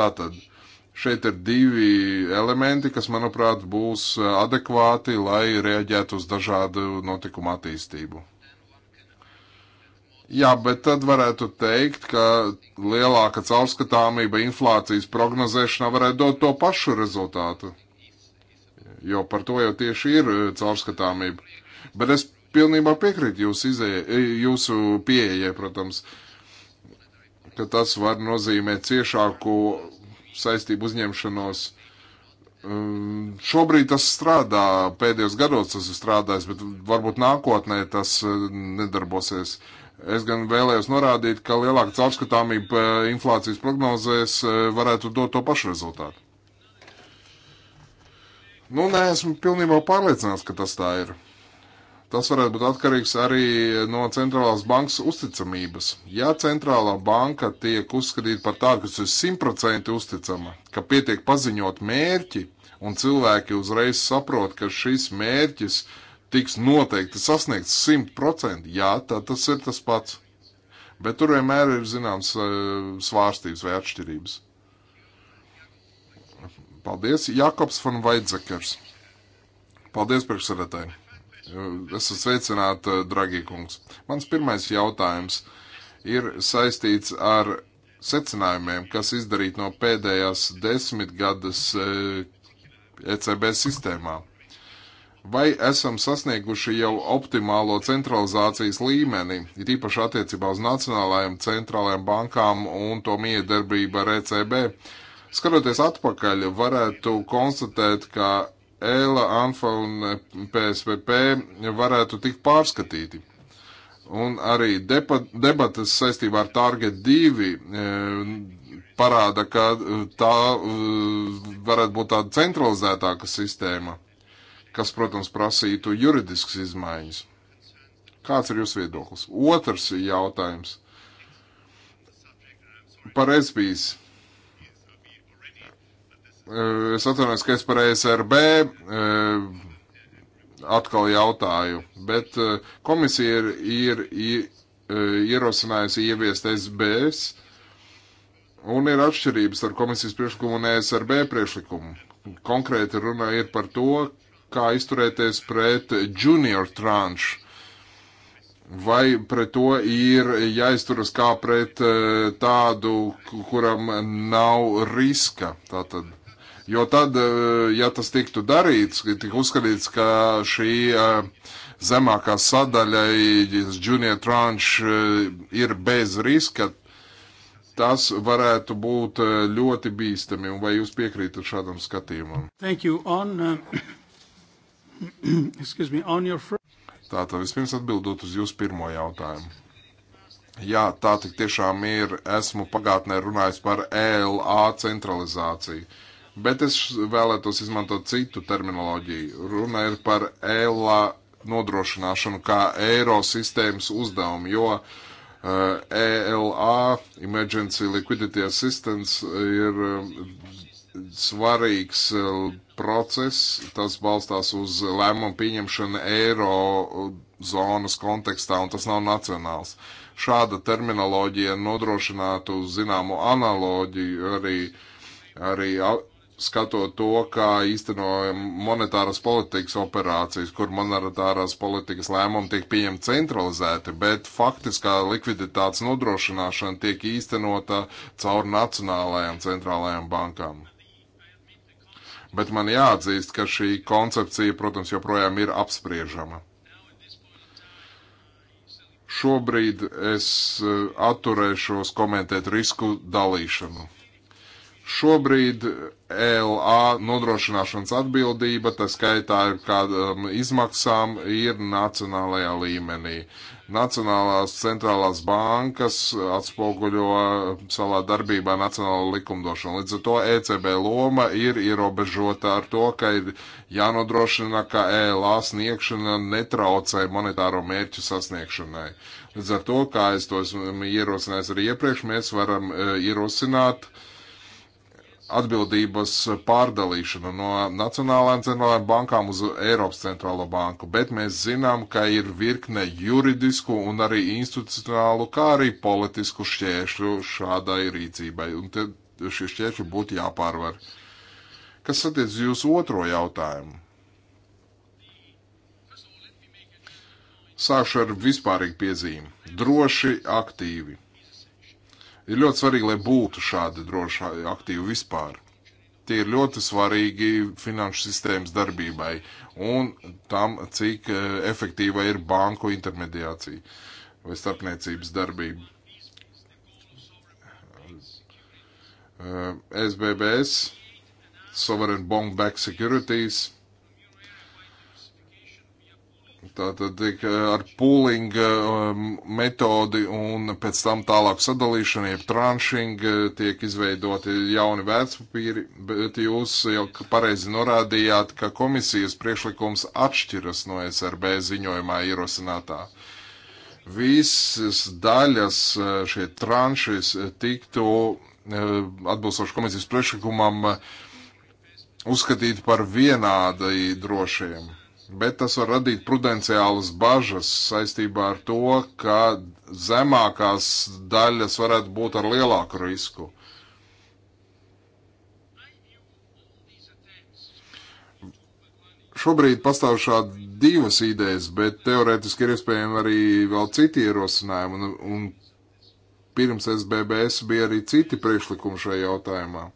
Tātad Šeit ir divi elementi, kas, manuprāt, būs adekvāti, lai reaģētu uz dažādu notikumu attīstību. Jā, bet tad varētu teikt, ka lielāka caurskatāmība inflācijas prognozēšanā varētu dot to pašu rezultātu. Jo par to jau tieši ir e, caurskatāmība. Bet es pilnībā piekrītu jūs e, jūsu pieejai, protams, ka tas var nozīmēt ciešāku saistību uzņemšanos. Ehm, šobrīd tas strādā, pēdējos gados tas ir strādājis, bet varbūt nākotnē tas ehm, nedarbosies. Es gan vēlējos norādīt, ka lielāka caurskatāmība ehm, inflācijas prognozēs varētu dot to pašu rezultātu. Nu, nē, esmu pilnībā pārliecināts, ka tas tā ir. Tas varētu būt atkarīgs arī no centrālās bankas uzticamības. Ja centrālā banka tiek uzskatīta par tādu, kas ir simtprocentīgi uzticama, ka pietiek paziņot mērķi, un cilvēki uzreiz saprot, ka šis mērķis tiks noteikti sasniegts simtprocentīgi, jā, tad tas ir tas pats. Bet tur vienmēr ir zināms eh, svārstības vai atšķirības. Paldies, Jakobs von Vaidzekers. Paldies, priekšsēdētāji! Esat sveicināti, Dragi kungs. Mans pirmais jautājums ir saistīts ar secinājumiem, kas izdarīt no pēdējās desmitgades ECB eh, e sistēmā. Vai esam sasnieguši jau optimālo centralizācijas līmeni, ir īpaši attiecībā uz nacionālajām centrālajām bankām un to miedarbību ar ECB? Skatoties atpakaļ, varētu konstatēt, ka ELA, ANFA un PSVP eh, varētu tikt pārskatīti. Un arī debatas saistībā ar Target 2 eh, parāda, ka eh, tā varētu būt tāda centralizētāka sistēma, kas, protams, prasītu juridiskas izmaiņas. Kāds ir jūsu viedoklis? Otrs jautājums par SBs Es atvainojos, ka es par ESRB e, atkal jautāju, bet e, komisija ir, ir, ir e, ierosinājusi ieviest SBS un ir atšķirības ar komisijas priekšlikumu un ESRB priekšlikumu. Konkrēti runa ir par to, kā izturēties pret junior tranšu Vai pret to ir jāizturas kā pret tādu, kuram nav riska? Tātad Jo tad, e, ja tas tiktu darīts, tik uzskatīts, ka šī e, zemākā sadaļa, junior tranš, e, ir bez riska, tas varētu būt ļoti bīstami. Vai jūs piekrītat šādam skatījumam? On, uh, me, on your... Tātad vispirms atbildot uz jūsu pirmo jautājumu. Jā, tā tik tiešām ir. Esmu pagātnē runājis par ELA centralizāciju. Uh, Bet es vēlētos izmantot citu terminoloģiju. Runa ir par ELA nodrošināšanu kā eiro sistēmas uzdevumu, jo uh, eh, ELA, Emergency Liquidity Assistance, ir uh, svarīgs uh, process. Tas balstās uz lēmumu pieņemšanu eiro zonas kontekstā, un tas nav nacionāls. Šāda terminoloģija nodrošinātu zināmu analoģiju arī, arī skatot to, kā īstenojam monetāras politikas operācijas, kur monetārās politikas lēmumi tiek pieņemti centralizēti, bet faktiskā likviditātes nodrošināšana tiek īstenota caur nacionālajām centrālajām bankām. Bet man jāatzīst, ka šī koncepcija, protams, joprojām ir apspriežama. Šobrīd es eh, atturēšos komentēt risku dalīšanu Šobrīd e LA nodrošināšanas atbildība, tā skaitā ir kādām izmaksām, ir nacionālajā līmenī. Nacionālās centrālās bankas atspoguļo savā darbībā nacionālo likumdošanu. Līdz ar to ECB loma ir ierobežota ar to, ka ir jānodrošina, ka ELA sniegšana netraucē monetāro mērķu sasniegšanai. Līdz ar to, kā es to esmu ierosinājis arī iepriekš, mēs varam e, ierosināt uh, atbildības pārdalīšanu no Nacionālajām centrālajām bankām uz Eiropas centrālo banku, bet mēs zinām, ka ir virkne juridisku un arī institucionālu, kā arī politisku šķēršļu šādai rīcībai, un te šie šķēršļi būtu jāpārvar. Kas attiec jūsu otro jautājumu? Sākšu ar vispārīgu piezīmi. Droši aktīvi. Ir ļoti svarīgi, lai būtu šādi droši aktīvi vispār. Tie ir ļoti svarīgi finanšu sistēmas darbībai un tam, cik e, efektīva ir banku intermediācija vai starpniecības darbība. SBBS, e, Sovereign Bond Back Securities, Tātad eh, ar poolinga eh, um, metodi un pēc tam tālāk sadalīšana, jeb tranšing, eh, tiek izveidoti jauni vērtspapīri, bet jūs jau pareizi norādījāt, ka komisijas priekšlikums atšķiras no SRB ziņojumā ierosinātā. Visas daļas šie tranšis tiktu atbilstoši komisijas priekšlikumam uzskatīt par vienādai drošiem bet tas var radīt prudenciālas bažas saistībā ar to, ka zemākās daļas varētu būt ar lielāku risku. Šobrīd pastāv šādi divas idejas, bet teorētiski ir iespējami arī vēl citi ierosinājumi, un, un pirms SBBS bija arī citi priekšlikumi šajā jautājumā.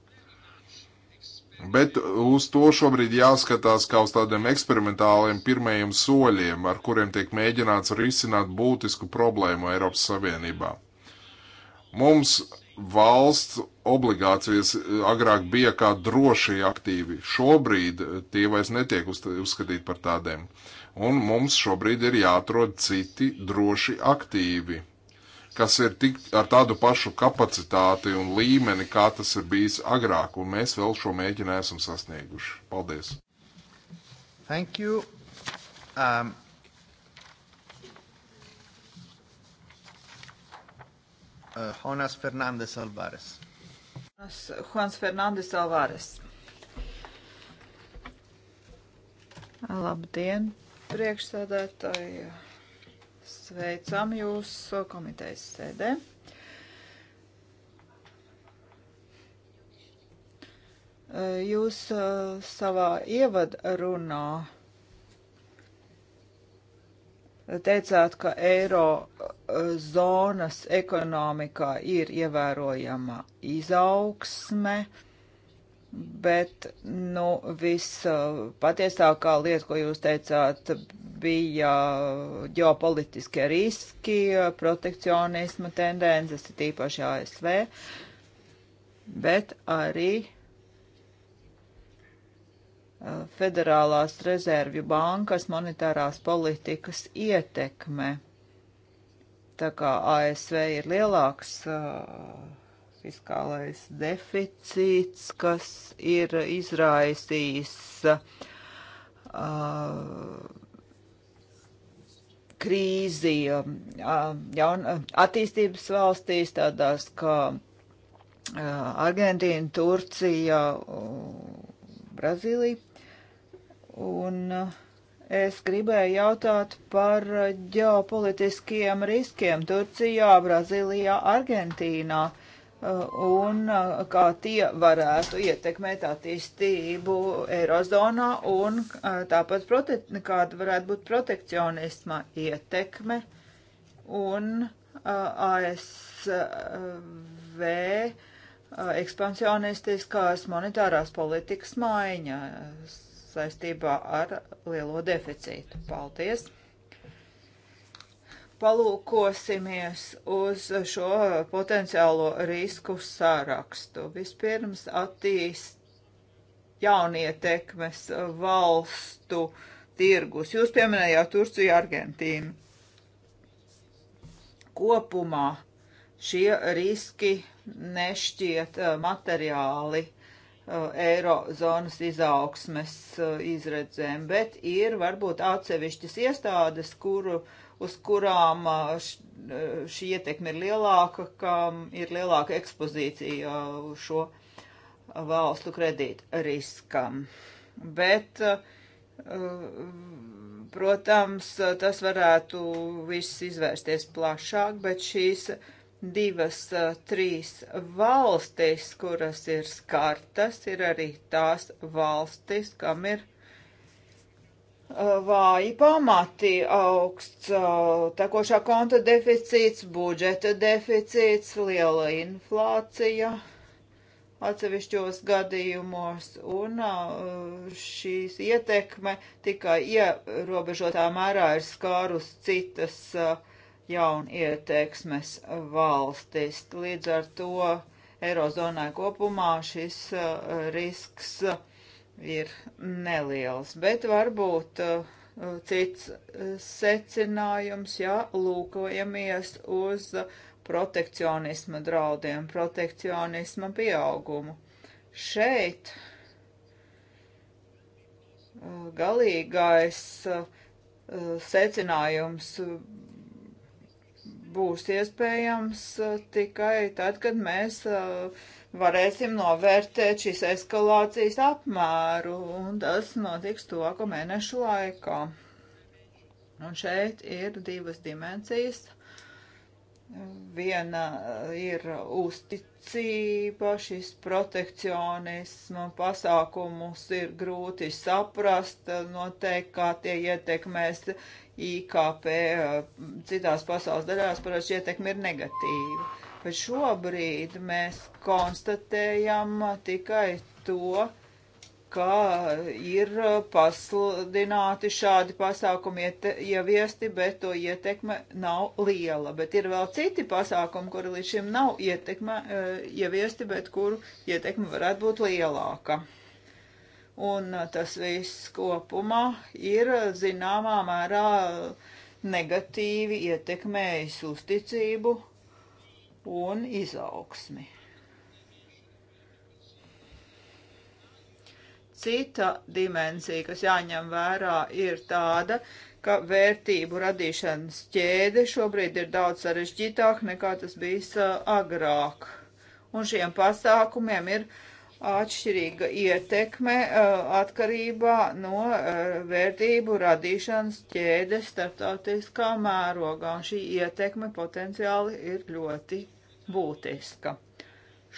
Bet uz to šobrīd jāskatās kā uz tādiem eksperimentāliem pirmajiem soļiem, ar kuriem tiek mēģināts risināt būtisku problēmu Eiropas Savienībā. Mums valsts obligācijas agrāk bija kā droši aktīvi. Šobrīd tie vairs netiek uzskatīti par tādiem. Un mums šobrīd ir jāatrod citi droši aktīvi kas ir tik ar tādu pašu kapacitāti un līmeni, kā tas ir bijis agrāk, un mēs vēl šo mēģi neesam sasnieguši. Paldies! Thank you. Um, uh, Jonas Fernandes Alvarez. Juans Fernandes Alvarez. Labdien, priekšsēdētāji! Sveicam jūs komitejas sēdē. E, jūs e, savā ievadrunā teicāt, ka eiro e, zonas ekonomikā ir ievērojama izaugsme. Uh, Bet nu, vispatiesākā uh, lieta, ko jūs teicāt, bija ģeopolitiskie riski, protekcionisma tendences, tīpaši ASV, bet arī uh, Federālās rezervju bankas monetārās politikas ietekme. Tā kā ASV ir lielāks uh, fiskālais deficīts, kas ir izraisījis uh, krīzi uh, jaun, um, attīstības valstīs, tādās kā uh, Argentīna, Turcija, uh, Brazīlija. Un uh, Es gribēju jautāt par ģeopolitiskiem riskiem Turcijā, Brazīlijā, Argentīnā. Uh, Uh, un uh, kā tie varētu ietekmēt attīstību Eirozonā un uh, tāpat prote kāda varētu būt protekcionisma ietekme un ASV ekspansionistiskās monetārās politikas maiņa saistībā ar lielo deficītu. Paldies! palūkosimies uz šo potenciālo risku sārakstu. Vispirms attīst jaunietekmes valstu tirgus. Jūs pieminējāt Turciju, Argentīnu. Kopumā šie riski nešķiet eh, materiāli eh, eirozonas izaugsmes eh, izredzēm, bet ir varbūt atsevišķas iestādes, kuru uh, uz kurām šī ietekme ir lielāka, kam ir lielāka ekspozīcija uz šo valstu kredītu riskam. Bet, protams, tas varētu viss izvērsties plašāk, bet šīs divas, trīs valstis, kuras ir skartas, ir arī tās valstis, kam ir vāji pamati augsts tekošā konta deficīts, budžeta deficīts, liela inflācija atsevišķos gadījumos, un šīs ietekme tikai ierobežotā mērā ir skārus citas jaunieteiksmes valstis. Līdz ar to Eirozonai kopumā šis risks uh, ir neliels, bet varbūt uh, cits uh, secinājums, ja lūkojamies uz protekcionisma draudiem, protekcionisma pieaugumu. Šeit uh, galīgais uh, secinājums būs iespējams tikai tad, kad mēs uh, varēsim novērtēt šīs eskalācijas apmēru, un tas notiks tuvāko mēnešu laikā. Un šeit ir divas dimensijas. Viena ir uzticība, šis protekcionismu pasākumus ir grūti saprast, noteikti kā tie ietekmēs IKP eh, citās pasaules daļās, parasti ietekme ir negatīva ka šobrīd mēs konstatējam tikai to, ka ir pasludināti šādi pasākumi ieviesti, bet to ietekme nav liela. Bet ir vēl citi pasākumi, kuri līdz šim nav ietekme, e, ieviesti, bet kuru ietekme varētu būt lielāka. Un e, tas viss kopumā ir zināmā mērā negatīvi ietekmējis uzticību un izaugsmi. Cita dimensija, kas jāņem vērā, ir tāda, ka vērtību radīšanas ķēde šobrīd ir daudz sarežģītāk nekā tas bijis agrāk. Un šiem pasākumiem ir atšķirīga ietekme atkarībā no vērtību radīšanas ķēdes starptautiskā mērogā. Un šī ietekme potenciāli ir ļoti būtiska.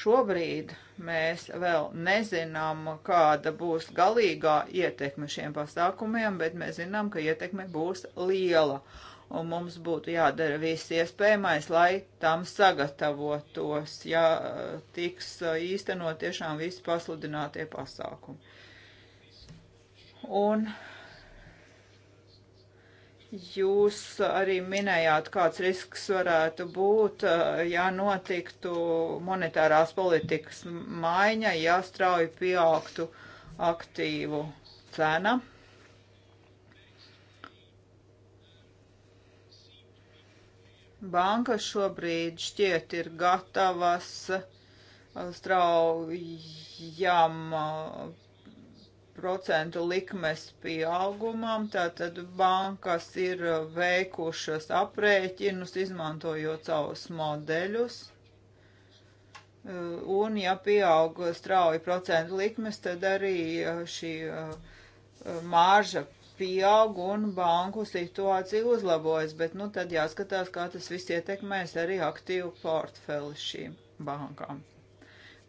Šobrīd mēs vēl nezinām, kāda būs galīgā ietekme šiem pasākumiem, bet mēs zinām, ka ietekme būs liela. Un mums būtu jādara viss iespējamais, lai tam sagatavotos, ja eh, tiks eh, īstenot tiešām visi pasludinātie pasākumi. Un Jūs arī minējāt, kāds risks varētu būt, eh, ja notiktu monetārās politikas maiņa, ja strauji pieaugtu aktīvu cena. Banka šobrīd šķiet ir gatavas eh, straujām procentu likmes pieaugumam, tātad bankas ir veikušas aprēķinus, izmantojot savus modeļus. Uh, un, ja pieaug strauji procentu likmes, tad arī uh, šī uh, mārža pieaug un banku situācija uzlabojas, bet nu tad jāskatās, kā tas viss ietekmēs arī aktīvu portfeli šīm bankām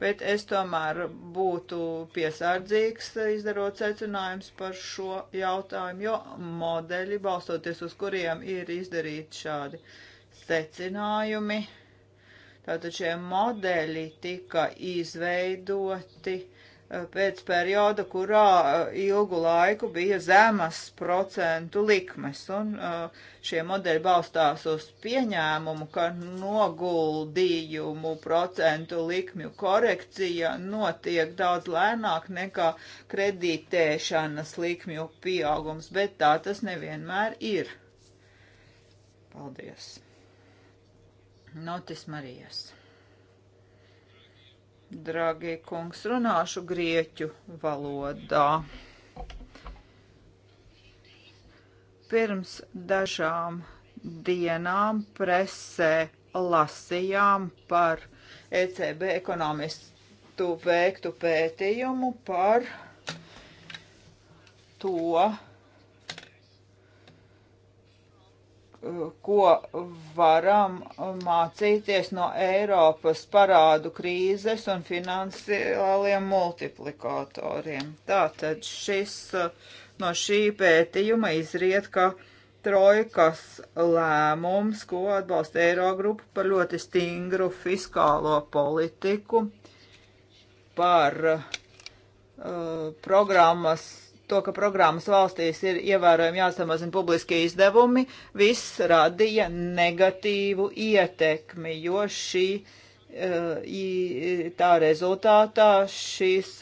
bet es tomēr būtu piesardzīgs izdarot secinājums par šo jautājumu, jo modeļi, balstoties uz kuriem ir izdarīti šādi secinājumi, tātad šie modeļi tika izveidoti pēc perioda, kurā ilgu laiku bija zemas procentu likmes. Un šie modeļi balstās uz pieņēmumu, ka noguldījumu procentu likmju korekcija notiek daudz lēnāk nekā kreditēšanas likmju pieaugums, bet tā tas nevienmēr ir. Paldies! Notis Marijas. Dragie kungs, runāšu grieķu valodā. Pirms dažām dienām presē lasījām par ECB ekonomistu veiktu pētījumu par to, ko varam mācīties no Eiropas parādu krīzes un finansiāliem multiplikatoriem. Tātad šis no šī pētījuma izriet, ka trojkas lēmums, ko atbalsta Eirogrupa par ļoti stingru fiskālo politiku, par uh, programmas to, ka programmas valstīs ir ievērojami jāsamazina publiskie izdevumi, viss radīja negatīvu ietekmi, jo šī eh, tā rezultātā šīs,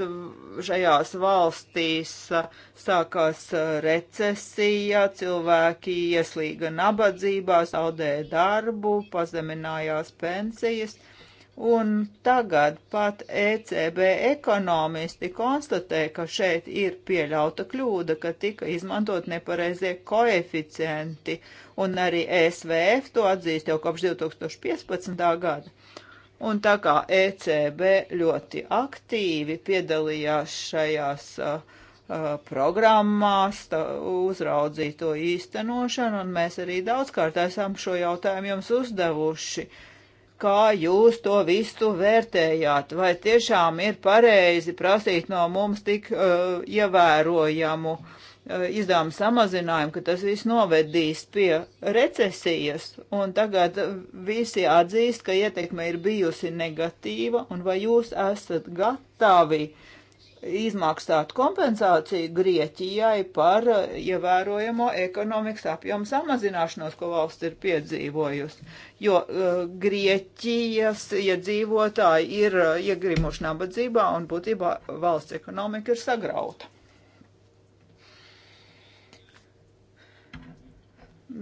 šajās valstīs eh, sākās eh, recesija, cilvēki ieslīga nabadzībā, zaudēja darbu, pazeminājās pensijas. Uh, Un tagad pat ECB ekonomisti konstatē, ka šeit ir pieļauta kļūda, ka tika izmantot nepareizie koeficienti, un arī SVF to atzīst jau kopš 2015. gada. Un tā kā ECB ļoti aktīvi piedalījās šajās uh, uh, programmās, tā, uzraudzīja to īstenošanu, un mēs arī daudzkārt esam šo jautājumu jums uzdevuši. Uh, kā jūs to visu vērtējāt. Vai tiešām ir pareizi prasīt no mums tik uh, ievērojamu uh, izdevumu samazinājumu, ka tas viss novedīs pie recesijas, un tagad visi atzīst, ka ietekme ir bijusi negatīva, un vai jūs esat gatavi uh, izmaksāt kompensāciju Grieķijai par ievērojamo ekonomikas apjomu samazināšanos, ko valsts ir piedzīvojusi. Jo uh, Grieķijas iedzīvotāji ir uh, iegrimuši nabadzībā un būtībā valsts ekonomika ir sagrauta.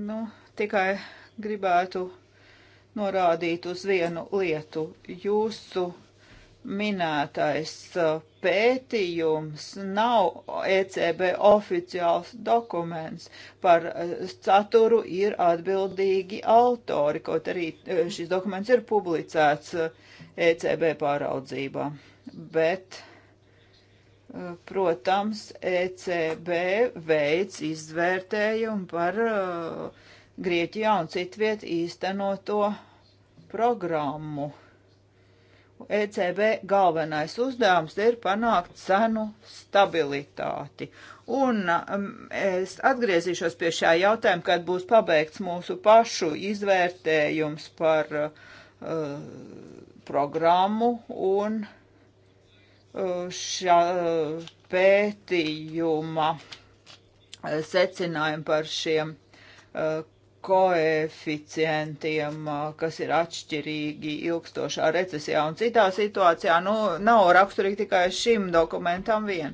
Nu, tikai gribētu norādīt uz vienu lietu. Jūsu minētais uh, pētījums nav ECB oficiāls dokuments. Par e, saturu ir atbildīgi autori, kaut arī e, šis dokuments ir publicēts ECB e pāraudzībā. Bet protams, ECB veids izvērtējumu par uh, Grieķijā un citviet īstenoto programmu. ECB galvenais uzdevums ir panākt cenu stabilitāti. Un um, es atgriezīšos pie šā jautājuma, kad būs pabeigts mūsu pašu izvērtējums par uh, programmu un uh, šā uh, pētījuma uh, secinājumu par šiem uh, koeficientiem, kas ir atšķirīgi ilgstošā recesijā un citā situācijā, nu, nav raksturīgi tikai šim dokumentam vien.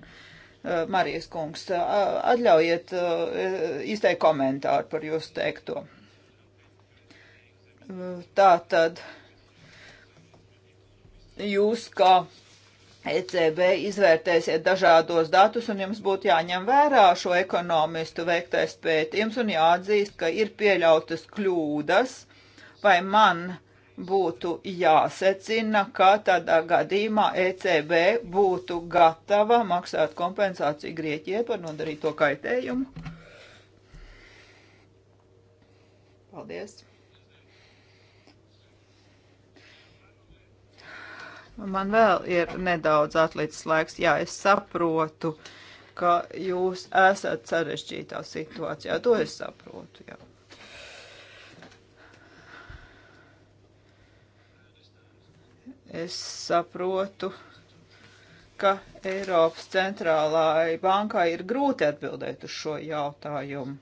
Marijas kungs, atļaujiet izteikt komentāru par jūsu teikto. Tā tad jūs kā ECB izvērtēsiet dažādos datus, un jums būtu jāņem vērā šo ekonomistu veiktais pētījums un jāatzīst, ka ir pieļautas kļūdas, vai man būtu jāsecina, ka tādā gadījumā ECB būtu gatava maksāt kompensāciju Grieķijai par nodarīto kaitējumu. Paldies! Man vēl ir nedaudz atlicis laiks. Jā, es saprotu, ka jūs esat sarežģītā situācijā. To es saprotu, jā. Es saprotu, ka Eiropas centrālai bankai ir grūti atbildēt uz šo jautājumu,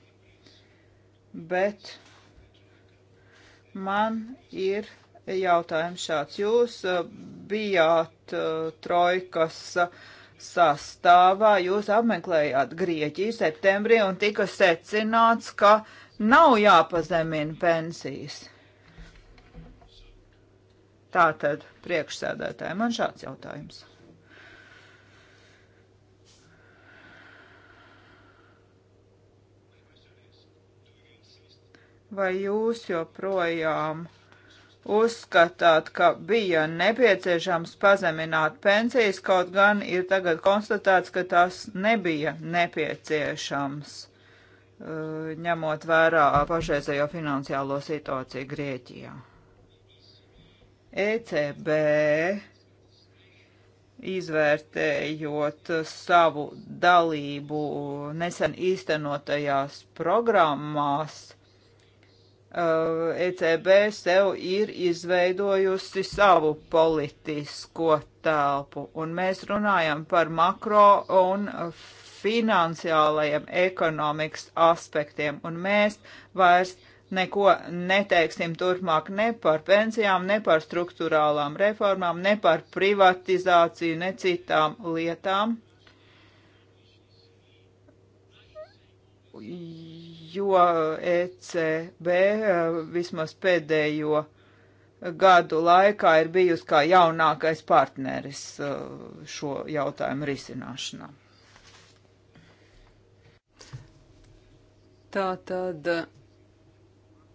bet man ir jautājums šāds. Jūs uh, bijāt uh, trojkas uh, sastāvā, jūs apmeklējāt Grieķiju septembrī un tika secināts, ka nav jāpazemina pensijas. Tātad, priekšsēdētāji, man šāds jautājums. Vai jūs joprojām uzskatāt, ka bija nepieciešams pazemināt pensijas, kaut gan ir tagad konstatēts, ka tas nebija nepieciešams, eh, ņemot vērā pašreizējo finansiālo situāciju Grieķijā. ECB izvērtējot savu dalību nesen īstenotajās programmās, ECB eh, e sev ir izveidojusi savu politisko telpu, un mēs runājam par makro un finansiālajiem ekonomikas aspektiem, un mēs vairs neko neteiksim turpmāk ne par pensijām, ne par struktūrālām reformām, ne par privatizāciju, ne citām lietām jo ECB vismaz pēdējo gadu laikā ir bijusi kā jaunākais partneris uh, šo jautājumu risināšanā. Tā tad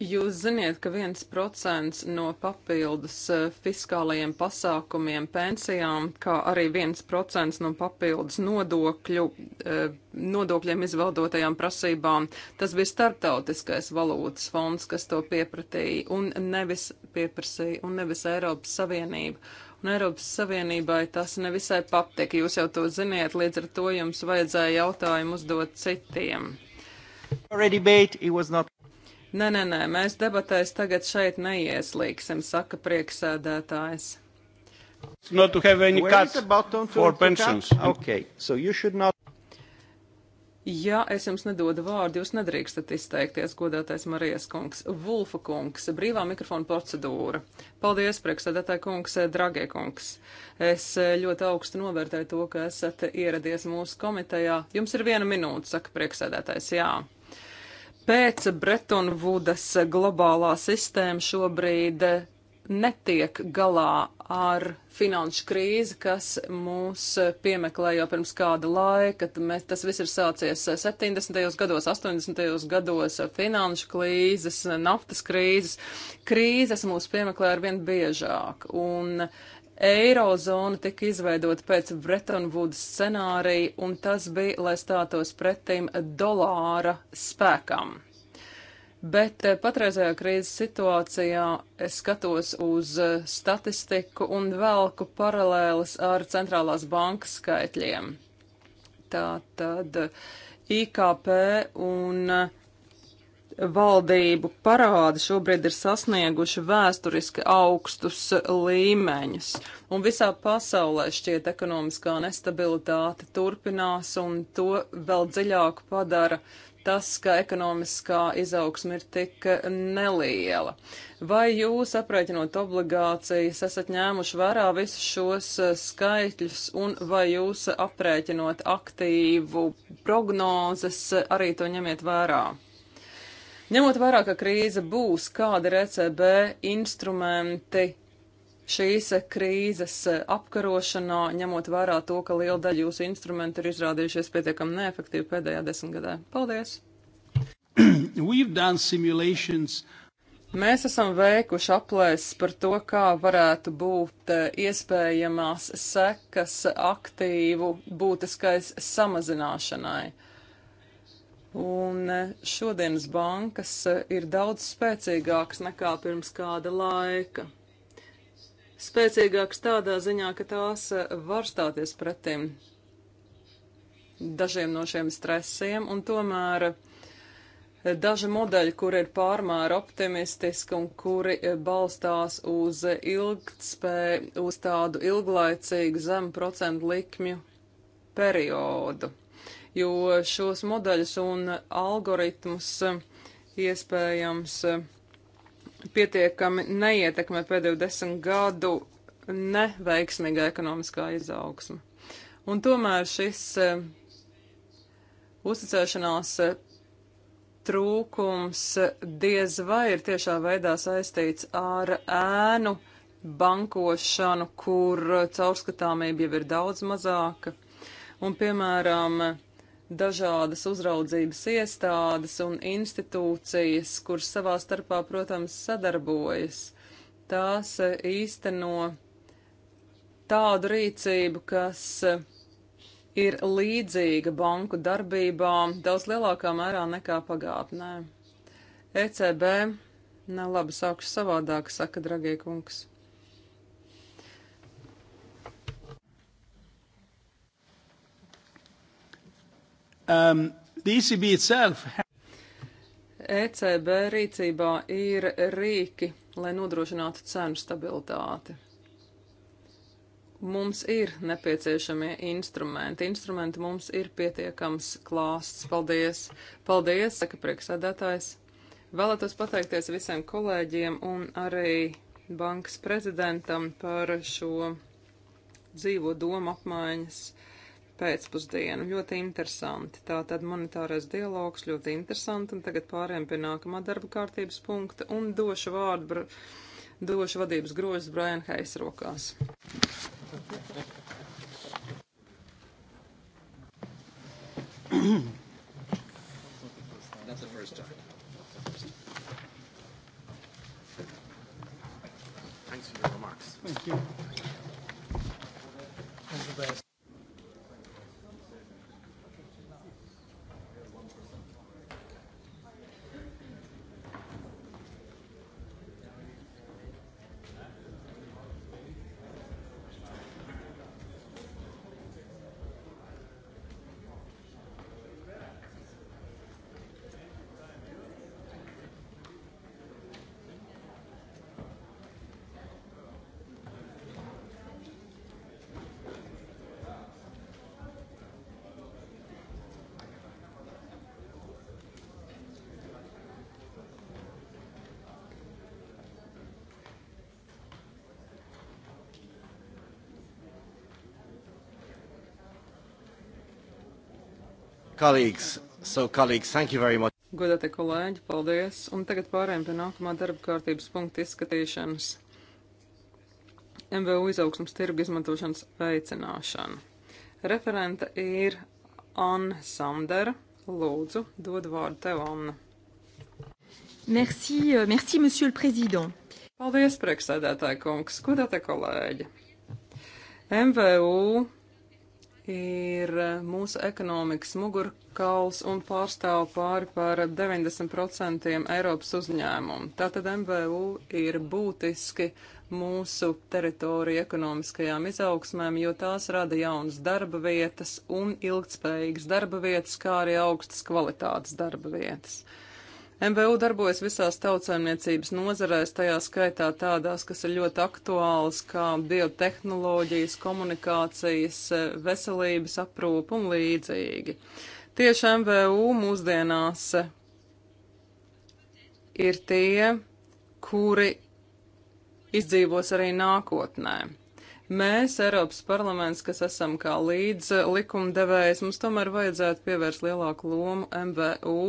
Jūs ziniet, ka viens procents no papildus eh, fiskālajiem pasākumiem pensijām, kā arī viens procents no papildus nodokļu, eh, nodokļiem izvaldotajām prasībām, tas bija starptautiskais valūtas fonds, kas to piepratīja un nevis pieprasīja un nevis Eiropas Savienība un Eiropas Savienībai tas nevisai patika. Jūs jau to ziniet, līdz ar to jums vajadzēja jautājumu uzdot citiem. Not... Nē, nē, nē, mēs debatēs tagad šeit neieslīgsim, saka prieksēdētājs. Not to have any cuts for pensions. Okay, so you should not. Ja es jums nedodu vārdu, jūs nedrīkstat izteikties, godātais Marijas kungs, Vulfa kungs, brīvā mikrofona procedūra. Paldies, priekšsēdētāji kungs, dragie kungs. Es eh, ļoti augstu novērtēju to, ka esat ieradies mūsu komitejā. Jums ir viena minūte, saka priekšsēdētājs, jā pēc Bretonvudas globālā sistēma šobrīd netiek galā ar finanšu krīzi, kas mūs piemeklē jau pirms kāda laika. Mēs, tas viss ir sācies 70. gados, 80. gados finanšu krīzes, naftas krīzes. Krīzes mūs piemeklē ar vien biežāk. Un uh, Eirozona tika izveidota pēc Bretton Woods scenārija, un tas bija, lai stātos pretim dolāra spēkam. Bet eh, patreizajā krīzes situācijā es skatos uz eh, statistiku un velku paralēles ar centrālās bankas skaitļiem. Tā tad IKP un uh, valdību parādi šobrīd ir sasnieguši vēsturiski augstus līmeņus, un visā pasaulē šķiet ekonomiskā nestabilitāte turpinās, un to vēl dziļāk padara tas, ka ekonomiskā izaugsme ir tik neliela. Vai jūs, aprēķinot obligācijas, esat ņēmuši vērā visus šos skaitļus, un vai jūs, aprēķinot aktīvu prognozes, arī to ņemiet vērā? Ņemot vērā, ka krīze būs, kāda ir ECB instrumenti šīs krīzes apkarošanā, ņemot vērā to, ka liela daļa jūsu instrumentu ir izrādījušies pietiekami neefektīvi pēdējā desmitgadē. Paldies! Mēs esam veikuši aplēses par to, kā varētu būt eh, iespējamās sekas aktīvu būtiskais samazināšanai. Un e, šodienas bankas e, ir daudz spēcīgāks nekā pirms kāda laika. Spēcīgāks tādā ziņā, ka tās e, var stāties pretim dažiem no šiem stresiem, un tomēr daži modeļi, kur ir pārmēr optimistiski un kuri balstās uz ilgtspēju, uz tādu ilglaicīgu zemu procentu likmju periodu jo šos modeļus un algoritmus e, iespējams e, pietiekami neietekmē pēdējo desmit gadu neveiksmīga ekonomiskā izaugsme. Un tomēr šis e, uzticēšanās trūkums diez vai ir tiešā veidā saistīts ar ēnu bankošanu, kur caurskatāmība jau ir daudz mazāka. Un, piemēram, dažādas uzraudzības iestādes un institūcijas, kuras savā starpā, protams, sadarbojas. Tās eh, īsteno tādu rīcību, kas eh, ir līdzīga banku darbībām daudz lielākā mērā nekā pagātnē. ECB, nē, labi, sākšu savādāk, saka Dragie kungs. Um, the ECB itself ECB rīcībā ir rīki, lai nodrošinātu cenu stabilitāti. Mums ir nepieciešamie instrumenti. Instrumenti mums ir pietiekams klāsts. Paldies! Paldies, saka priekšsēdētājs. Vēlētos pateikties visiem kolēģiem un arī bankas prezidentam par šo dzīvo domu apmaiņas pēcpusdienu. Ļoti interesanti. Tā tad monetārais dialogs ļoti interesanti, un tagad pārējām pie nākamā darba kārtības punkta un došu vārdu, došu vadības grožas Brian Heis rokās. That's the first time. Thanks for your remarks. Thank you. Colleagues, so colleagues, thank you very much. Godātie kolēģi, paldies! Un tagad pārējām pie nākamā darba kārtības punkta izskatīšanas. MVU izaugsmas tirgu izmantošanas veicināšana. Referente ir Anna Sandera. Lūdzu, dod vārdu tev, Anna. Merci, euh, merci, monsieur le président. Paldies, priekšsēdētāji kungs, godātie kolēģi! MVU ir mūsu ekonomikas mugurkauls un pārstāv pāri par 90% Eiropas uzņēmumu. Tātad MVU ir būtiski mūsu teritoriju ekonomiskajām izaugsmēm, jo tās rada jaunas darba vietas un ilgtspējīgas darba vietas, kā arī augstas kvalitātes darba vietas. Uh, MBU darbojas visās tautsājumniecības nozarēs, tajā skaitā tādās, kas ir ļoti aktuāls, kā biotehnoloģijas, komunikācijas, veselības aprūpa un līdzīgi. Tieši MBU mūsdienās ir tie, kuri izdzīvos arī nākotnē. Mēs, Eiropas parlaments, kas esam kā līdz likumdevējs, mums tomēr vajadzētu pievērst lielāku lomu MBU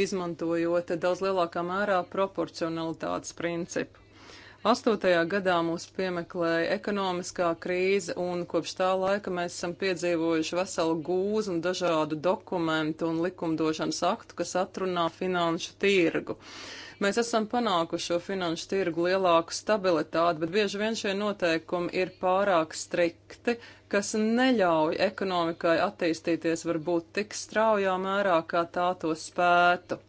izmantojot daudz lielākā mērā proporcionalitātes principu. Astotajā gadā mūs piemeklēja ekonomiskā krīze, un kopš tā laika mēs esam piedzīvojuši veselu gūzu un dažādu dokumentu un likumdošanas aktu, kas atrunā finanšu tirgu. Uh, Mēs esam panākuši šo finanšu tirgu lielāku stabilitāti, bet bieži vien šie noteikumi ir pārāk strikti, kas neļauj ekonomikai attīstīties varbūt tik straujā mērā, kā tā to spētu.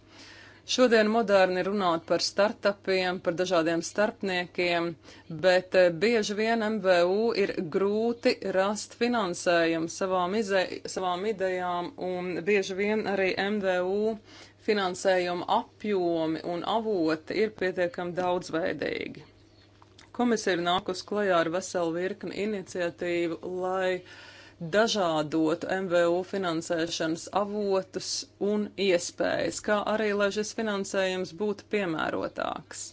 Šodien moderni runāt par startupiem, par dažādiem starpniekiem, bet eh, bieži vien MVU ir grūti rast finansējumu savām, ize, savām idejām, un bieži vien arī MVU finansējuma apjomi un avoti ir pietiekami daudzveidīgi. Komisija ir nākus klajā ar veselu virkni iniciatīvu, lai uh, dažādot MVU finansēšanas avotus un iespējas, kā arī, lai šis finansējums būtu piemērotāks.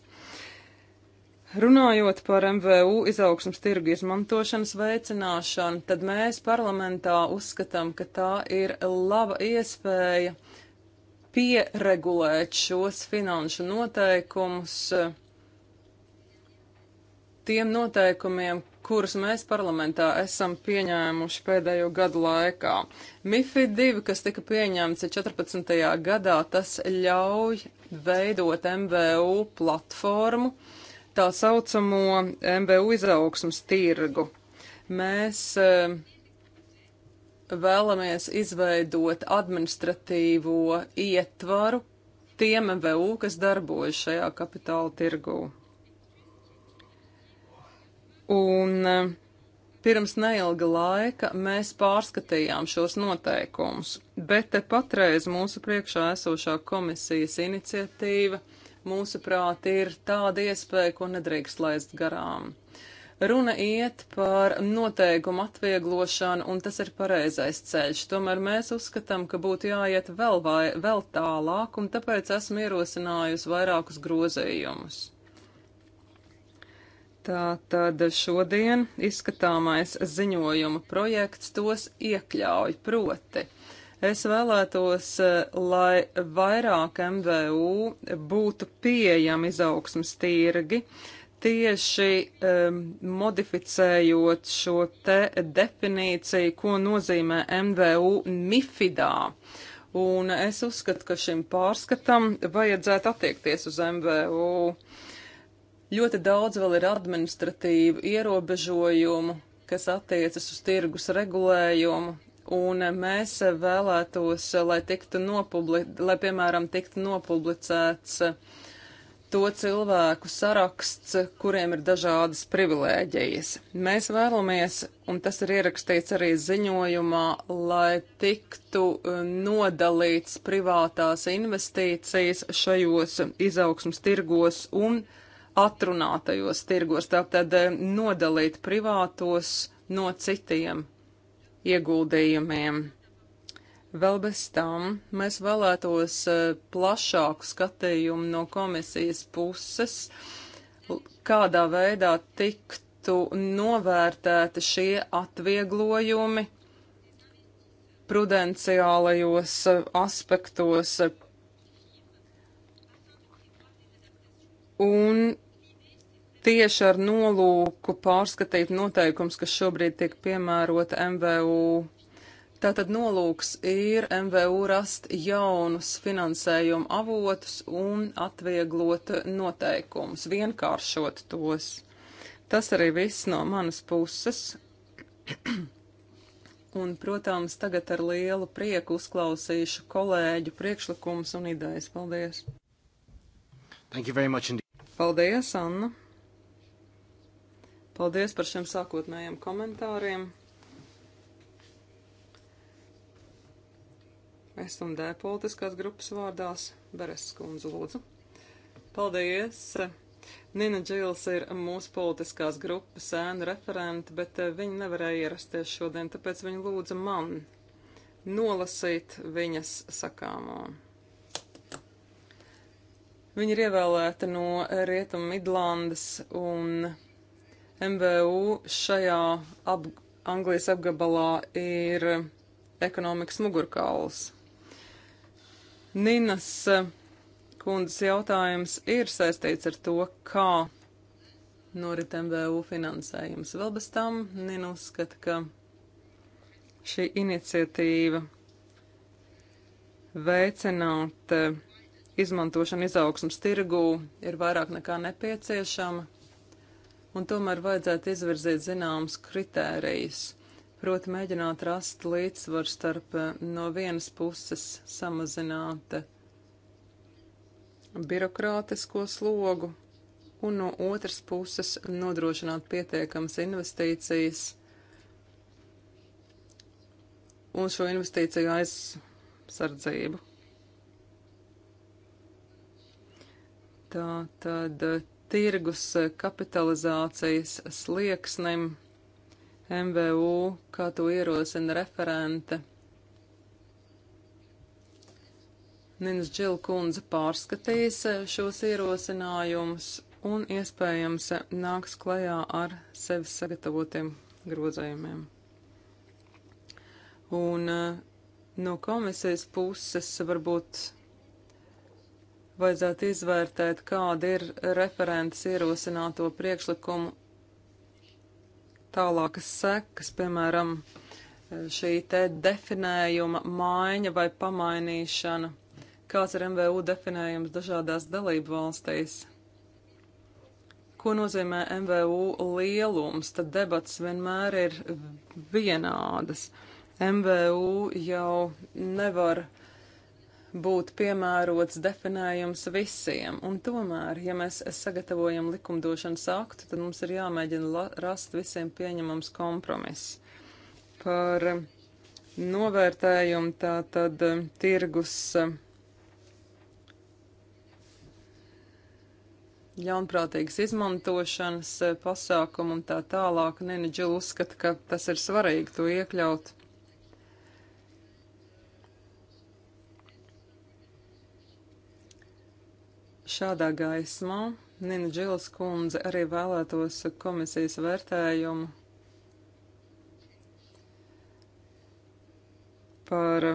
Runājot par MVU izaugsmas tirgu izmantošanas veicināšanu, tad mēs parlamentā uzskatām, ka tā ir laba iespēja pieregulēt šos finanšu noteikumus tiem noteikumiem, kurus mēs parlamentā esam pieņēmuši pēdējo gadu laikā. MIFID 2, kas tika pieņemts 14. gadā, tas ļauj veidot MVU platformu, tā saucamo MVU izaugsmas tirgu. Mēs eh, vēlamies izveidot administratīvo ietvaru tiem MVU, kas darbojas šajā kapitāla tirgū. Un eh, pirms neilga laika mēs pārskatījām šos noteikumus, bet te patreiz mūsu priekšā esošā komisijas iniciatīva mūsuprāt ir tāda iespēja, ko nedrīkst laist garām. Runa iet par noteikumu atvieglošanu, un tas ir pareizais ceļš. Tomēr mēs uzskatām, ka būtu jāiet vēl, vai, vēl tālāk, un tāpēc esmu ierosinājusi vairākus grozījumus. Tātad šodien izskatāmais ziņojuma projekts tos iekļauj proti. Es vēlētos, lai vairāk MVU būtu pieejami izaugsmas tirgi, tieši um, modificējot šo te definīciju, ko nozīmē MVU MIFIDā. Un es uzskatu, ka šim pārskatam vajadzētu attiekties uz MVU. Uh, Ļoti daudz vēl ir administratīvu ierobežojumu, kas attiecas uz tirgus regulējumu, un mēs vēlētos, lai tiktu nopublicēts, lai, piemēram, tiktu nopublicēts to cilvēku saraksts, kuriem ir dažādas privilēģijas. Mēs vēlamies, un tas ir ierakstīts arī ziņojumā, lai tiktu e, nodalīts privātās investīcijas šajos izaugsmas tirgos un tirgos atrunātajos tirgos, tātad eh, nodalīt privātos no citiem ieguldījumiem. Vēl bez tam mēs vēlētos eh, plašāku skatījumu no komisijas puses, kādā veidā tiktu novērtēti šie atvieglojumi prudenciālajos eh, aspektos Un tieši ar nolūku pārskatīt noteikums, kas šobrīd tiek piemērota MVU. Tātad nolūks ir MVU rast jaunus finansējumu avotus un atvieglot noteikumus, vienkāršot tos. Tas arī viss no manas puses. un, protams, tagad ar lielu prieku uzklausīšu kolēģu priekšlikumus un idejas. Paldies! Thank you very much indeed. Paldies, Anna! Paldies par šiem sākotnējiem komentāriem. Es un D politiskās grupas vārdās Beres skundzu lūdzu. Paldies! Nina Džils ir mūsu politiskās grupas ēna referente, bet eh, viņa nevarēja ierasties šodien, tāpēc viņa lūdza man nolasīt viņas sakāmo. Viņa ir ievēlēta no Rietumu Midlandes un MVU šajā ap Anglijas apgabalā ir ekonomikas mugurkauls. Ninas kundzes jautājums ir saistīts ar to, kā norit MVU finansējums. Vēl bez tam Nina uzskata, ka šī iniciatīva veicināt izmantošana izaugsmas tirgū ir vairāk nekā nepieciešama, un tomēr vajadzētu izvirzīt zināmas kritērijas, proti mēģināt rast līdzsvaru starp eh, no vienas puses samazināt eh, birokrātisko slogu un no otras puses nodrošināt pietiekamas investīcijas un šo investīciju aizsardzību. Tā tad tirgus kapitalizācijas slieksnim MVU, kā to ierosina referente. Nins Džilkundze pārskatīs šos ierosinājumus un iespējams nāks klajā ar sevi sagatavotiem grozējumiem. Un eh, no komisijas puses varbūt vajadzētu izvērtēt, kāda ir referents ierosināto priekšlikumu tālākas sekas, piemēram, šī te definējuma maiņa vai pamainīšana, kāds ir MVU definējums dažādās dalību valstīs. Ko nozīmē MVU lielums, tad debats vienmēr ir vienādas. MVU jau nevar būtu piemērots definējums visiem, un tomēr, ja mēs sagatavojam likumdošanas aktu, tad mums ir jāmēģina rast visiem pieņemams kompromiss. Par novērtējumu tā tad eh, tirgus eh, ļaunprātīgas izmantošanas eh, pasākumu un tā tālāk, Nina Džil uzskata, ka tas ir svarīgi to iekļaut Šādā gaismā Nina Džils kundze arī vēlētos komisijas vērtējumu par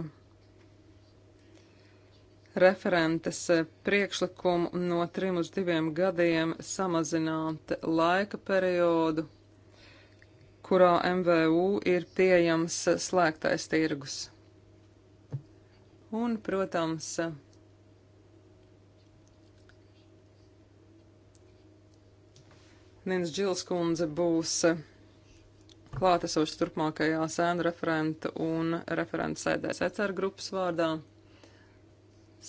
referentes priekšlikumu no trim uz diviem gadiem samazināt laika periodu, kurā MVU ir pieejams slēgtais tirgus. Un, protams, Nins Džilskundze būs klātesoši turpmākajā sēna referenta un referenta sēdēs ECR grupas vārdā.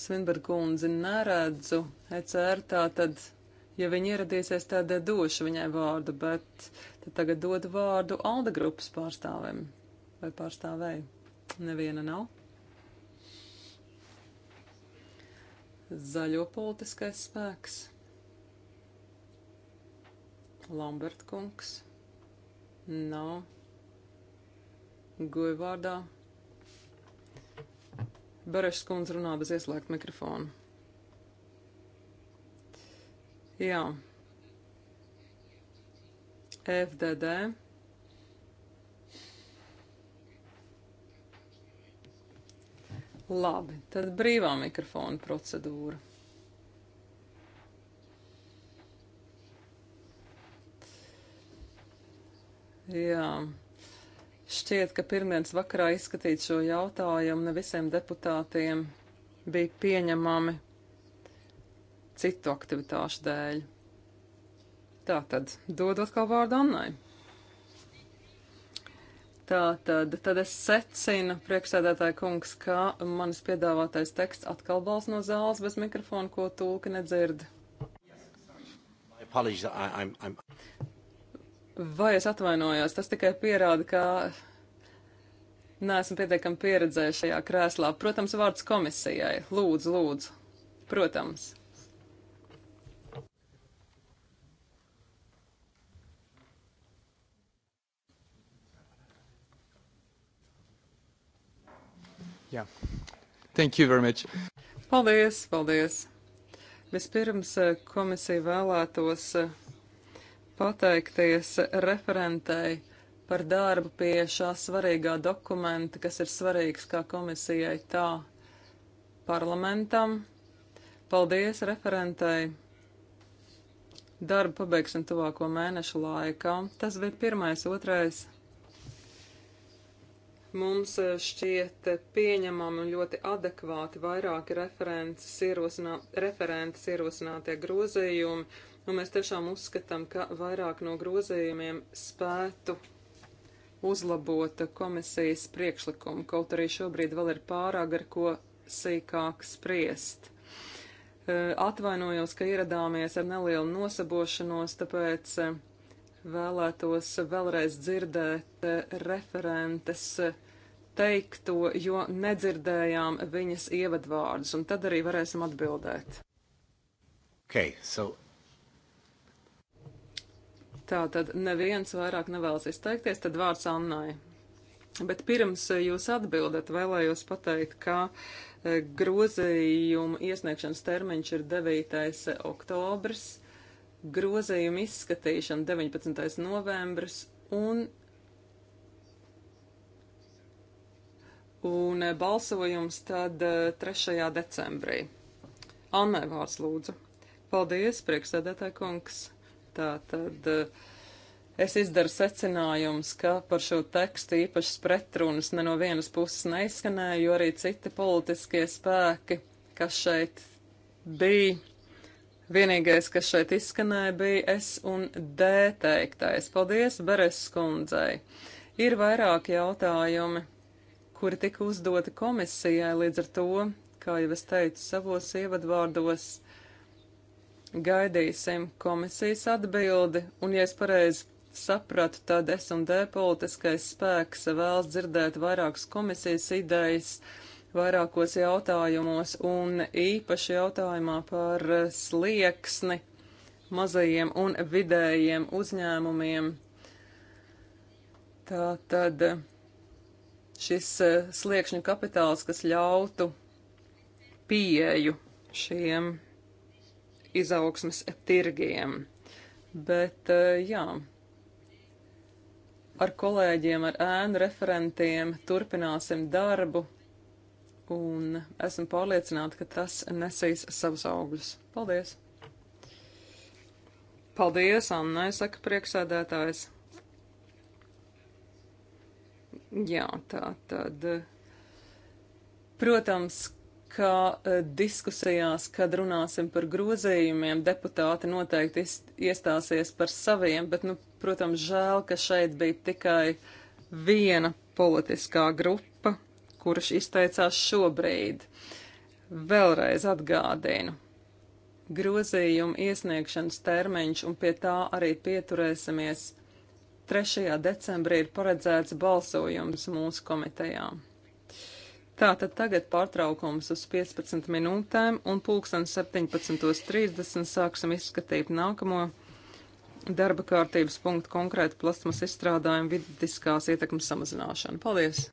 Svinbergundzi neredzu ECR, tā tad, ja viņa ieradīsies, tad došu viņai vārdu, bet tad tagad dodu vārdu Alda grupas pārstāvim vai pārstāvēji. Neviena nav. Zaļo politiskais spēks. Lambert kungs. Nav. Guja vārdā. Berešs kundze runā bez ieslēgt mikrofonu. Jā. FDD. Labi, tad brīvā mikrofona procedūra. Jā. Šķiet, ka pirmdienas vakarā izskatīt šo jautājumu ne visiem deputātiem bija pieņemami citu aktivitāšu dēļ. Tātad, dodot kā vārdu Annai. Tātad, tad es secinu, priekšsēdētāja kungs, ka manis piedāvātais teksts atkal balsts no zāles bez mikrofona, ko tulki nedzird. Yes, Vai es atvainojos? Tas tikai pierāda, ka neesmu pietiekami pieredzējis šajā krēslā. Protams, vārds komisijai. Lūdzu, lūdzu. Protams. Yeah. Thank you very much. Paldies, paldies. Vispirms eh, komisija vēlētos eh, pateikties referentei par darbu pie šā svarīgā dokumenta, kas ir svarīgs kā komisijai, tā parlamentam. Paldies referentei! Darbu pabeigsim tuvāko mēnešu laikā. Tas bija pirmais, otrais. Mums eh, šķiet pieņemami un ļoti adekvāti vairāki references ierosinā, references ierosinātie grozījumi, Un nu, mēs tiešām uzskatām, ka vairāk no grozījumiem spētu uzlabot komisijas priekšlikumu, kaut arī šobrīd vēl ir pārāk ar ko sīkāk spriest. E, atvainojos, ka ieradāmies ar nelielu nosabošanos, tāpēc e, vēlētos vēlreiz dzirdēt e, referentes teikto, jo nedzirdējām viņas ievadvārdus, un tad arī varēsim atbildēt. Okay, so Tā tad neviens vairāk nevēlas izteikties, tad vārds Annai. Bet pirms jūs atbildat, vēlējos pateikt, ka e, grozījuma iesniegšanas termiņš ir 9. oktobrs, grozījuma izskatīšana 19. novembris un, un balsojums tad 3. E, decembrī. Annai vārds lūdzu. Paldies, priekšsēdētāji kungs! Tā tad eh, es izdaru secinājums, ka par šo tekstu īpašas pretrunas ne no vienas puses neizskanēja, jo arī citi politiskie spēki, kas šeit bija. Vienīgais, kas šeit izskanēja, bija S un D teiktais. Paldies Beres skundzei. Ir vairāki jautājumi, kuri tika uzdoti komisijai līdz ar to, kā jau es teicu savos ievadvārdos, Gaidīsim komisijas atbildi, un, ja es pareizi sapratu, tad S&D politiskais spēks vēlas dzirdēt vairākas komisijas idejas vairākos jautājumos, un īpaši jautājumā par eh, slieksni mazajiem un vidējiem uzņēmumiem. Tā tad šis eh, sliekšņu kapitāls, kas ļautu pieeju šiem izaugsmas tirgiem. Bet, eh, jā, ar kolēģiem, ar ēnu referentiem turpināsim darbu, un esmu pārliecināta, ka tas nesīs savus augļus. Paldies! Paldies, Anna, saka priekšsēdētājs. Jā, tā tad. Eh, protams, ka e, diskusijās, kad runāsim par grozējumiem, deputāti noteikti iestāsies par saviem, bet, nu, protams, žēl, ka šeit bija tikai viena politiskā grupa, kurš izteicās šobrīd. Vēlreiz atgādinu. Grozījuma iesniegšanas termiņš un pie tā arī pieturēsimies. 3. decembrī ir paredzēts balsojums mūsu komitejām. Tātad tagad pārtraukums uz 15 minūtēm un pulksten 17.30 sāksim izskatīt nākamo darba kārtības punktu konkrētu plasmas izstrādājumu vidiskās ietekmes samazināšanu. Paldies!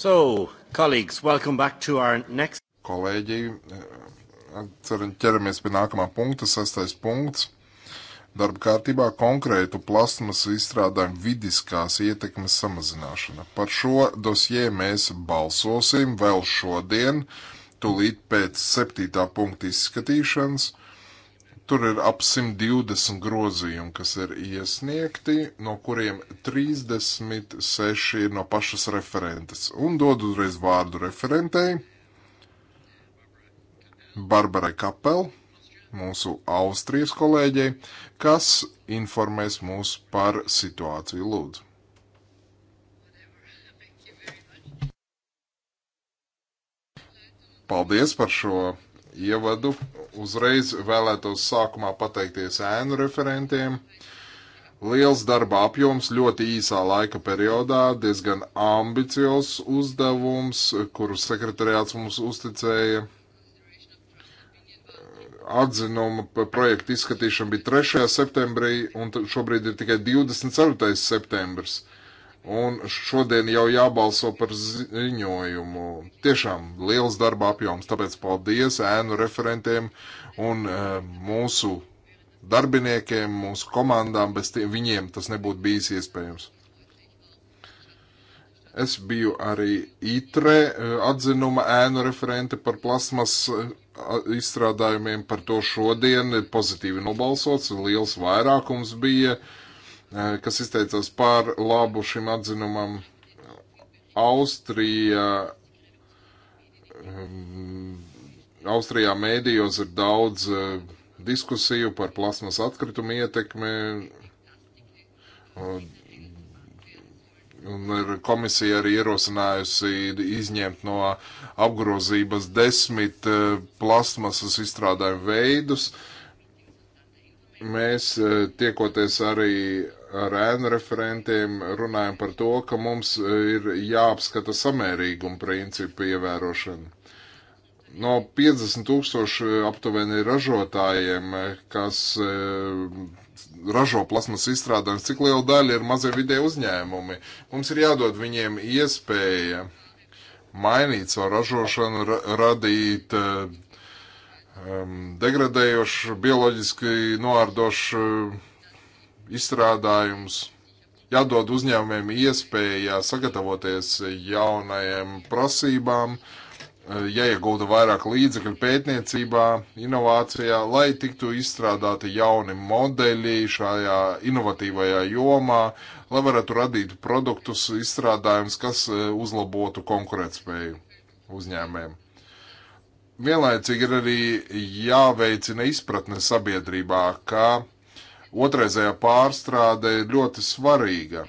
So, colleagues, welcome back to our next. Kolēģi, eh, ķeramies pie nākamā punkta, sastais punkts. Darba kārtībā konkrētu plasmas izstrādājumu vidiskās ietekmes samazināšana. Par šo dosjē mēs balsosim vēl šodien, tūlīt pēc septītā punkta izskatīšanas. Tur ir ap 120 grozījumi, kas ir iesniegti, no kuriem 36 ir no pašas referentes. Un dodu uzreiz vārdu referentei Barbarai Kapel, mūsu Austrijas kolēģei, kas informēs mūs par situāciju lūdzu. Paldies par šo ievadu. Uzreiz vēlētos sākumā pateikties ēnu referentiem. Liels darba apjoms ļoti īsā laika periodā, diezgan ambiciozs uzdevums, kuru sekretariāts mums uzticēja. Atzinuma projekta izskatīšana bija 3. septembrī, un šobrīd ir tikai 24. septembris. Uh, Un šodien jau jābalso par ziņojumu. Tiešām liels darba apjoms, tāpēc paldies ēnu referentiem un e, mūsu darbiniekiem, mūsu komandām, bez tiem, viņiem tas nebūtu bijis iespējams. Es biju arī ITRE e, atzinuma ēnu referente par plasmas e, izstrādājumiem, par to šodien pozitīvi nobalsots, liels vairākums bija. Uh, kas izteicās par labu šim atzinumam. Austrija, Austrijā mēdījos ir daudz diskusiju par plasmas atkritumu ietekmi. Un komisija arī ierosinājusi izņemt no apgrozības desmit plasmasas izstrādājumu veidus. Mēs tiekoties arī ar ēnu referentiem runājam par to, ka mums e, ir jāapskata samērīguma principu ievērošana. No 50 tūkstoši e, aptuveni ražotājiem, e, kas ražo plasmas izstrādājumus, cik liela daļa ir mazie vidē uzņēmumi. Mums ir jādod viņiem iespēja mainīt savu ražošanu, ra radīt um, degradējošu, bioloģiski noārdošu izstrādājums, jādod uzņēmumiem iespēja sagatavoties jaunajiem prasībām, eh, jāiegulda vairāk līdzekļu pētniecībā, inovācijā, lai tiktu izstrādāti jauni modeļi šajā inovatīvajā jomā, lai varētu radīt produktus, izstrādājums, kas eh, uzlabotu konkurētspēju uzņēmējiem. Vienlaicīgi ir arī jāveicina izpratne sabiedrībā, ka otraizējā pārstrāde ir ļoti svarīga.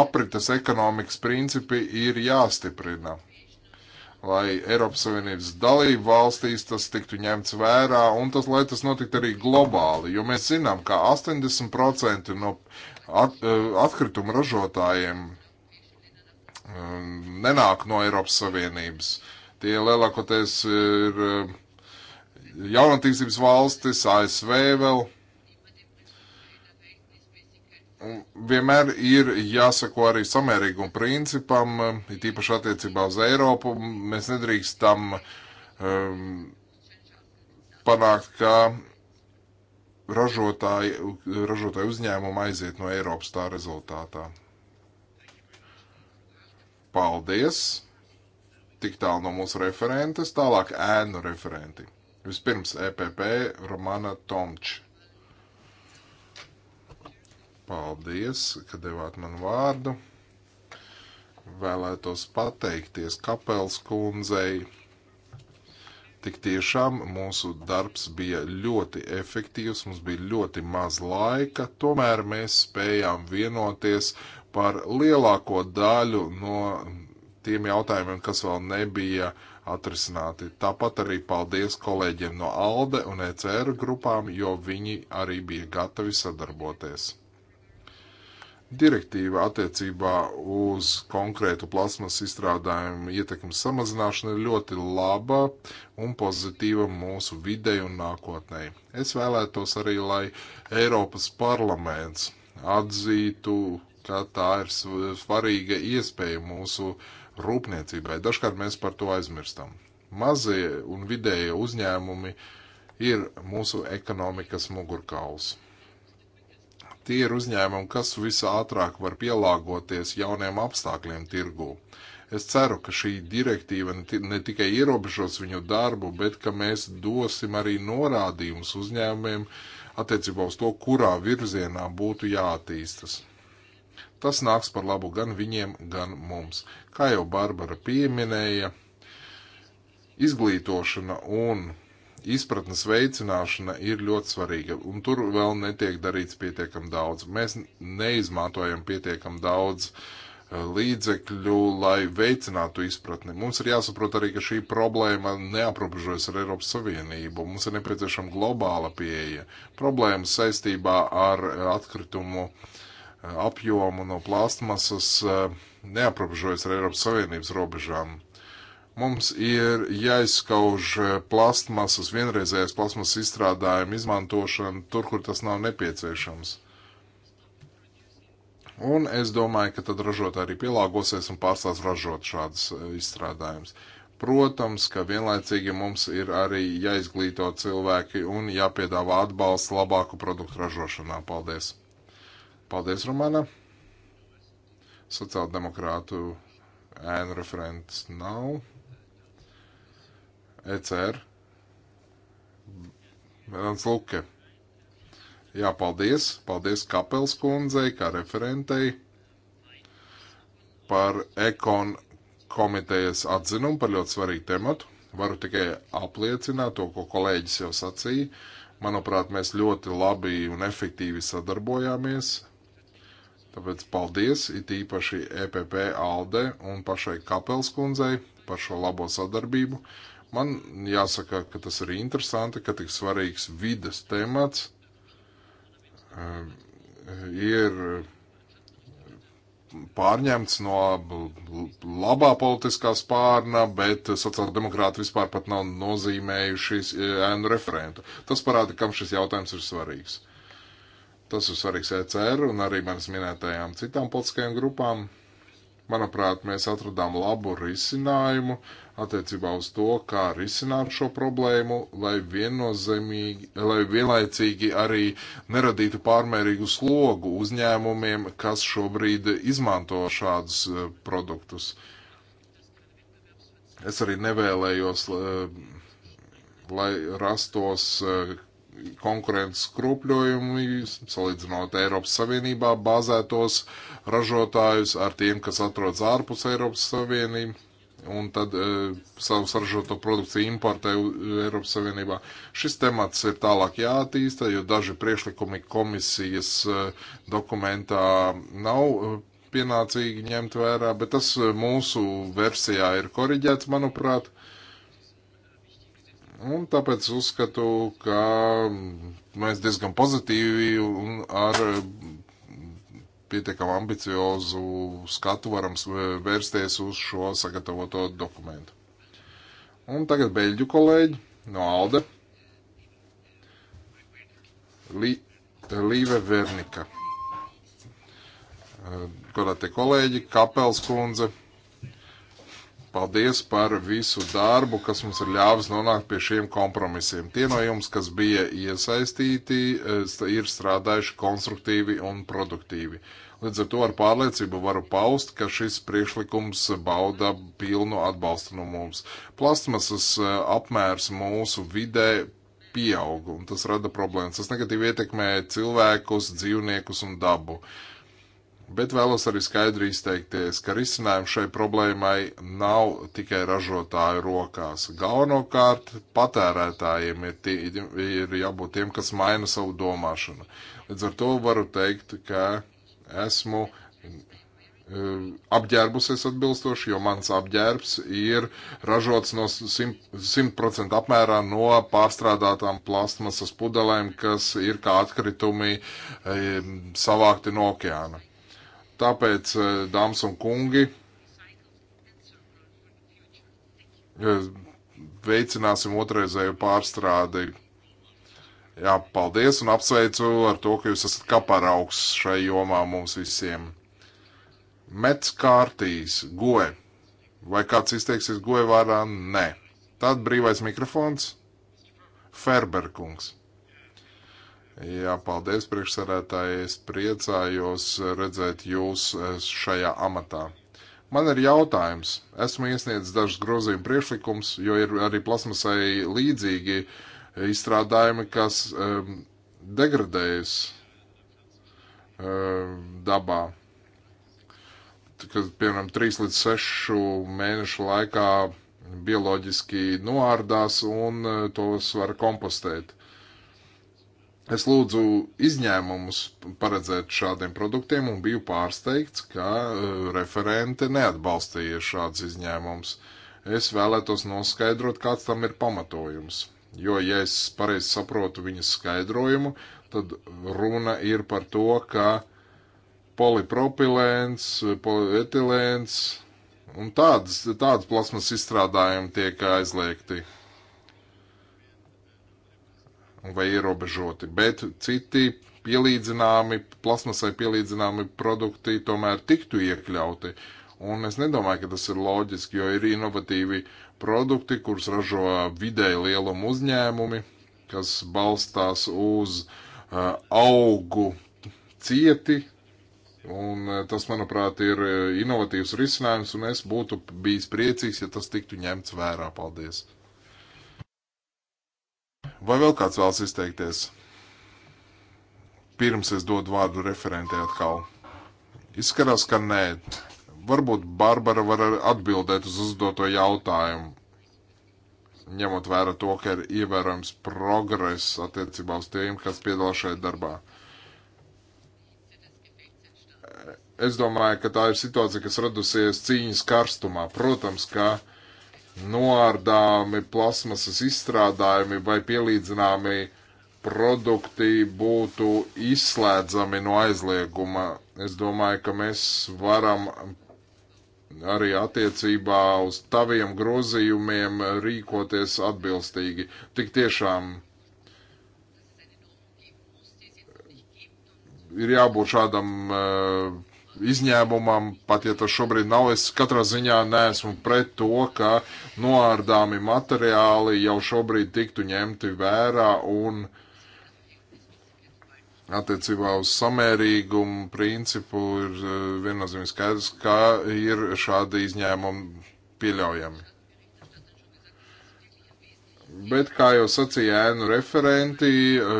Aprites ekonomikas principi ir jāstiprina, lai Eiropas Savienības dalību valstīs tas tiktu ņemts vērā un tas, lai tas notiktu arī globāli, jo mēs zinām, ka 80% no at, eh, atkrituma ražotājiem eh, nenāk no Eiropas Savienības. Tie lielākoties ir eh, jaunatīstības valstis, ASV vēl vienmēr ir jāsako arī samērīguma principam, it īpaši attiecībā uz Eiropu. Mēs nedrīkstam um, panākt, ka ražotāji, ražotāji uzņēmumi aiziet no Eiropas tā rezultātā. Paldies! Tik tālu no mūsu referentes, tālāk ēnu referenti. Vispirms EPP Romana Tomča. Paldies, ka devāt man vārdu. Vēlētos pateikties Kapels kundzei. Tik tiešām mūsu darbs bija ļoti efektīvs, mums bija ļoti maz laika, tomēr mēs spējām vienoties par lielāko daļu no tiem jautājumiem, kas vēl nebija atrisināti. Tāpat arī paldies kolēģiem no ALDE un ECR grupām, jo viņi arī bija gatavi sadarboties direktīva attiecībā uz konkrētu plasmas izstrādājumu ietekmes samazināšanu ir ļoti laba un pozitīva mūsu videi un nākotnē. Es vēlētos arī, lai Eiropas parlaments atzītu, ka tā ir svarīga iespēja mūsu rūpniecībai. Dažkārt mēs par to aizmirstam. Mazie un vidēji uzņēmumi ir mūsu ekonomikas mugurkauls Tie ir uzņēmumi, kas visā ātrāk var pielāgoties jauniem apstākļiem tirgū. Es ceru, ka šī direktīva ne tikai ierobežos viņu darbu, bet ka mēs dosim arī norādījumus uzņēmumiem attiecībā uz to, kurā virzienā būtu jātīstas. Tas nāks par labu gan viņiem, gan mums. Kā jau Barbara pieminēja, izglītošana un izpratnes veicināšana ir ļoti svarīga, un tur vēl netiek darīts pietiekam daudz. Mēs neizmantojam pietiekam daudz eh, līdzekļu, lai veicinātu izpratni. Mums ir jāsaprot arī, ka šī problēma neaprobežojas ar Eiropas Savienību. Mums ir nepieciešama globāla pieeja. Problēmas saistībā ar eh, atkritumu eh, apjomu no plastmasas neaprobežojas ar Eiropas Savienības robežām Mums ir jāizskauž plastmasas, vienreizējais plastmasas izstrādājumu izmantošanu tur, kur tas nav nepieciešams. Un es domāju, ka tad ražotāji arī pielāgosies un pārstās ražot šādas e, izstrādājumus. Protams, ka vienlaicīgi mums ir arī jāizglīto cilvēki un jāpiedāvā atbalsts labāku produktu ražošanā. Paldies! Paldies, Romana! Sociāldemokrātu ēnu referents nav. ECR. Mērons Luke. Jā, paldies. Paldies Kapels kundzei, kā referentei par ekon komitejas atzinumu par ļoti svarīgu tematu. Varu tikai apliecināt to, ko kolēģis jau sacīja. Manuprāt, mēs ļoti labi un efektīvi sadarbojāmies. Tāpēc paldies it īpaši EPP Alde un pašai Kapelskundzei par šo labo sadarbību. Man jāsaka, ka tas arī interesanti, ka tik svarīgs vides temats eh, ir pārņemts no labā politiskā spārna, bet sociāldemokrāti vispār pat nav nozīmējuši eh, ēnu referentu. Tas parāda, kam šis jautājums ir svarīgs. Tas ir svarīgs ECR un arī manas minētajām citām politiskajām grupām. Manuprāt, mēs atradām labu risinājumu, attiecībā uz to, kā risināt šo problēmu, lai, lai vienlaicīgi arī neradītu pārmērīgu slogu uzņēmumiem, kas šobrīd izmanto šādus eh, produktus. Es arī nevēlējos, eh, lai rastos eh, konkurences skrupļojumi, salīdzinot Eiropas Savienībā bāzētos ražotājus ar tiem, kas atrodas ārpus Eiropas Savienības un tad e, savu saražoto produkciju importē Eiropas Savienībā. Šis temats ir tālāk jātīsta, jo daži priekšlikumi komisijas e, dokumentā nav e, pienācīgi ņemt vērā, bet tas e, mūsu versijā ir koriģēts, manuprāt. Un tāpēc uzskatu, ka mēs diezgan pozitīvi un ar pietiekam ambiciozu skatu varam vērsties uz šo sagatavoto dokumentu. Un tagad beļģu kolēģi no Alde. Lī, Līve Vernika. Godātie kolēģi, Kapels kundze. Paldies par visu darbu, kas mums ir ļāvis nonākt pie šiem kompromisiem. Tie no jums, kas bija iesaistīti, ir strādājuši konstruktīvi un produktīvi. Līdz ar to ar pārliecību varu paust, ka šis priekšlikums bauda pilnu atbalstu no mums. Plastmasas e, apmērs mūsu vidē pieaug, un tas rada problēmas. Tas negatīvi ietekmē cilvēkus, dzīvniekus un dabu. Uh, Bet vēlos arī skaidri izteikties, ka risinājums šai problēmai nav tikai ražotāju rokās. Galvenokārt patērētājiem ir, tī, ir jābūt tiem, kas maina savu domāšanu. Līdz ar to varu teikt, ka esmu eh, apģērbusies atbilstoši, jo mans apģērbs ir ražots no 100% apmērā no pārstrādātām plastmasas pudelēm, kas ir kā atkritumi eh, savākti no okeāna. Tāpēc, eh, dāmas un kungi, eh, veicināsim otrreizēju pārstrādi. Jā, paldies un apsveicu ar to, ka jūs esat kaparaugs šai jomā mums visiem. Mets kārtīs, goe. Vai kāds izteiksies goe vārdā? Nē. Tad brīvais mikrofons. Ferberkungs. Jā, paldies priekšsarētāji, es priecājos redzēt jūs eh, šajā amatā. Man ir jautājums. Esmu iesniedzis dažus grozījumu priekšlikums, jo ir arī plasmasai līdzīgi izstrādājumi, kas um, degradējas um, dabā kas, piemēram, 3 līdz 6 mēnešu laikā bioloģiski noārdās un eh, tos var kompostēt. Es lūdzu izņēmumus paredzēt šādiem produktiem un biju pārsteigts, ka e, referente neatbalstīja šāds izņēmums. Es vēlētos noskaidrot, kāds tam ir pamatojums. Jo, ja es pareizi saprotu viņas skaidrojumu, tad runa ir par to, ka polipropilēns, polietilēns un tādas, tādas plasmas izstrādājumi tiek aizliegti vai ierobežoti, bet citi pielīdzināmi, plasmasai pielīdzināmi produkti tomēr tiktu iekļauti. Un es nedomāju, ka tas ir loģiski, jo ir inovatīvi produkti, kurus ražo vidēji lielumu uzņēmumi, kas balstās uz uh, augu cieti. Un uh, tas, manuprāt, ir eh, inovatīvs risinājums, un es būtu bijis priecīgs, ja tas tiktu ņemts vērā. Paldies! Vai vēl kāds vēlas izteikties? Pirms es dodu vārdu referentē atkal. Izskatās, ka nē. Varbūt Barbara var atbildēt uz uzdoto jautājumu, ņemot vērā to, ka ir ievērojams progress attiecībā uz tiem, kas piedalās šajā darbā. Es domāju, ka tā ir situācija, kas radusies cīņas karstumā. Protams, ka uh, noārdāmi plasmasas izstrādājumi vai pielīdzināmi produkti būtu izslēdzami no aizlieguma. Es domāju, ka mēs varam arī attiecībā uz taviem grozījumiem rīkoties atbilstīgi. Tik tiešām ir jābūt šādam uh, izņēmumam, pat ja tas šobrīd nav, es katrā ziņā neesmu pret to, ka noārdāmi materiāli jau šobrīd tiktu ņemti vērā un attiecībā uz samērīgumu principu ir eh, viennozīmīgi skaidrs, ka ir šādi izņēmumi pieļaujami. Bet, kā jau sacīja ēnu referenti,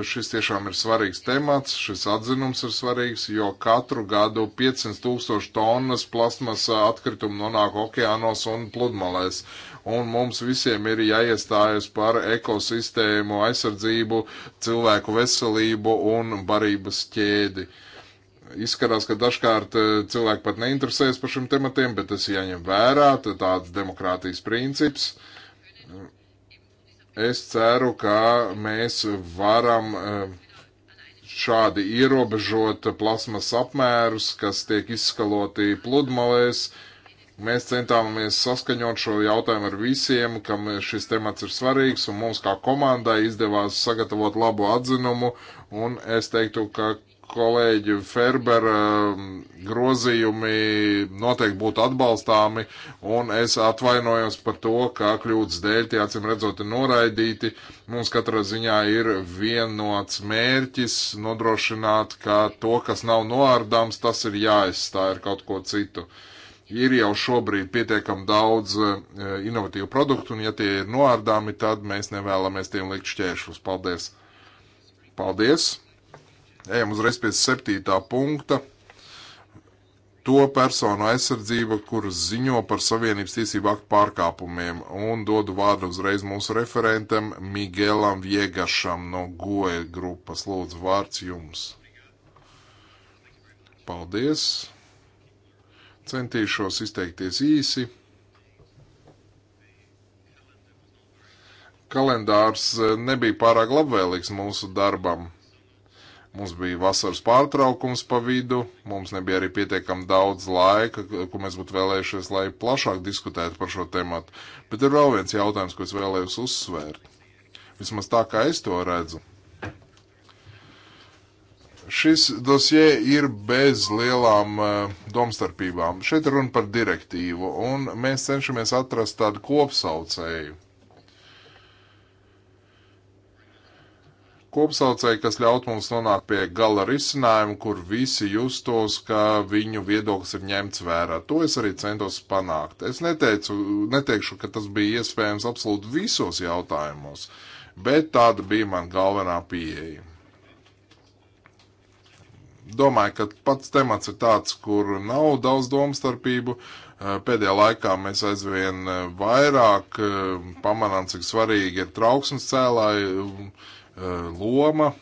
šis tiešām ir svarīgs temats, šis atzinums ir svarīgs, jo katru gadu 500 tūkstoši tonnas plasmas atkritumu nonāk okeānos un pludmalēs. Un mums visiem ir jāiestājas par ekosistēmu aizsardzību, cilvēku veselību un barības ķēdi. Izskatās, ka dažkārt e, cilvēki pat neinteresējas par šiem tematiem, bet tas jāņem vērā, tāds demokrātijas princips. Uh, Es ceru, ka mēs varam eh, šādi ierobežot plasmas apmērus, kas tiek izskaloti pludmalēs. Mēs centāmies saskaņot šo jautājumu ar visiem, kam šis temats ir svarīgs, un mums kā komandai izdevās sagatavot labu atzinumu, un es teiktu, ka kolēģi Ferbera mm, grozījumi noteikti būtu atbalstāmi, un es atvainojos par to, kā kļūdas dēļ tie acīm redzot ir noraidīti. Mums katrā ziņā ir vienots mērķis nodrošināt, ka to, kas nav noārdams, tas ir jāizstāj ar kaut ko citu. Ir jau šobrīd pietiekam daudz e, inovatīvu produktu, un ja tie ir noārdāmi, tad mēs nevēlamies tiem likt šķēršus. Paldies! Paldies! Ejam uzreiz pie septītā punkta. To personu aizsardzība, kuras ziņo par Savienības tiesību aktu pārkāpumiem, un dodu vārdu uzreiz mūsu referentam Miguelam Viegašam no GOE grupas. Lūdzu, vārds jums. Paldies! Centīšos izteikties īsi. Kalendārs eh, nebija pārāk labvēlīgs mūsu darbam. Mums bija vasaras pārtraukums pa vidu, mums nebija arī pietiekami daudz laika, ko mēs būtu vēlējušies, lai plašāk diskutētu par šo tematu. Bet ir vēl viens jautājums, ko es vēlējos uzsvērt. Vismaz tā, kā es to redzu. Šis dosie ir bez lielām uh, domstarpībām. Šeit runa par direktīvu, un mēs cenšamies atrast tādu kopsaucēju kopsaucēji, kas ļaut mums nonākt pie gala risinājuma, kur visi justos, ka viņu viedoklis ir ņemts vērā. To es arī centos panākt. Es neteicu, neteikšu, ka tas bija iespējams absolūti visos jautājumos, bet tāda bija man galvenā pieeja. Domāju, ka pats temats ir tāds, kur nav daudz domstarpību, eh, pēdējā laikā mēs aizvien eh, vairāk eh, pamanām, cik svarīgi ir trauksmes cēlāji E, loma.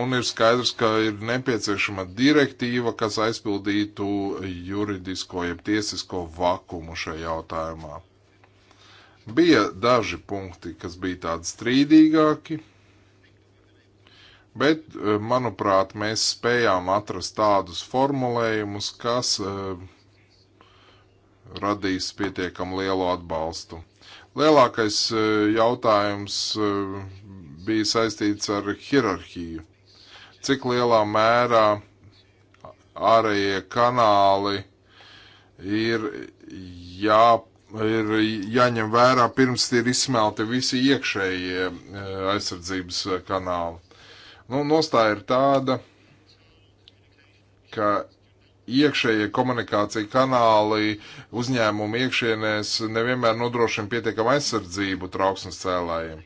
Un ir skaidrs, ka ir nepieciešama direktīva, kas aizpildītu juridisko, jeb tiesisko vakumu šajā jautājumā. Bija daži punkti, kas bija tādi strīdīgāki, bet, e, manuprāt, mēs spējām atrast tādus formulējumus, kas e, radīs pietiekam lielu atbalstu. Lielākais e, jautājums e, bija saistīts ar hierarhiju. Cik lielā mērā ārējie kanāli ir, jā, ir jāņem vērā pirms ir izsmelti visi iekšējie e, aizsardzības kanāli. Nu, nostāja ir tāda, ka iekšējie komunikācija kanāli uzņēmumu iekšienēs nevienmēr nodrošina pietiekamu aizsardzību trauksmes cēlājiem.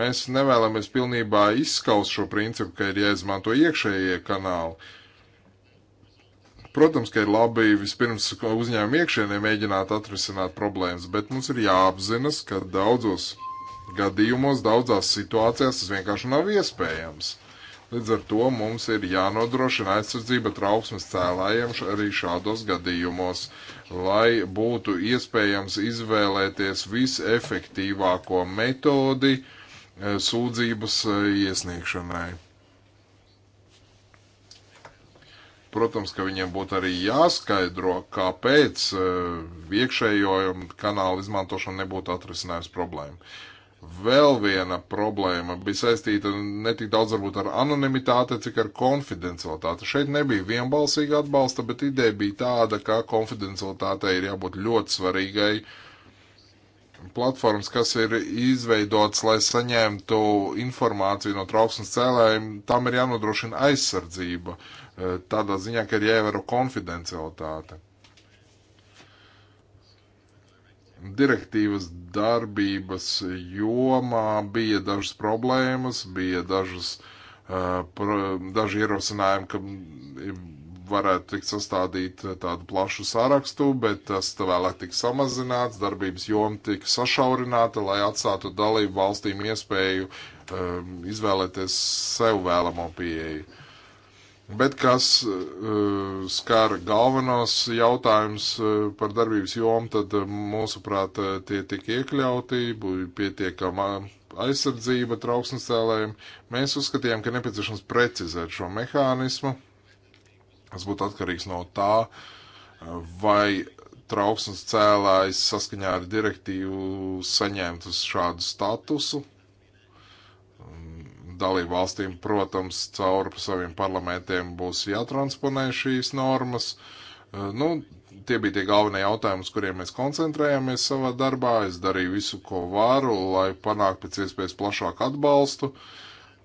Mēs nevēlamies pilnībā izskaust šo principu, ka ir jāizmanto iekšējie kanāli. Protams, ka ir labi vispirms uzņēmumu iekšienē mēģināt atrisināt problēmas, bet mums ir jāapzinas, ka daudzos gadījumos, daudzās situācijās tas vienkārši nav iespējams. Līdz ar to mums ir jānodrošina aizsardzība trauksmes cēlājiem arī šādos gadījumos, lai būtu iespējams izvēlēties visefektīvāko metodi eh, sūdzības eh, iesniegšanai. Protams, ka viņiem būtu arī jāskaidro, kāpēc eh, iekšējo kanālu izmantošana nebūtu atrisinājusi problēmu. Vēl viena problēma bija saistīta ne tik daudz varbūt ar anonimitāti, cik ar konfidencialitāti. Šeit nebija vienbalsīga atbalsta, bet ideja bija tāda, ka konfidencialitātei ir jābūt ļoti svarīgai. Platformas, kas ir izveidotas, lai saņemtu informāciju no trauksmes cēlējiem, tam ir jānodrošina aizsardzība. Eh, tādā ziņā, ka ir jāievēro konfidencialitāte. direktīvas darbības jomā bija dažas problēmas, bija dažas, uh, pro, daži ierosinājumi, ka varētu tikt sastādīt tādu plašu sarakstu, bet tas vēlāk tika samazināts, darbības joma tika sašaurināta, lai atstātu dalību valstīm iespēju um, izvēlēties sev vēlamo pieeju. Bet kas uh, skar galvenos jautājumus uh, e, par darbības jomu, tad uh, mūsuprāt uh, tie tik iekļauti, būja pietiekama aizsardzība trauksmes cēlējiem. Mēs uzskatījām, ka nepieciešams precizēt šo mehānismu. Tas būtu atkarīgs no tā, uh, vai trauksmes cēlājs saskaņā ar direktīvu saņemtu šādu statusu dalību valstīm, protams, caur saviem parlamentiem būs jātransponē šīs normas. Eh, nu, tie bija tie galvenie jautājumi, uz kuriem mēs koncentrējāmies savā darbā. Es darīju visu, ko varu, lai panāktu pēc iespējas plašāku atbalstu. Uh,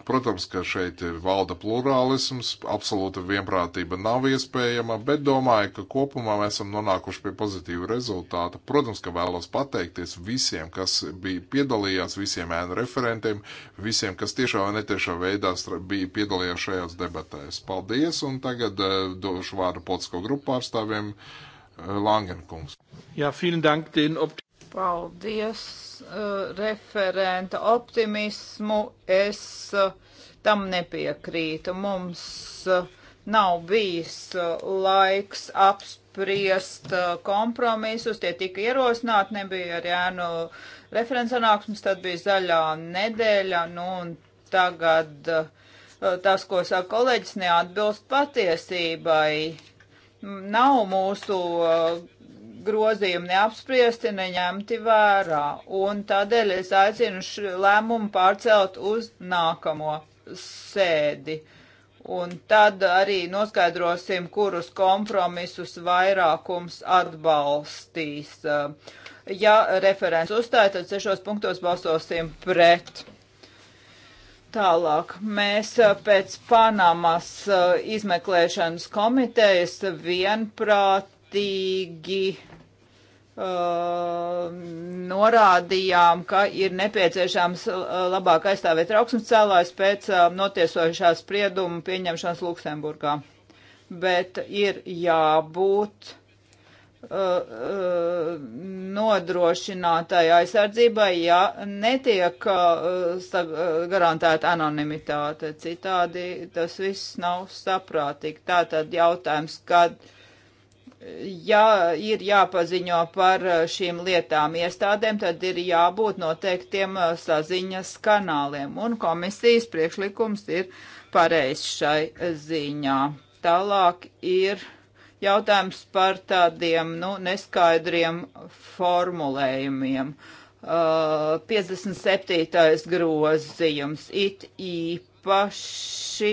Protams, ka šeit valda plurālisms, absolūta vienprātība nav iespējama, bet domāju, ka kopumā mēs esam nonākuši pie pozitīva rezultāta. Protams, ka vēlos pateikties visiem, kas bija piedalījās, visiem ēnu referentiem, visiem, kas tiešā vai netiešā veidā bija piedalījās šajās debatēs. Paldies, un tagad eh, došu vārdu Polsko grupu pārstāvjiem eh, Langenkungs. Jā, ja, vielen dank, den opt Paldies, uh, referenta optimismu. Es uh, tam nepiekrītu. Mums uh, nav bijis uh, laiks apspriest uh, kompromisus. Tie tika ierosināti, nebija arī ēnu referents sanāksmes, tad bija zaļā nedēļa. Nu, un tagad uh, tas, ko saka kolēģis, neatbilst patiesībai. Nav mūsu grozījumi neapspriesti, neņemti vērā. Un tādēļ es aicinu lēmumu pārcelt uz nākamo sēdi. Un tad arī noskaidrosim, kurus kompromisus vairākums atbalstīs. Ja referents uzstāja, tad sešos punktos balsosim pret. Tālāk mēs pēc Panamas e, izmeklēšanas komitejas vienprātīgi norādījām, ka ir nepieciešams labāk aizstāvēt trauksmes cēlājs pēc notiesošā sprieduma pieņemšanas Luksemburgā. Bet ir jābūt uh, uh, nodrošinātai aizsardzībai, ja netiek uh, garantēta anonimitāte. Citādi tas viss nav saprātīgi. Tātad jautājums, kad ja ir jāpaziņo par šīm lietām iestādēm, tad ir jābūt noteiktiem saziņas kanāliem. Un komisijas priekšlikums ir pareizs šai ziņā. Tālāk ir jautājums par tādiem nu, neskaidriem formulējumiem. Uh, 57. grozījums it īpaši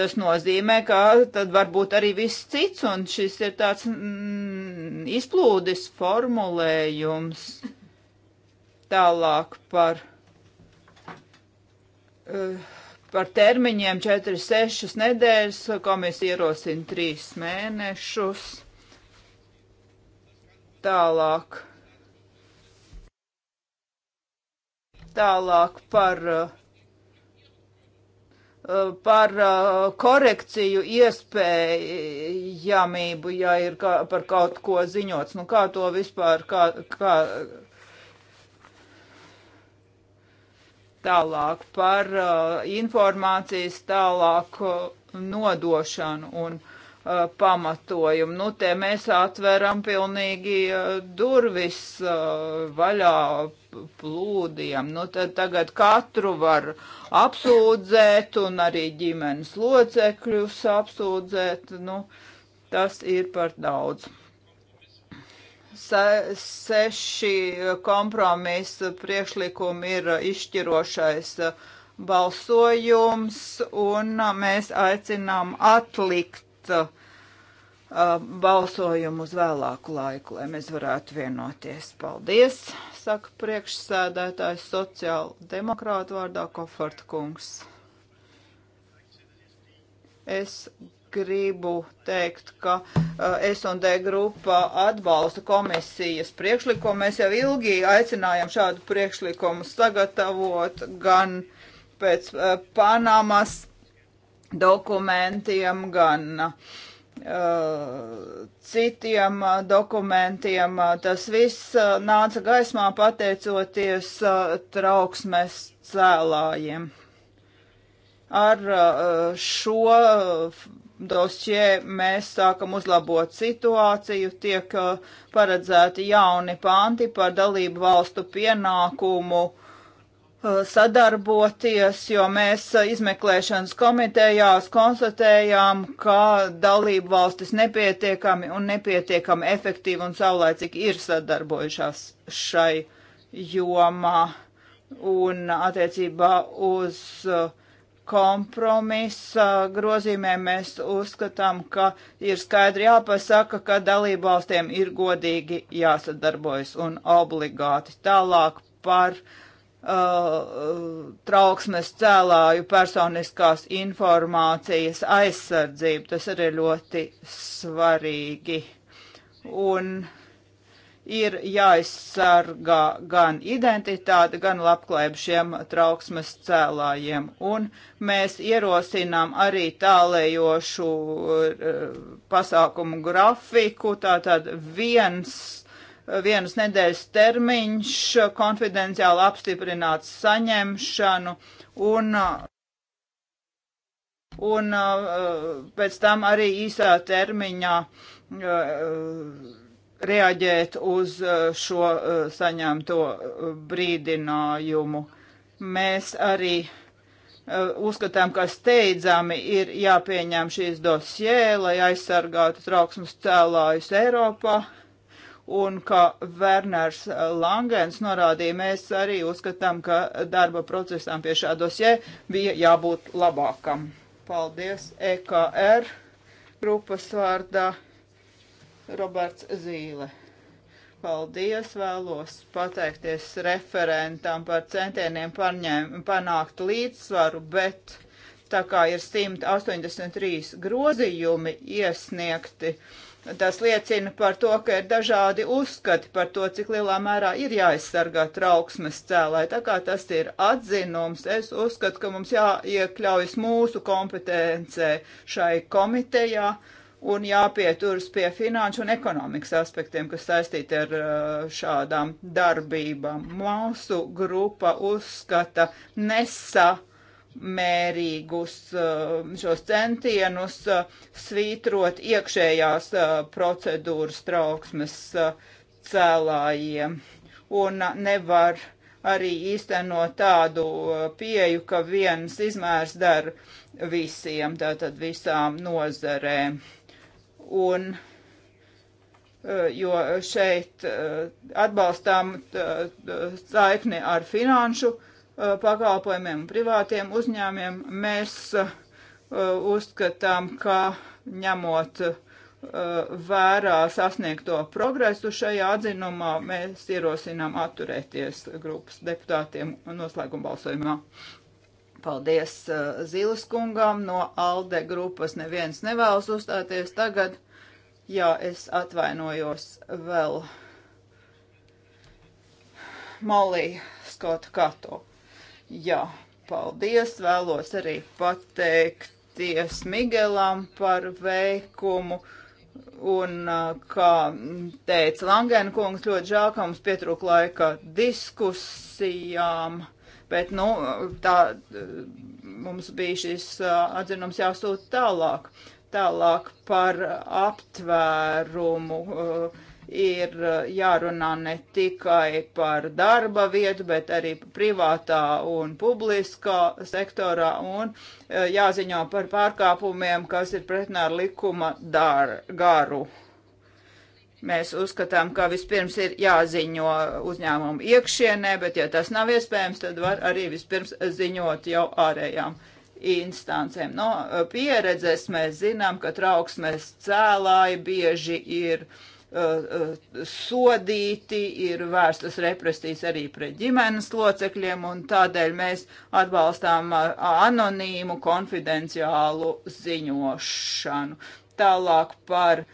tas nozīmē, ka tad var būt arī viss cits, un šis ir tāds mm, izplūdes formulējums tālāk par, uh, par termiņiem 4-6 nedēļas, komisija ierosina 3 mēnešus. Tālāk. Tālāk par uh, par uh, korekciju iespējamību, ja ir kā, par kaut ko ziņots. Nu, kā to vispār, kā, kā tālāk par uh, informācijas tālāk uh, nodošanu un uh, E, pamatojumu. Nu, te mēs atveram pilnīgi e, durvis e, vaļā plūdiem. Nu, tad tagad katru var apsūdzēt un arī ģimenes locekļus apsūdzēt. Nu, tas ir par daudz. Se, seši kompromisa priekšlikumi ir izšķirošais balsojums, un mēs aicinām atlikt uh, balsojumu uz vēlāku laiku, lai mēs varētu vienoties. Paldies, saka priekšsēdētājs sociāla demokrāta vārdā Koforta kungs. Es gribu teikt, ka S&D grupa atbalsta komisijas priekšlikumu. Mēs jau ilgi aicinājām šādu priekšlikumu sagatavot gan pēc Panamas dokumentiem, gan uh, citiem dokumentiem. Tas viss uh, nāca gaismā pateicoties uh, trauksmes cēlājiem. Ar uh, šo uh, dosjē mēs sākam uzlabot situāciju, tiek uh, paredzēti jauni panti par dalību valstu pienākumu uh, Uh, sadarboties, jo mēs uh, izmeklēšanas komitejās konstatējām, ka dalību valstis nepietiekami un nepietiekami efektīvi un saulēcīgi ir sadarbojušās šai jomā. Un attiecībā uz uh, kompromisa grozījumiem mēs uzskatām, ka ir skaidri jāpasaka, ka dalību valstiem ir godīgi jāsadarbojas un obligāti tālāk par uh, trauksmes cēlāju personiskās informācijas aizsardzību. Tas arī ļoti svarīgi. Un ir jāaizsargā gan identitāte, gan labklājība šiem trauksmes cēlājiem. Un mēs ierosinām arī tālējošu eh, pasākumu grafiku, tātad viens vienas nedēļas termiņš konfidenciāli apstiprināt saņemšanu un, un uh, pēc tam arī īsā termiņā uh, reaģēt uz uh, šo saņemto brīdinājumu. Mēs arī uzskatām, ka steidzami ir jāpieņem šīs dosjē, lai aizsargātu trauksmes cēlājus Eiropā. Uh, Un kā Werners Langens norādīja, mēs arī uzskatām, ka darba procesām pie šā dosjē bija jābūt labākam. Paldies EKR grupas vārdā Roberts Zīle. Paldies, vēlos pateikties referentam par centieniem parņēm, panākt līdzsvaru, bet tā kā ir 183 grozījumi iesniegti, uh, Tas liecina par to, ka ir dažādi uzskati par to, cik lielā mērā ir jāaizsargā trauksmes cēlāji. Tā kā tas ir atzinums, es uzskatu, ka mums jāiekļaujas mūsu kompetencē šai komitejā un jāpieturas pie finanšu un ekonomikas aspektiem, kas saistīti ar uh, šādām darbībām. Mūsu grupa uzskata nesa mērīgus eh, šos centienus eh, svītrot iekšējās eh, procedūras trauksmes cēlājiem. Un nevar arī īstenot tādu pieju, ka viens izmērs dar visiem, tātad visām nozarēm. Un, jo šeit atbalstām saikni ar finanšu pakalpojumiem privātiem uzņēmiem. Mēs uh, uzskatām, ka ņemot uh, vērā sasniegto progresu šajā atzinumā, mēs ierosinām atturēties grupas deputātiem noslēguma balsojumā. Paldies uh, Zīles kungam, no ALDE grupas neviens nevēlas uzstāties tagad. Jā, es atvainojos vēl Molī Skota Kato. Jā, paldies. Vēlos arī pateikties Migelam par veikumu. Un, uh, kā teica Langēna kungs, ļoti žēl, ka mums pietrūk laika diskusijām, bet, nu, tā mums bija šis uh, atzinums jāsūt tālāk. Tālāk par aptvērumu. Uh, ir uh, jārunā ne tikai par darba vietu, bet arī privātā un publiskā sektorā un uh, jāziņo par pārkāpumiem, kas ir pretinā ar likuma dar, garu. Mēs uzskatām, ka vispirms ir jāziņo uzņēmumu iekšienē, bet ja tas nav iespējams, tad var arī vispirms ziņot jau ārējām instancēm. No uh, pieredzes mēs zinām, ka trauksmes cēlāji bieži ir uh, sodīti, ir vērstas represijas arī pret ģimenes locekļiem, un tādēļ mēs atbalstām anonīmu, konfidenciālu ziņošanu. Tālāk par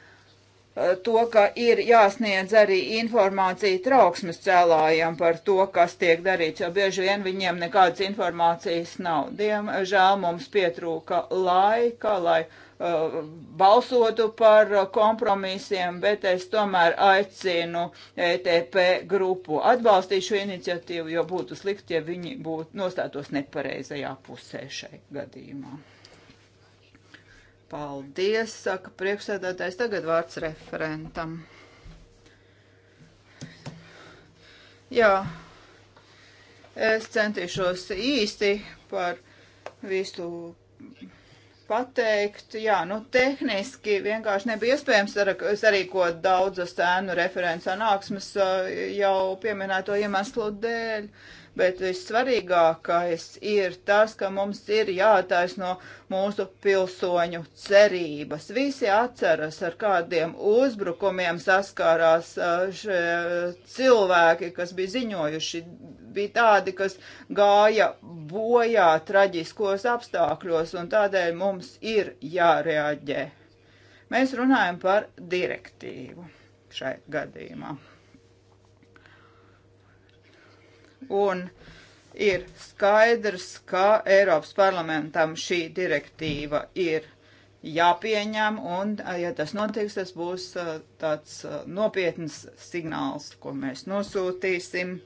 to, ka ir jāsniedz arī informācija trauksmes cēlājiem par to, kas tiek darīts, jo bieži vien viņiem nekādas informācijas nav. Diemžēl mums pietrūka laika, lai. Uh, Uh, balsotu par kompromisiem, bet es tomēr aicinu ETP grupu atbalstīt šo iniciatīvu, jo būtu slikti, ja viņi būtu nostātos nepareizajā pusē šai gadījumā. Paldies, saka priekšsēdētājs. Tagad vārds referentam. Jā, es centīšos īsti par visu pateikt, jā, nu tehniski vienkārši nebija iespējams sarīkot daudzas ēnu referents sanāksmes jau pieminēto iemeslu dēļ bet vissvarīgākais ir tas, ka mums ir jātaisno mūsu pilsoņu cerības. Visi atceras, ar kādiem uzbrukumiem saskārās šie cilvēki, kas bija ziņojuši bija tādi, kas gāja bojā traģiskos apstākļos, un tādēļ mums ir jārēģē. Mēs runājam par direktīvu šai gadījumā. Un ir skaidrs, ka Eiropas parlamentam šī direktīva ir jāpieņem, un, ja tas notiks, tas būs uh, tāds uh, nopietns signāls, ko mēs nosūtīsim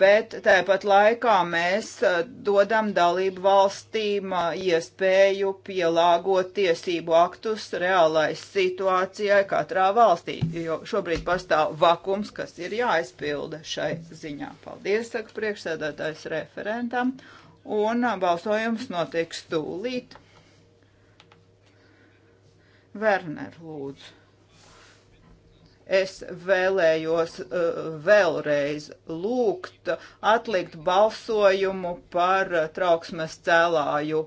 bet tāpat laikā mēs dodam dalību valstīm iespēju pielāgot tiesību aktus reālai situācijai katrā valstī, jo šobrīd pastāv vakums, kas ir jāizpilda šai ziņā. Paldies, saka priekšsēdētājs referentam, un balsojums notiks tūlīt. Werner, lūdzu. Es vēlējos e, vēlreiz lūgt atlikt balsojumu par e, trauksmes cēlāju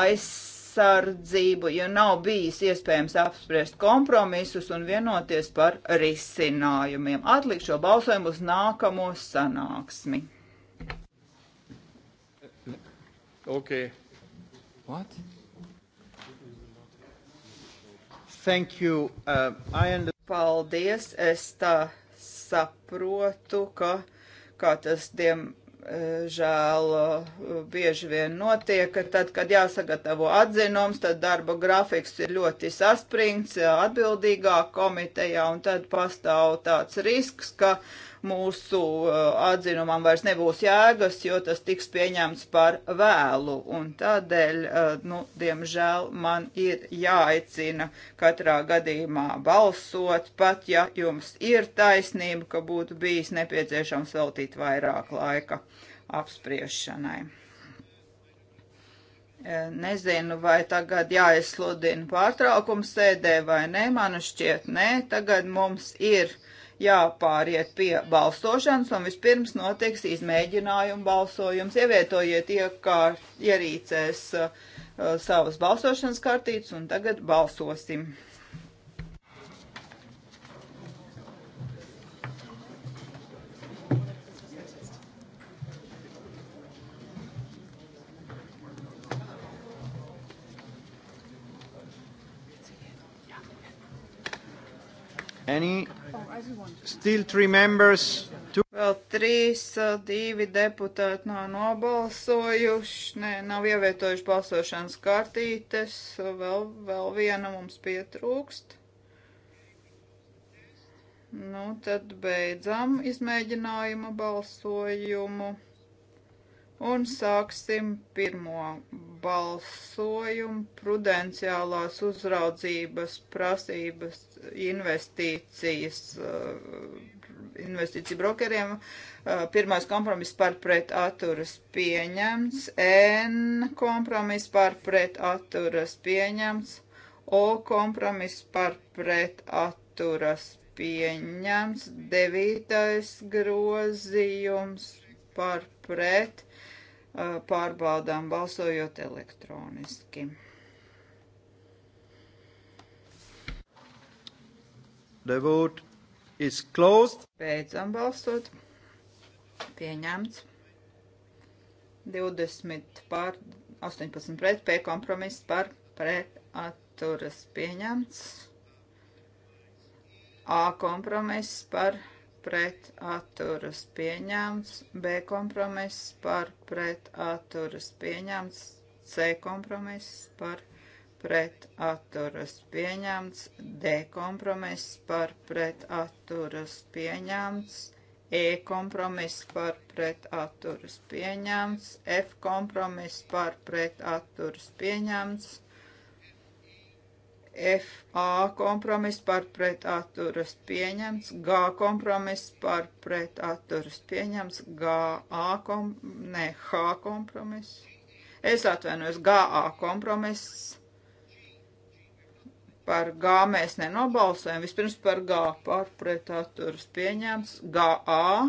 aizsardzību, jo nav bijis iespējams apspriest kompromisus un vienoties par risinājumiem. Atlikt šo balsojumu uz nākamo sanāksmi. Okay. What? Thank you. Uh, I understand paldies. Es tā saprotu, ka kā tas diemžēl bieži vien notiek, ka tad, kad jāsagatavo atzinums, tad darba grafiks ir ļoti saspringts atbildīgā komitejā, un tad pastāv tāds risks, ka mūsu uh, atzinumam vairs nebūs jēgas, jo tas tiks pieņemts par vēlu. Un tādēļ, uh, nu, diemžēl man ir jāaicina katrā gadījumā balsot, pat ja jums ir taisnība, ka būtu bijis nepieciešams veltīt vairāk laika apspriešanai. Uh, nezinu, vai tagad jāizsludina pārtraukums sēdē vai nē, man šķiet, nē, tagad mums ir jāpāriet pie balsošanas, un vispirms notiks izmēģinājumu balsojums. Ievietojiet iekārt, ierīcēs uh, uh savas balsošanas kartītes, un tagad balsosim. any Still three members. Two... Vēl trīs, divi deputāti nav nobalsojuši, ne, nav ievietojuši balsošanas kartītes, vēl, vēl viena mums pietrūkst. Nu, tad beidzam izmēģinājumu balsojumu. Un sāksim pirmo balsojumu prudenciālās uzraudzības prasības investīcijas, eh, investīciju brokeriem. Eh, pirmais kompromiss par pret atturas pieņemts, N kompromiss par pret atturas pieņemts, O kompromiss par pret atturas pieņemts, devītais grozījums par pret atturas pieņemts pārbaudām balsojot elektroniski. The vote is closed. Beidzam balsot. Pieņemts. 20 pār 18 pret, P kompromiss par pret atturas pieņemts. A kompromiss par pret pret atturas pieņemts, B kompromiss par pret atturas pieņemts, C kompromiss par pret atturas pieņemts, D kompromiss par pret atturas pieņemts, E kompromiss par pret atturas pieņemts, F kompromiss par pret atturas pieņemts, FA kompromiss par pretaturas pieņemts, G kompromiss par pretaturas pieņemts, GA kom, ne, H kompromiss. Es atvainojos, GA kompromiss. Par G mēs nenobalsojam, vispirms par G par pretaturas pieņemts, GA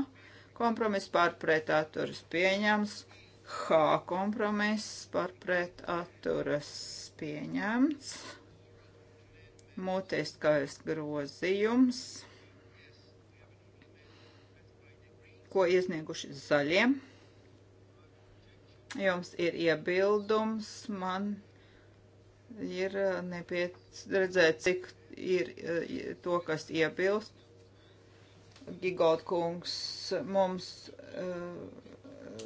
kompromiss par pretaturas pieņemts, H kompromiss par pretaturas pieņemts mutiskais grozījums, ko iesnieguši zaļie. Jums ir iebildums, man ir uh, nepiec redzēt, cik ir uh, to, kas iebilst. Gigot kungs, mums uh,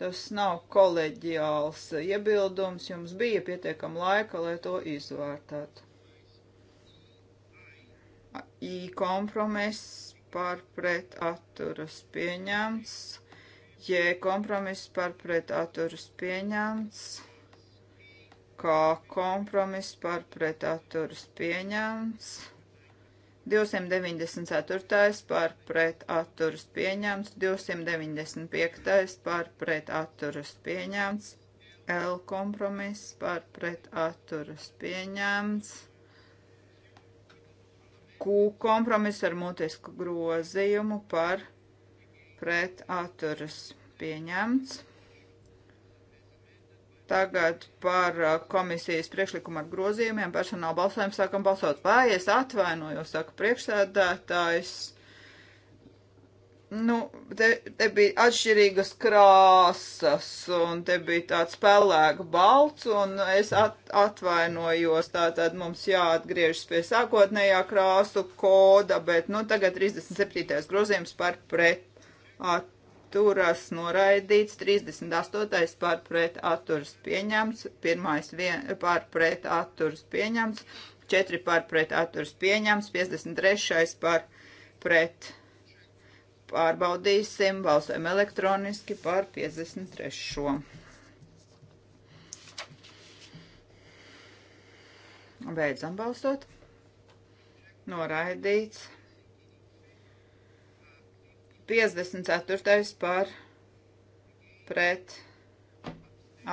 tas nav koleģiāls iebildums, jums bija pietiekam laika, lai to izvērtētu. I kompromiss par pret atturas pieņemts. J kompromiss par pret atturas pieņemts. K kompromiss par pret atturas pieņemts. 294. par pret atturas pieņemts, 295. par pret atturas pieņemts, L kompromiss par pret atturas pieņemts. Q kompromiss ar mutisku grozījumu par pret atturas pieņemts. Tagad par uh, komisijas priekšlikumu ar grozījumiem personāla balsojumu sākam balsot. Vai es atvainojos, saka priekšsēdētājs. Nu, te, te bija atšķirīgas krāsas, un te bija tāds pelēk balts, un es at, atvainojos, tātad mums jāatgriežas pie sākotnējā krāsu koda, bet, nu, tagad 37. grozījums par pret atturas noraidīts, 38. par pret atturas pieņemts, 1. Vien, par pret atturas pieņemts, 4 par pret atturas pieņemts, 53. par pret atturas pieņemts pārbaudīsim, balsojam elektroniski par 53. Beidzam balsot. Noraidīts. 54. par pret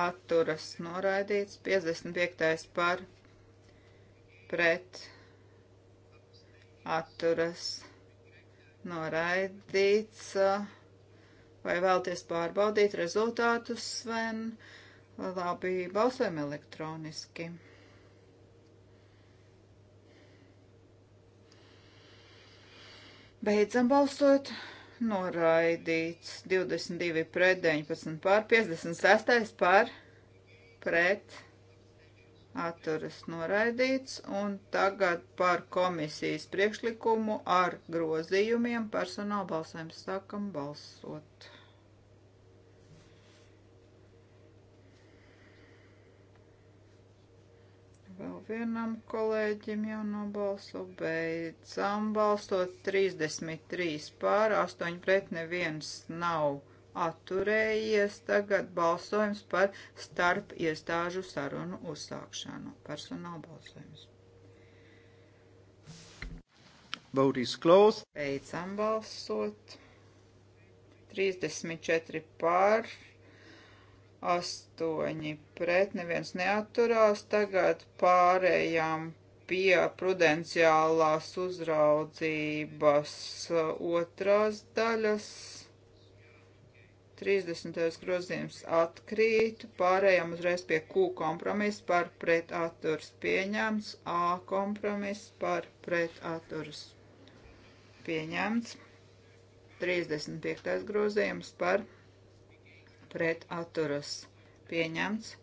atturas noraidīts. 55. par pret atturas noraidīts noraidīts. Vai vēlties pārbaudīt rezultātus, Sven? Labi, balsojam elektroniski. Beidzam balsot. Noraidīts 22 pret 19 pār 56 pār pret atturas noraidīts, un tagad par komisijas priekšlikumu ar grozījumiem personāla balsēm sākam balsot. Vēl vienam kolēģim jau nobalso, beidzam balsot 33 pār, 8 pret neviens nav balsojis atturējies. Tagad balsojums par starp iestāžu sarunu uzsākšanu. Personāla balsojums. Vote is closed. Beidzam balsot. 34 par, 8 pret, neviens neatturās. Tagad pārējām pie prudenciālās uzraudzības otrās daļas 30. grozījums atkrīt, pārējām uzreiz pie Q kompromiss par pretaturs pieņemts, A kompromiss par pretaturs pieņemts, 35. grozījums par pretaturs pieņemts,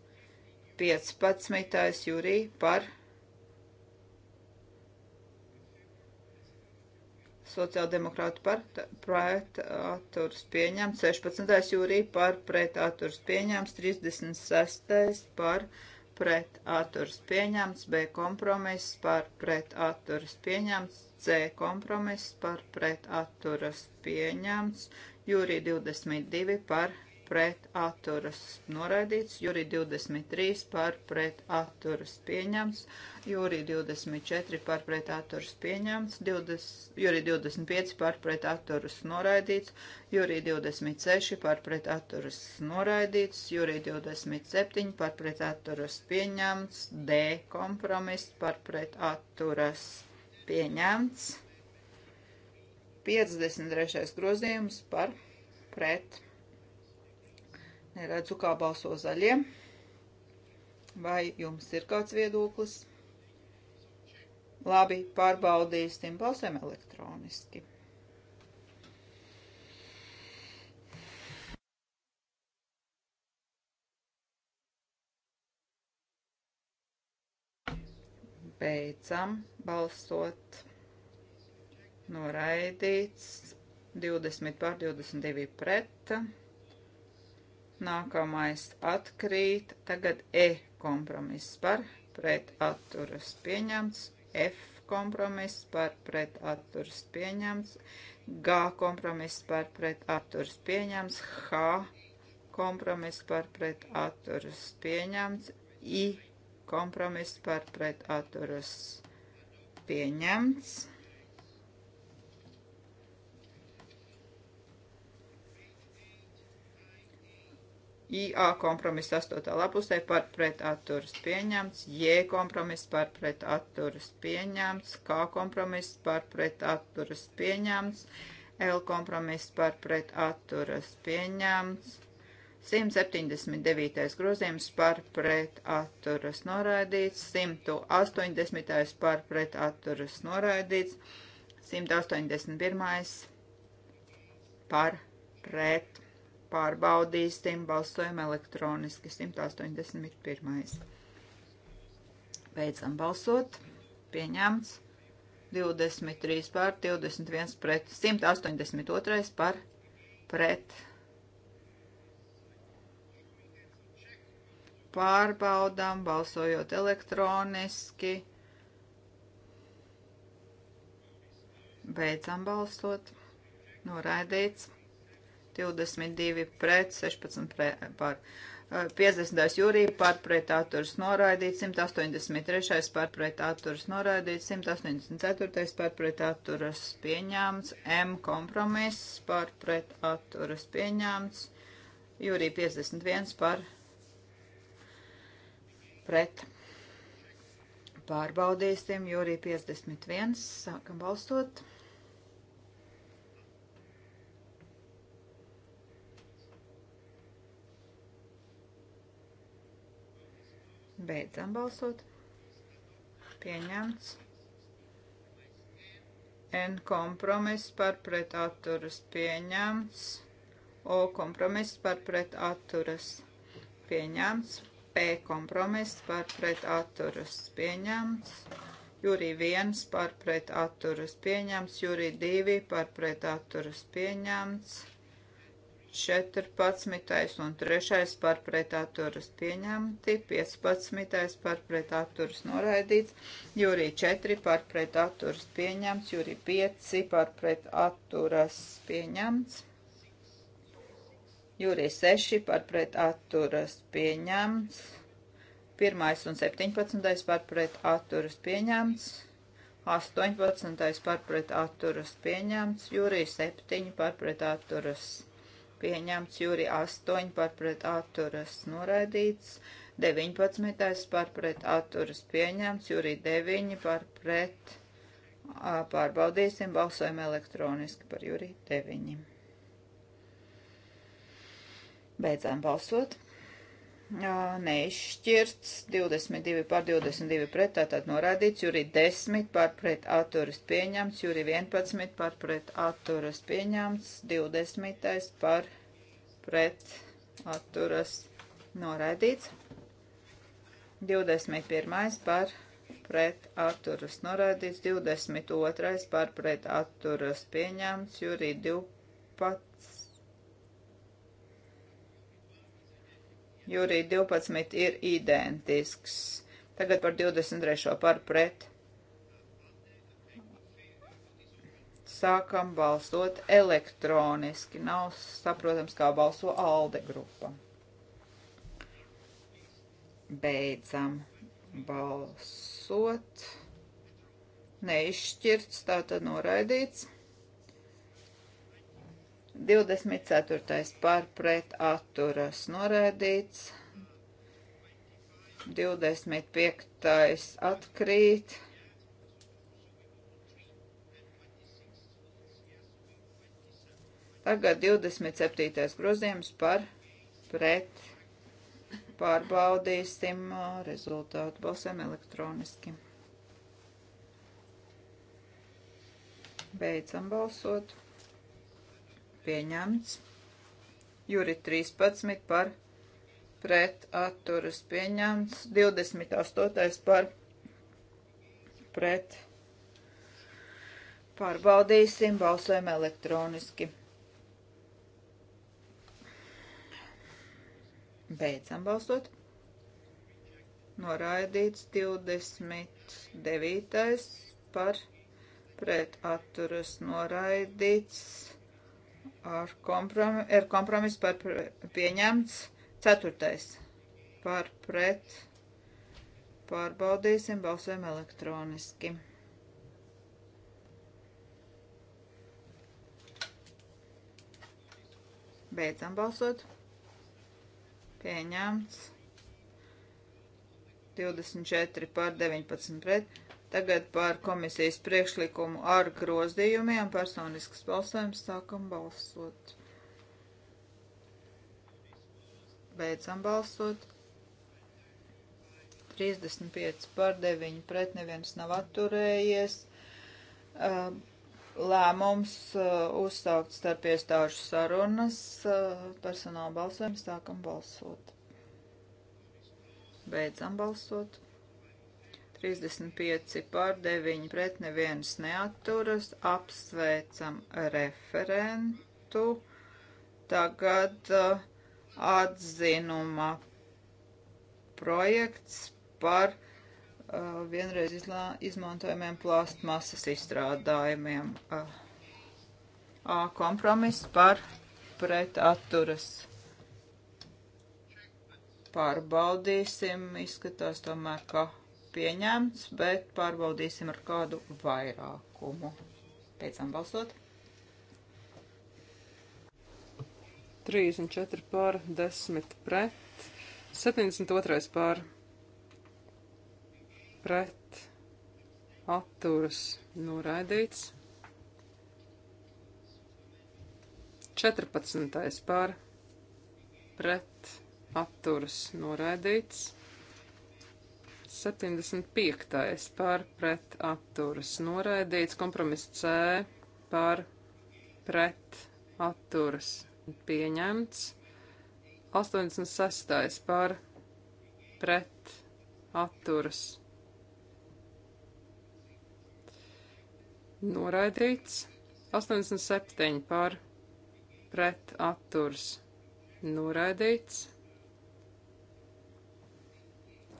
15. jūrī par pretaturs sociāldemokrāti par pretaturs pieņemts, 16. jūrī par pretaturs pieņemts, 36. par pretaturs pieņemts, B kompromiss par pretaturs pieņemts, C kompromiss par pretaturs pieņemts, jūrī 22 par pret atturas noraidīts, jūri 23 par pret atturas pieņemts, jūri 24 par pret atturas pieņemts, 20, jūri 25 par pret atturas noraidīts, jūri 26 par pret atturas noraidīts, jūri 27 par pret atturas pieņemts, D kompromiss par pret atturas pieņemts. 53. grozījums par pret Neredzu, kā balso zaļie. Vai jums ir kāds viedoklis? Labi, pārbaudīsim, balsēm elektroniski. Beidzam balsot. Noraidīts 20 pār 22 pret nākamais atkrīt, tagad E kompromiss par pret atturas pieņemts, F kompromiss par pret atturas pieņemts, G kompromiss par pret atturas pieņemts, H kompromiss par pret atturas pieņemts, I kompromiss par pret atturas pieņemts. IA kompromiss 8. lapusē par pretatturas pieņemts, J kompromiss par pretatturas pieņemts, K kompromiss par pretatturas pieņemts, L kompromiss par pretatturas pieņemts, 179. grozījums par pretatturas noraidīts, 180. par pretatturas noraidīts, 181. par pret pārbaudīsim, balsojam elektroniski 181. Beidzam balsot, pieņemts 23 pār 21 pret 182 par pret. Pārbaudām, balsojot elektroniski. Beidzam balsot. Noraidīts. 22 pret 16 eh, pret, par. 50. jūrija pārpretātors noraidīts, 183. pārpretātors noraidīts, 184. pārpretātors pieņēmts, M kompromiss pārpretātors pieņēmts, jūrija 51 par pret. Pārbaudīsim, jūrija 51, sākam balstot. Beidzam balsot. Pieņemts. N kompromiss par pretaturas pieņemts. O kompromiss par pretaturas pieņemts. P kompromiss par pretaturas pieņemts. Jūrī 1 par pretaturas pieņemts. Jūrī 2 par pretaturas pieņemts. 14. un 3. pārpretāturas pieņemti, 15. pārpretāturas noraidīts, jūrī 4. pārpretāturas pieņemts, jūrī 5. pārpretāturas pieņemts, jūrī 6. pārpretāturas pieņemts, 1. un 17. pārpretāturas pieņemts. 18. pārpret atturas pieņemts, jūrī 7 pārpret atturas pieņemts pieņemts, jūri 8 par pret atturas noraidīts, 19 par pret atturas pieņemts, jūri 9 par pret pārbaudīsim, balsojam elektroniski par jūri 9. Beidzām balsot nešķirts, 22 par 22 pret, tātad norādīts, jūri 10 par pret atturas pieņemts, jūri 11 par pret atturas pieņemts, 20 par pret atturas norādīts, 21 par pret atturas norādīts, 22 par pret atturas pieņemts, jūri 12 Jūrī 12 ir identisks. Tagad par 23. par pret. Sākam balsot elektroniski. Nav saprotams, kā balso ALDE grupa. Beidzam balsot. Neizšķirts, tātad noraidīts. 24. par pret atturas norādīts. 25. atkrīt. Tagad 27. grozījums par pret. Pārbaudīsim rezultātu balsēm elektroniski. Beidzam balsot pieņemts. Juri 13 par pret atturas pieņemts. 28 par pret. Pārbaudīsim, balsojam elektroniski. Beidzam balsot. Noraidīts 29. par pret atturas noraidīts ar kompromis, ir kompromis par pieņemts. Ceturtais par pret. Pārbaudīsim, balsojam elektroniski. Beidzam balsot. Pieņemts. 24 pār 19 pret. Tagad par komisijas priekšlikumu ar grozījumiem personisks balsojums sākam balsot. Beidzam balsot. 35 par 9 pret neviens nav atturējies. Lēmums uzsākt starp iestāžu sarunas. Personāla balsojums sākam balsot. Beidzam balsot. 35 par 9 pret neviens neaturas. Apsveicam referentu. Tagad uh, atzinuma projekts par uh, vienreiz izmantojamiem plastmasas izstrādājumiem. Uh, A kompromiss par pret atturas pārbaudīsim. Izskatās tomēr, ka pieņemts, bet pārbaudīsim ar kādu vairākumu. Beidzam balsot. 34 pār 10 pret, 72 pār pret, atturas noraidīts, 14 pār pret, atturas noraidīts. 75. par pret atturas noraidīts, kompromiss C par pret atturas pieņemts, 86. par pret atturas noraidīts, 87. par pret atturas noraidīts.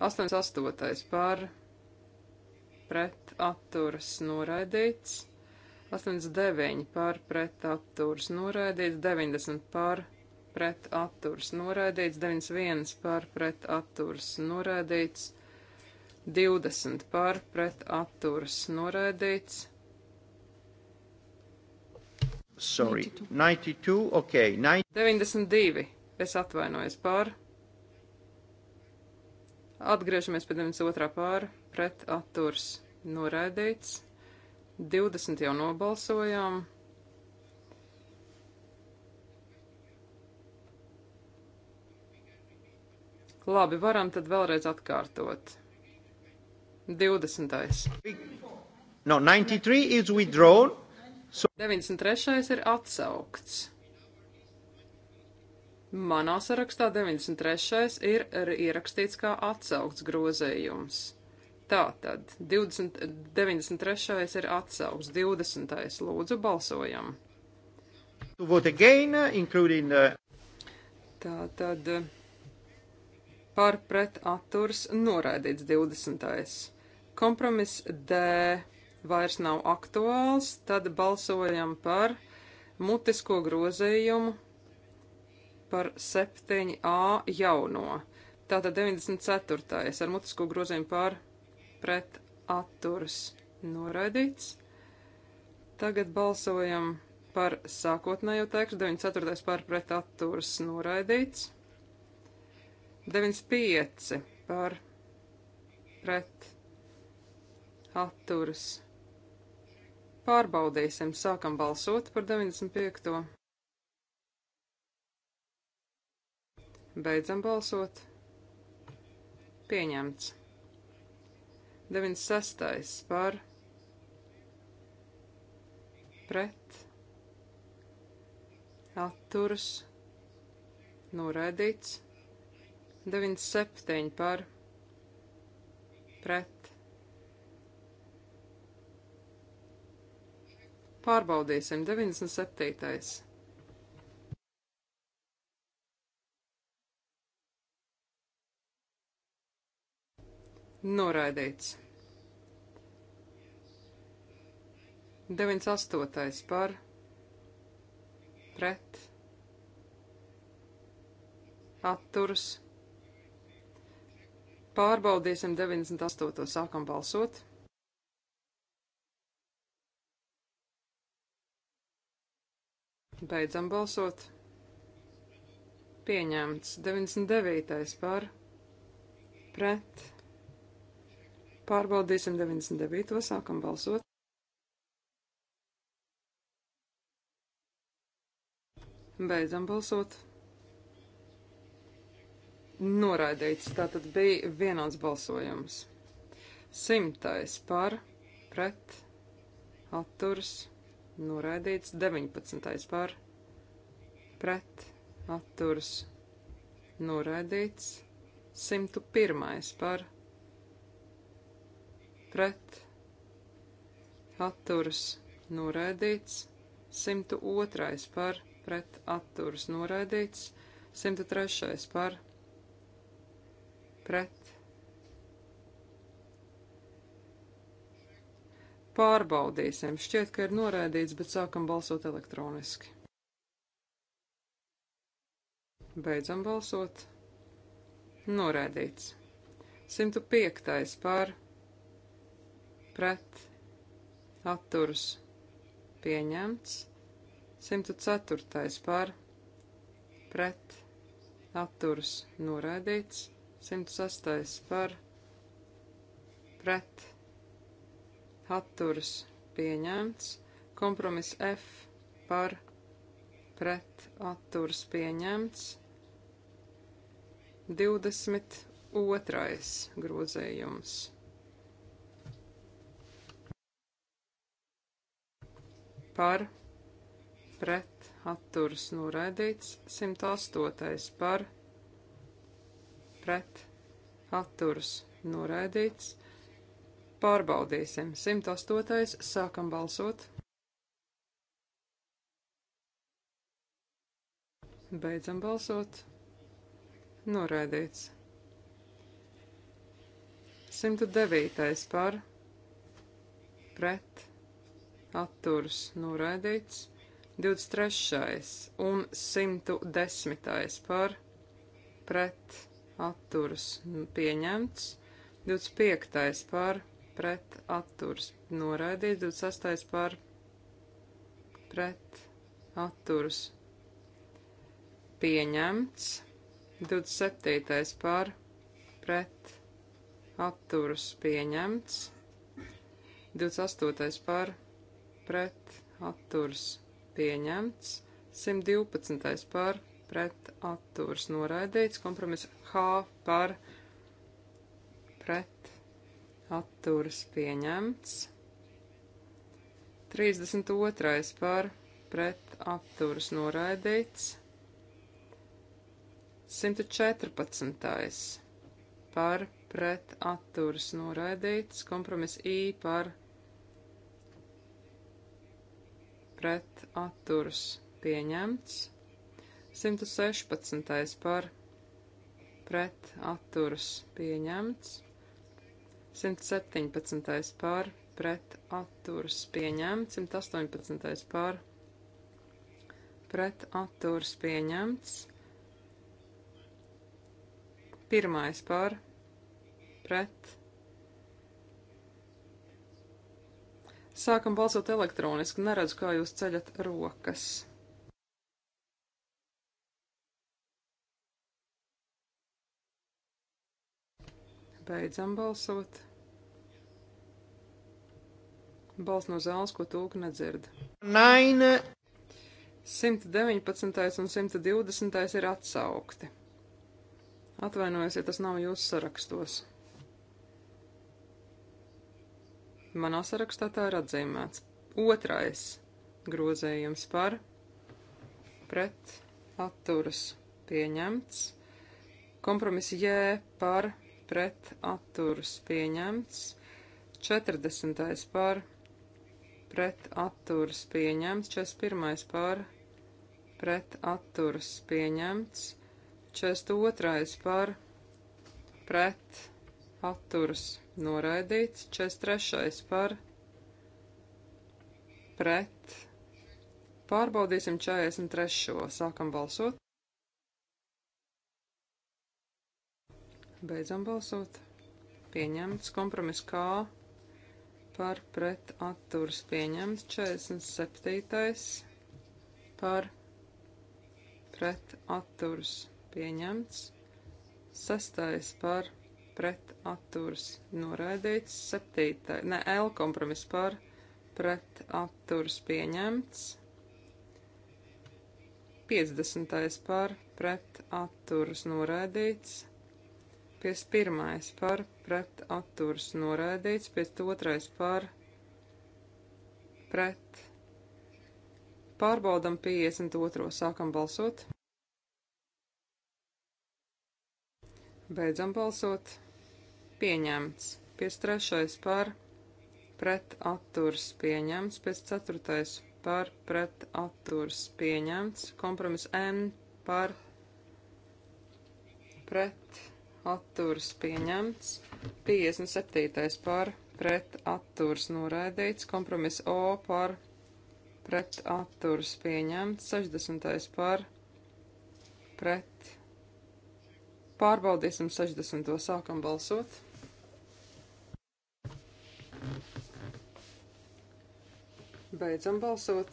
88. par pret atturas noraidīts. 89 par pret atturas noraidīts. 90 par pret atturas noraidīts. 91 par pret atturas noraidīts. 20 par pret atturas noraidīts. Sorry, 92, ok. 92, es atvainojos par pret Atgriežamies pie 92. pār pret atturs noraidīts. 20 jau nobalsojām. Labi, varam tad vēlreiz atkārtot. 20. No, 93 is withdrawn. So... 93. ir atsaukts. Manā sarakstā 93. ir ierakstīts kā atsaukts grozējums. Tātad 20, 93. ir atsaukts, 20. lūdzu balsojam. Again, including, uh... Tātad par pret atturs noraidīts 20. Kompromiss D vairs nav aktuāls, tad balsojam par mutisko grozījumu par 7a jauno. Tātad 94. ar mutisko grozījumu par pret atturs noraidīts. Tagad balsojam par sākotnējo tekstu. 94. par pret atturs noraidīts. 95 par pret atturs. Pārbaudīsim, sākam balsot par 95. Beidzam balsot. Pieņemts. 96. par pret atturas noraidīts. 97 par pret. Pārbaudīsim 97. Noraidīts. 98. par pret atturas. Pārbaudīsim 98. sākam balsot. Beidzam balsot. Pieņemts 99. par pret Pārbaudīsim 99. sākam balsot. Beidzam balsot. Noraidīts, tātad bija vienāds balsojums. Simtais par, pret, atturs, noraidīts, 19. par, pret, atturs, noraidīts, 101. par, pret pret atturas noraidīts, 102 par pret atturas noraidīts, 103 par pret pārbaudīsim. Šķiet, ka ir noraidīts, bet sākam balsot elektroniski. Beidzam balsot. Noraidīts. 105. pār pret atturas pieņemts. 104. par pret atturas noraidīts. 106. par pret atturas pieņemts. Kompromiss F par pret atturas pieņemts. 22. grozējums par pret atturas noraidīts, 108. par pret atturas noraidīts. Pārbaudīsim. 108. sākam balsot. Beidzam balsot. Noraidīts. 109. par pret atturas noraidīts, 23. un 110. par pret atturas pieņemts, 25. par pret atturas noraidīts, 26. par pret atturas pieņemts, 27. par pret atturas pieņemts, 28. par pret pret atturs pieņemts, 112. par pret atturs noraidīts, kompromiss H par pret atturs pieņemts, 32. par pret atturs noraidīts, 114. par pret atturs noraidīts, kompromiss I par pret pret atturs pieņemts. 116. par pret atturs pieņemts. 117. par pret atturs pieņemts. 118. par pret atturs pieņemts. Pirmais par pret atturs pieņemts Sākam balsot elektroniski, neredzu, kā jūs ceļat rokas. Beidzam balsot. Balsts no zāles, ko tūka nedzird. Naina! 119. un 120. ir atsaukti. Atvainojos, ja tas nav jūsu sarakstos. Manā sarakstā tā ir atzīmēts. Otrais grozējums par pret atturas pieņemts. Kompromiss J par pret atturas pieņemts. 40. par pret atturas pieņemts. 41. par pret atturas pieņemts. 42. par pret atturas pieņemts atturas noraidīts, 43. par pret. Pārbaudīsim 43. Sākam balsot. Beidzam balsot. Pieņemts kompromis kā par pret atturas pieņemts 47. par pret atturas pieņemts 6. par pret pret atturs noraidīts, 7. ne, L kompromiss par pret atturs pieņemts, 50. par pret atturs noraidīts, 51. par pret atturs noraidīts, 52. par pret. Pārbaudam 52. sākam balsot. Beidzam balsot pieņemts. 53. par pret atturs pieņemts. 54. par pret atturs pieņemts. Kompromis N par pret atturs pieņemts. 57. par pret atturs noraidīts. Kompromis O par pret atturs pieņemts. 60. par pret. Pārbaudīsim 60. sākam balsot. Beidzam balsot.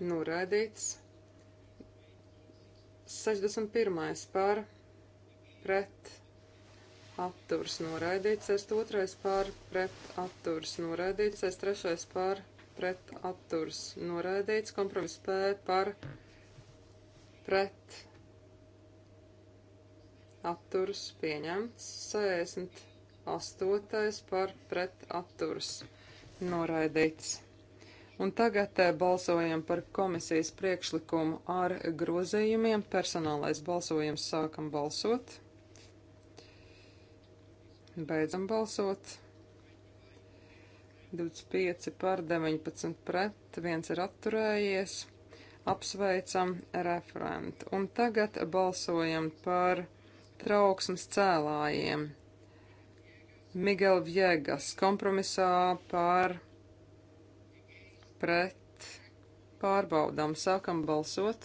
Noraidīts. 61. par pret atturs noraidīts, 62. par pret atturs noraidīts, 63. par pret atturs noraidīts, kompromiss P par pret atturs pieņemts, 68. par pret atturs noraidīts. Un tagad eh, balsojam par komisijas priekšlikumu ar grozējumiem. Personālais balsojums sākam balsot. Beidzam balsot. 25 par 19 pret, viens ir atturējies. Apsveicam referentu. Un tagad balsojam par trauksmes cēlājiem. Miguel Viegas kompromisā par pret pārbaudām, sākam balsot.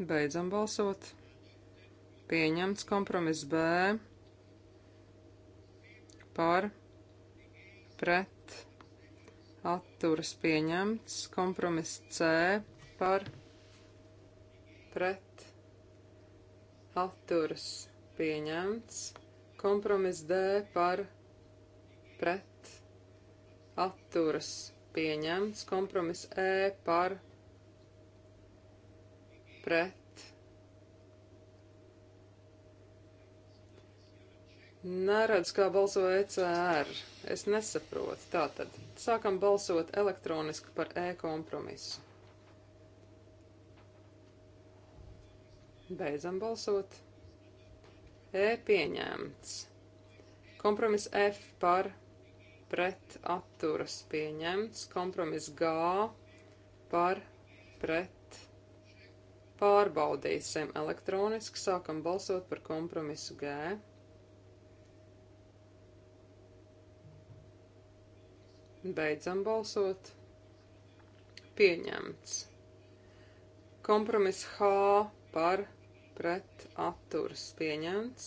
Beidzam balsot. Pieņemts kompromiss B par pret atturas pieņemts kompromiss C par pret atturas pieņemts. Kompromiss D par pret atturas pieņemts. Kompromiss E par pret. Neredz, kā balso ECR. Es nesaprotu. Tātad sākam balsot elektroniski par E kompromisu. Beidzam balsot. E pieņemts. Kompromiss F par pret atturas pieņemts. Kompromiss G par pret pārbaudīsim elektroniski. Sākam balsot par kompromisu G. Beidzam balsot. Pieņemts. Kompromiss H par pret pret atturs pieņemts.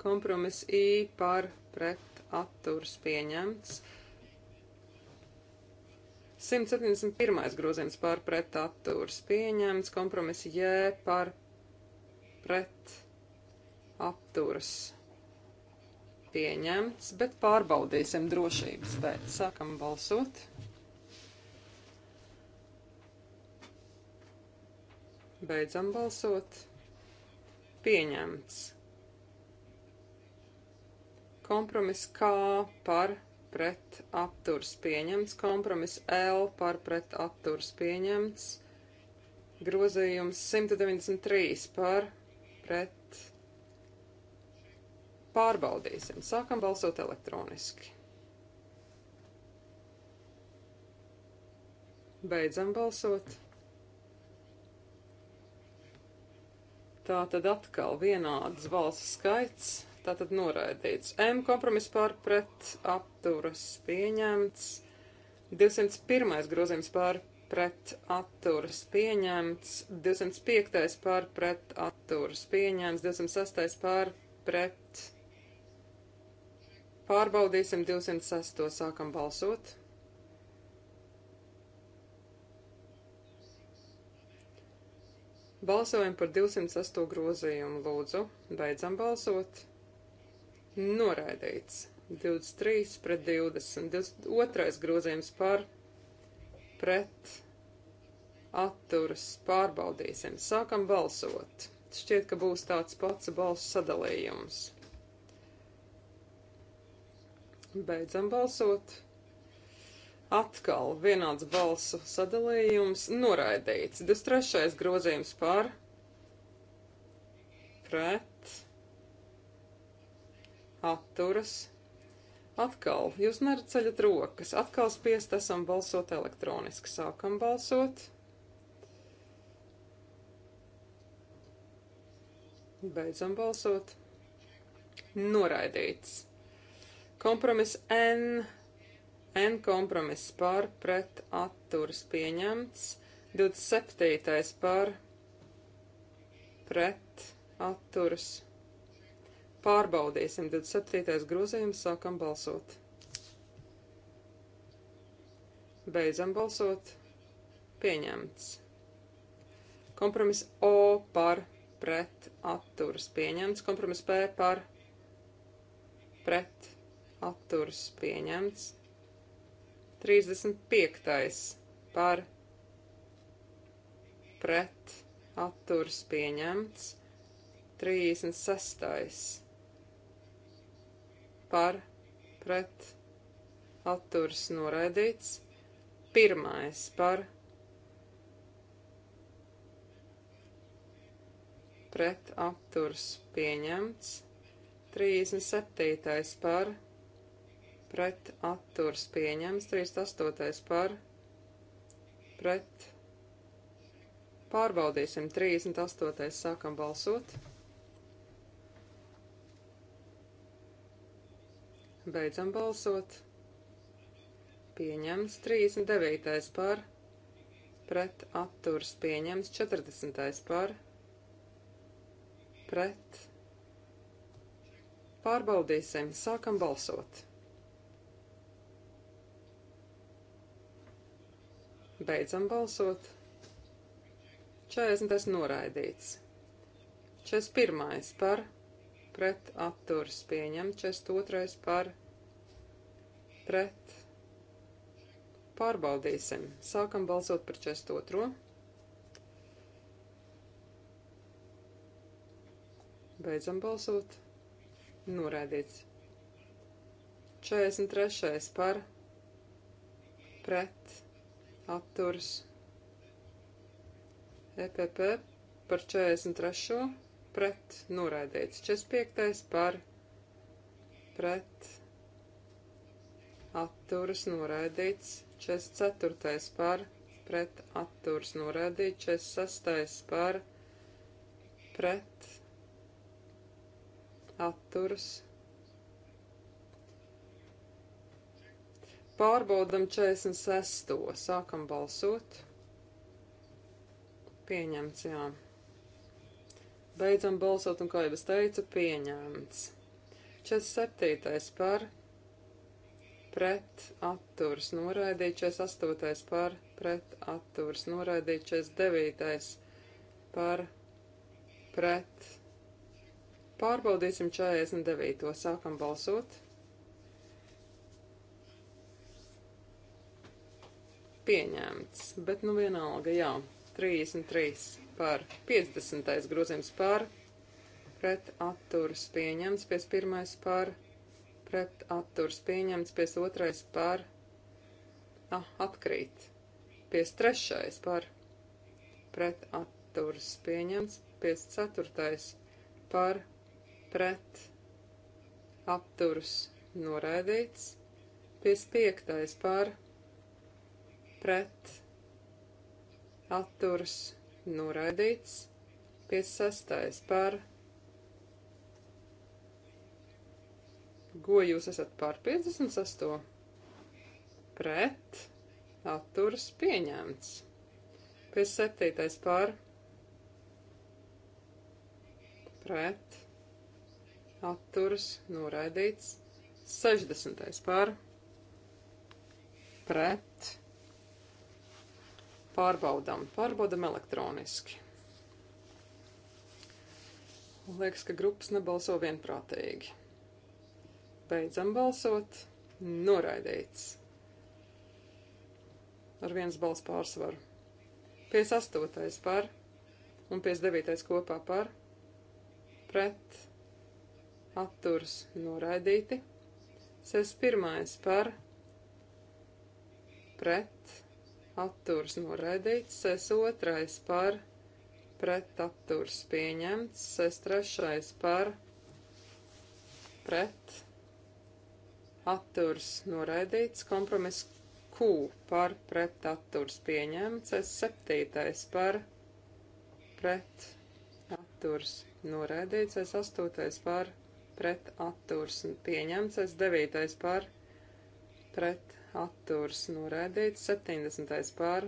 Kompromis I par pret atturs pieņemts. 171. grozījums par pret atturs pieņemts. Kompromis J par pret atturs pieņemts, bet pārbaudīsim drošības pēc. Sākam balsot. Beidzam balsot pieņemts. Kompromiss K par pret atturs pieņemts, kompromiss L par pret atturs pieņemts, grozījums 193 par pret pārbaudīsim. Sākam balsot elektroniski. Beidzam balsot. Tā tad atkal vienāds balsu skaits, tā tad noraidīts. M kompromiss pār pret atturas pieņemts. 201. grozījums pār pret atturas pieņemts. 205. pār pret atturas pieņemts. 206. pār pret. Pārbaudīsim 206. sākam balsot. Balsojam par 208 grozījumu, lūdzu. Beidzam balsot. Noraidīts. 23 pret 20. 22. grozījums par pret atturas pārbaudīsim. Sākam balsot. Šķiet, ka būs tāds pats balsu sadalījums. Beidzam balsot. Atkal vienāds balsu sadalījums noraidīts. 23. grozījums par, pret, atturas. Atkal, jūs nerat ceļat rokas, atkal spiest esam balsot elektroniski. Sākam balsot. Beidzam balsot. Noraidīts. Kompromiss N N kompromiss par pret atturas pieņemts, 27. par pret atturas. Pārbaudīsim 27. grozījums, sākam balsot. Beidzam balsot. Pieņemts. Kompromiss O par pret atturas pieņemts, kompromiss P par pret atturas pieņemts, 35. par pret atturs pieņemts. 36. par pret atturs noraidīts. 1. par pret atturs pieņemts. 37. par pret pret atturs pieņems, 38. par pret pārbaudīsim, 38. sākam balsot. Beidzam balsot. Pieņems 39. par pret atturs pieņems 40. par pret pārbaudīsim, sākam balsot. Beidzam balsot. 40. noraidīts. 41. par pret atturs pieņem. 42. par pret. Pārbaudīsim. Sākam balsot par 42. Beidzam balsot. Noraidīts. 43. par pret atturs EPP par 43 pret noraidīts. 45 par pret atturs noraidīts. 44 par pret atturs noraidīts. 46 par pret atturs noraidīts Pārbaudam 46. Sākam balsot. Pieņemts, jā. Beidzam balsot, un kā jau es teicu, pieņemts. 47. par pret atturs noraidīt, 48. par pret atturs noraidīt, 49. par pret. Pārbaudīsim 49. Sākam balsot. pieņemts, bet nu vienalga, jā, 33 par 50. grozījums par pret atturs pieņemts, 51 par pret atturs pieņemts, 52 par ah, atkrīt, 53 par pret atturs pieņemts, 54 par pret atturs noraidīts, 55 par pret pret atturs noraidīts. 56. par ko jūs esat par 56. pret atturs pieņemts. 57. par pret atturs noraidīts. 60. par pret Pārbaudām, pārbaudām elektroniski. Liekas, ka grupas nebalso vienprātīgi. Beidzam balsot, noraidīts. Ar viens balss pārsvaru. 58. par un 59. kopā par pret atturs noraidīti. 61. par pret atturs noraidīts, ses otrais par pret atturs pieņemts, ses trešais par pret atturs noraidīts, kompromiss Q par pret atturs pieņemts, ses septītais par pret atturs noraidīts, ses astotais par pret atturs pieņemts, ses devītais par pret atturs atturs noraidīts, 70. par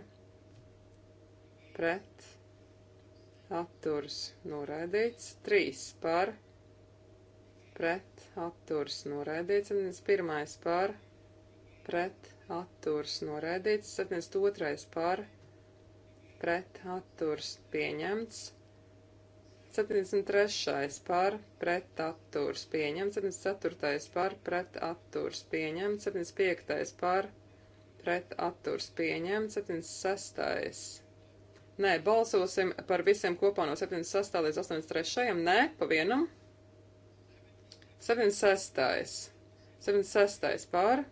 pret atturs noraidīts, 3 par pret atturs noraidīts, 71. par pret atturs noraidīts, 72. par pret atturs pieņemts, 73. par pret atturs pieņemts, 74. par pret atturs pieņemts, 75. par pret atturs pieņemts, 76. Nē, balsosim par visiem kopā no 76. līdz 83. Nē, pa vienam. 76. 76. par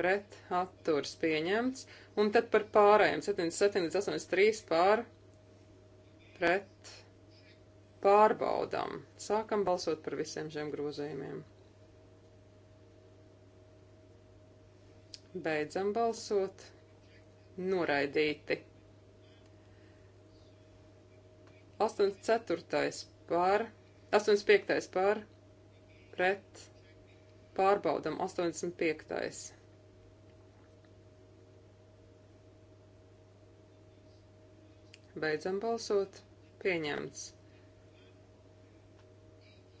pret atturs pieņemts, un tad par pārējiem 77 līdz 83 pār pret Pārbaudām. Sākam balsot par visiem šiem grozējumiem. Beidzam balsot. Noraidīti. 84. pār, 85. pār, pret, pārbaudam 85. Beidzam balsot. Pieņemts.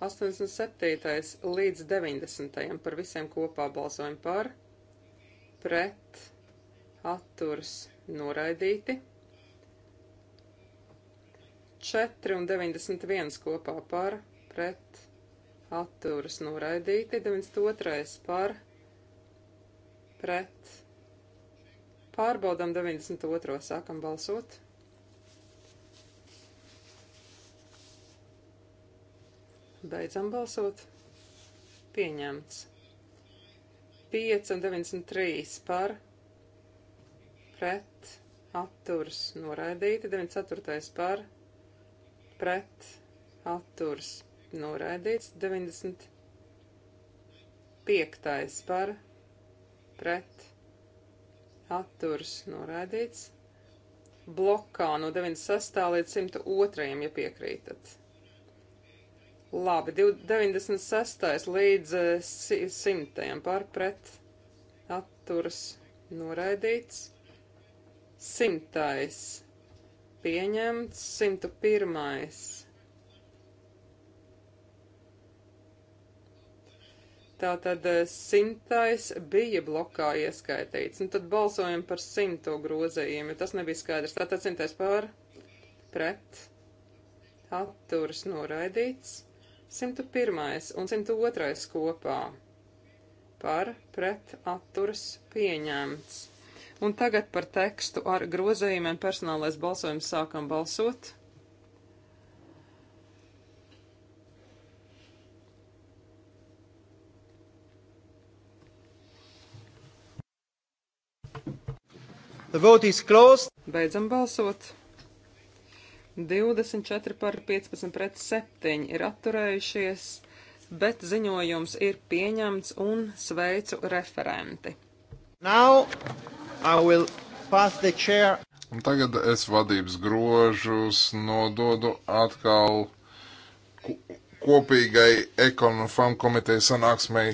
87. līdz 90. par visiem kopā balsojam par, pret, atturs, noraidīti. 4 un 91 kopā par, pret, atturs, noraidīti. 92. par, pret, pārbaudam 92. sākam balsot. Beidzam balsot. Pieņemts. 5 un 93 par pret atturs noraidīti. 94 par pret atturs noraidīts. 95 par pret atturs noraidīts. Blokā no 96. līdz 102. ja piekrītat. Labi, 96. līdz 100. Eh, par pret atturs noraidīts. 100. pieņemts. 101. Tātad eh, simtais bija blokā ieskaitīts. Nu, tad balsojam par simto grozījumu, jo tas nebija skaidrs. Tātad simtais pār, pret, atturs noraidīts. 101. un 102. kopā par pret atturs pieņemts. Un tagad par tekstu ar grozījumiem personālais balsojums sākam balsot. The vote is closed. Beidzam balsot. 24 par 15 pret 7 ir atturējušies, bet ziņojums ir pieņemts un sveicu referenti. Now I will pass the chair. Un tagad es vadības grožus nododu atkal kopīgai ekonomam komitejas sanāksmei.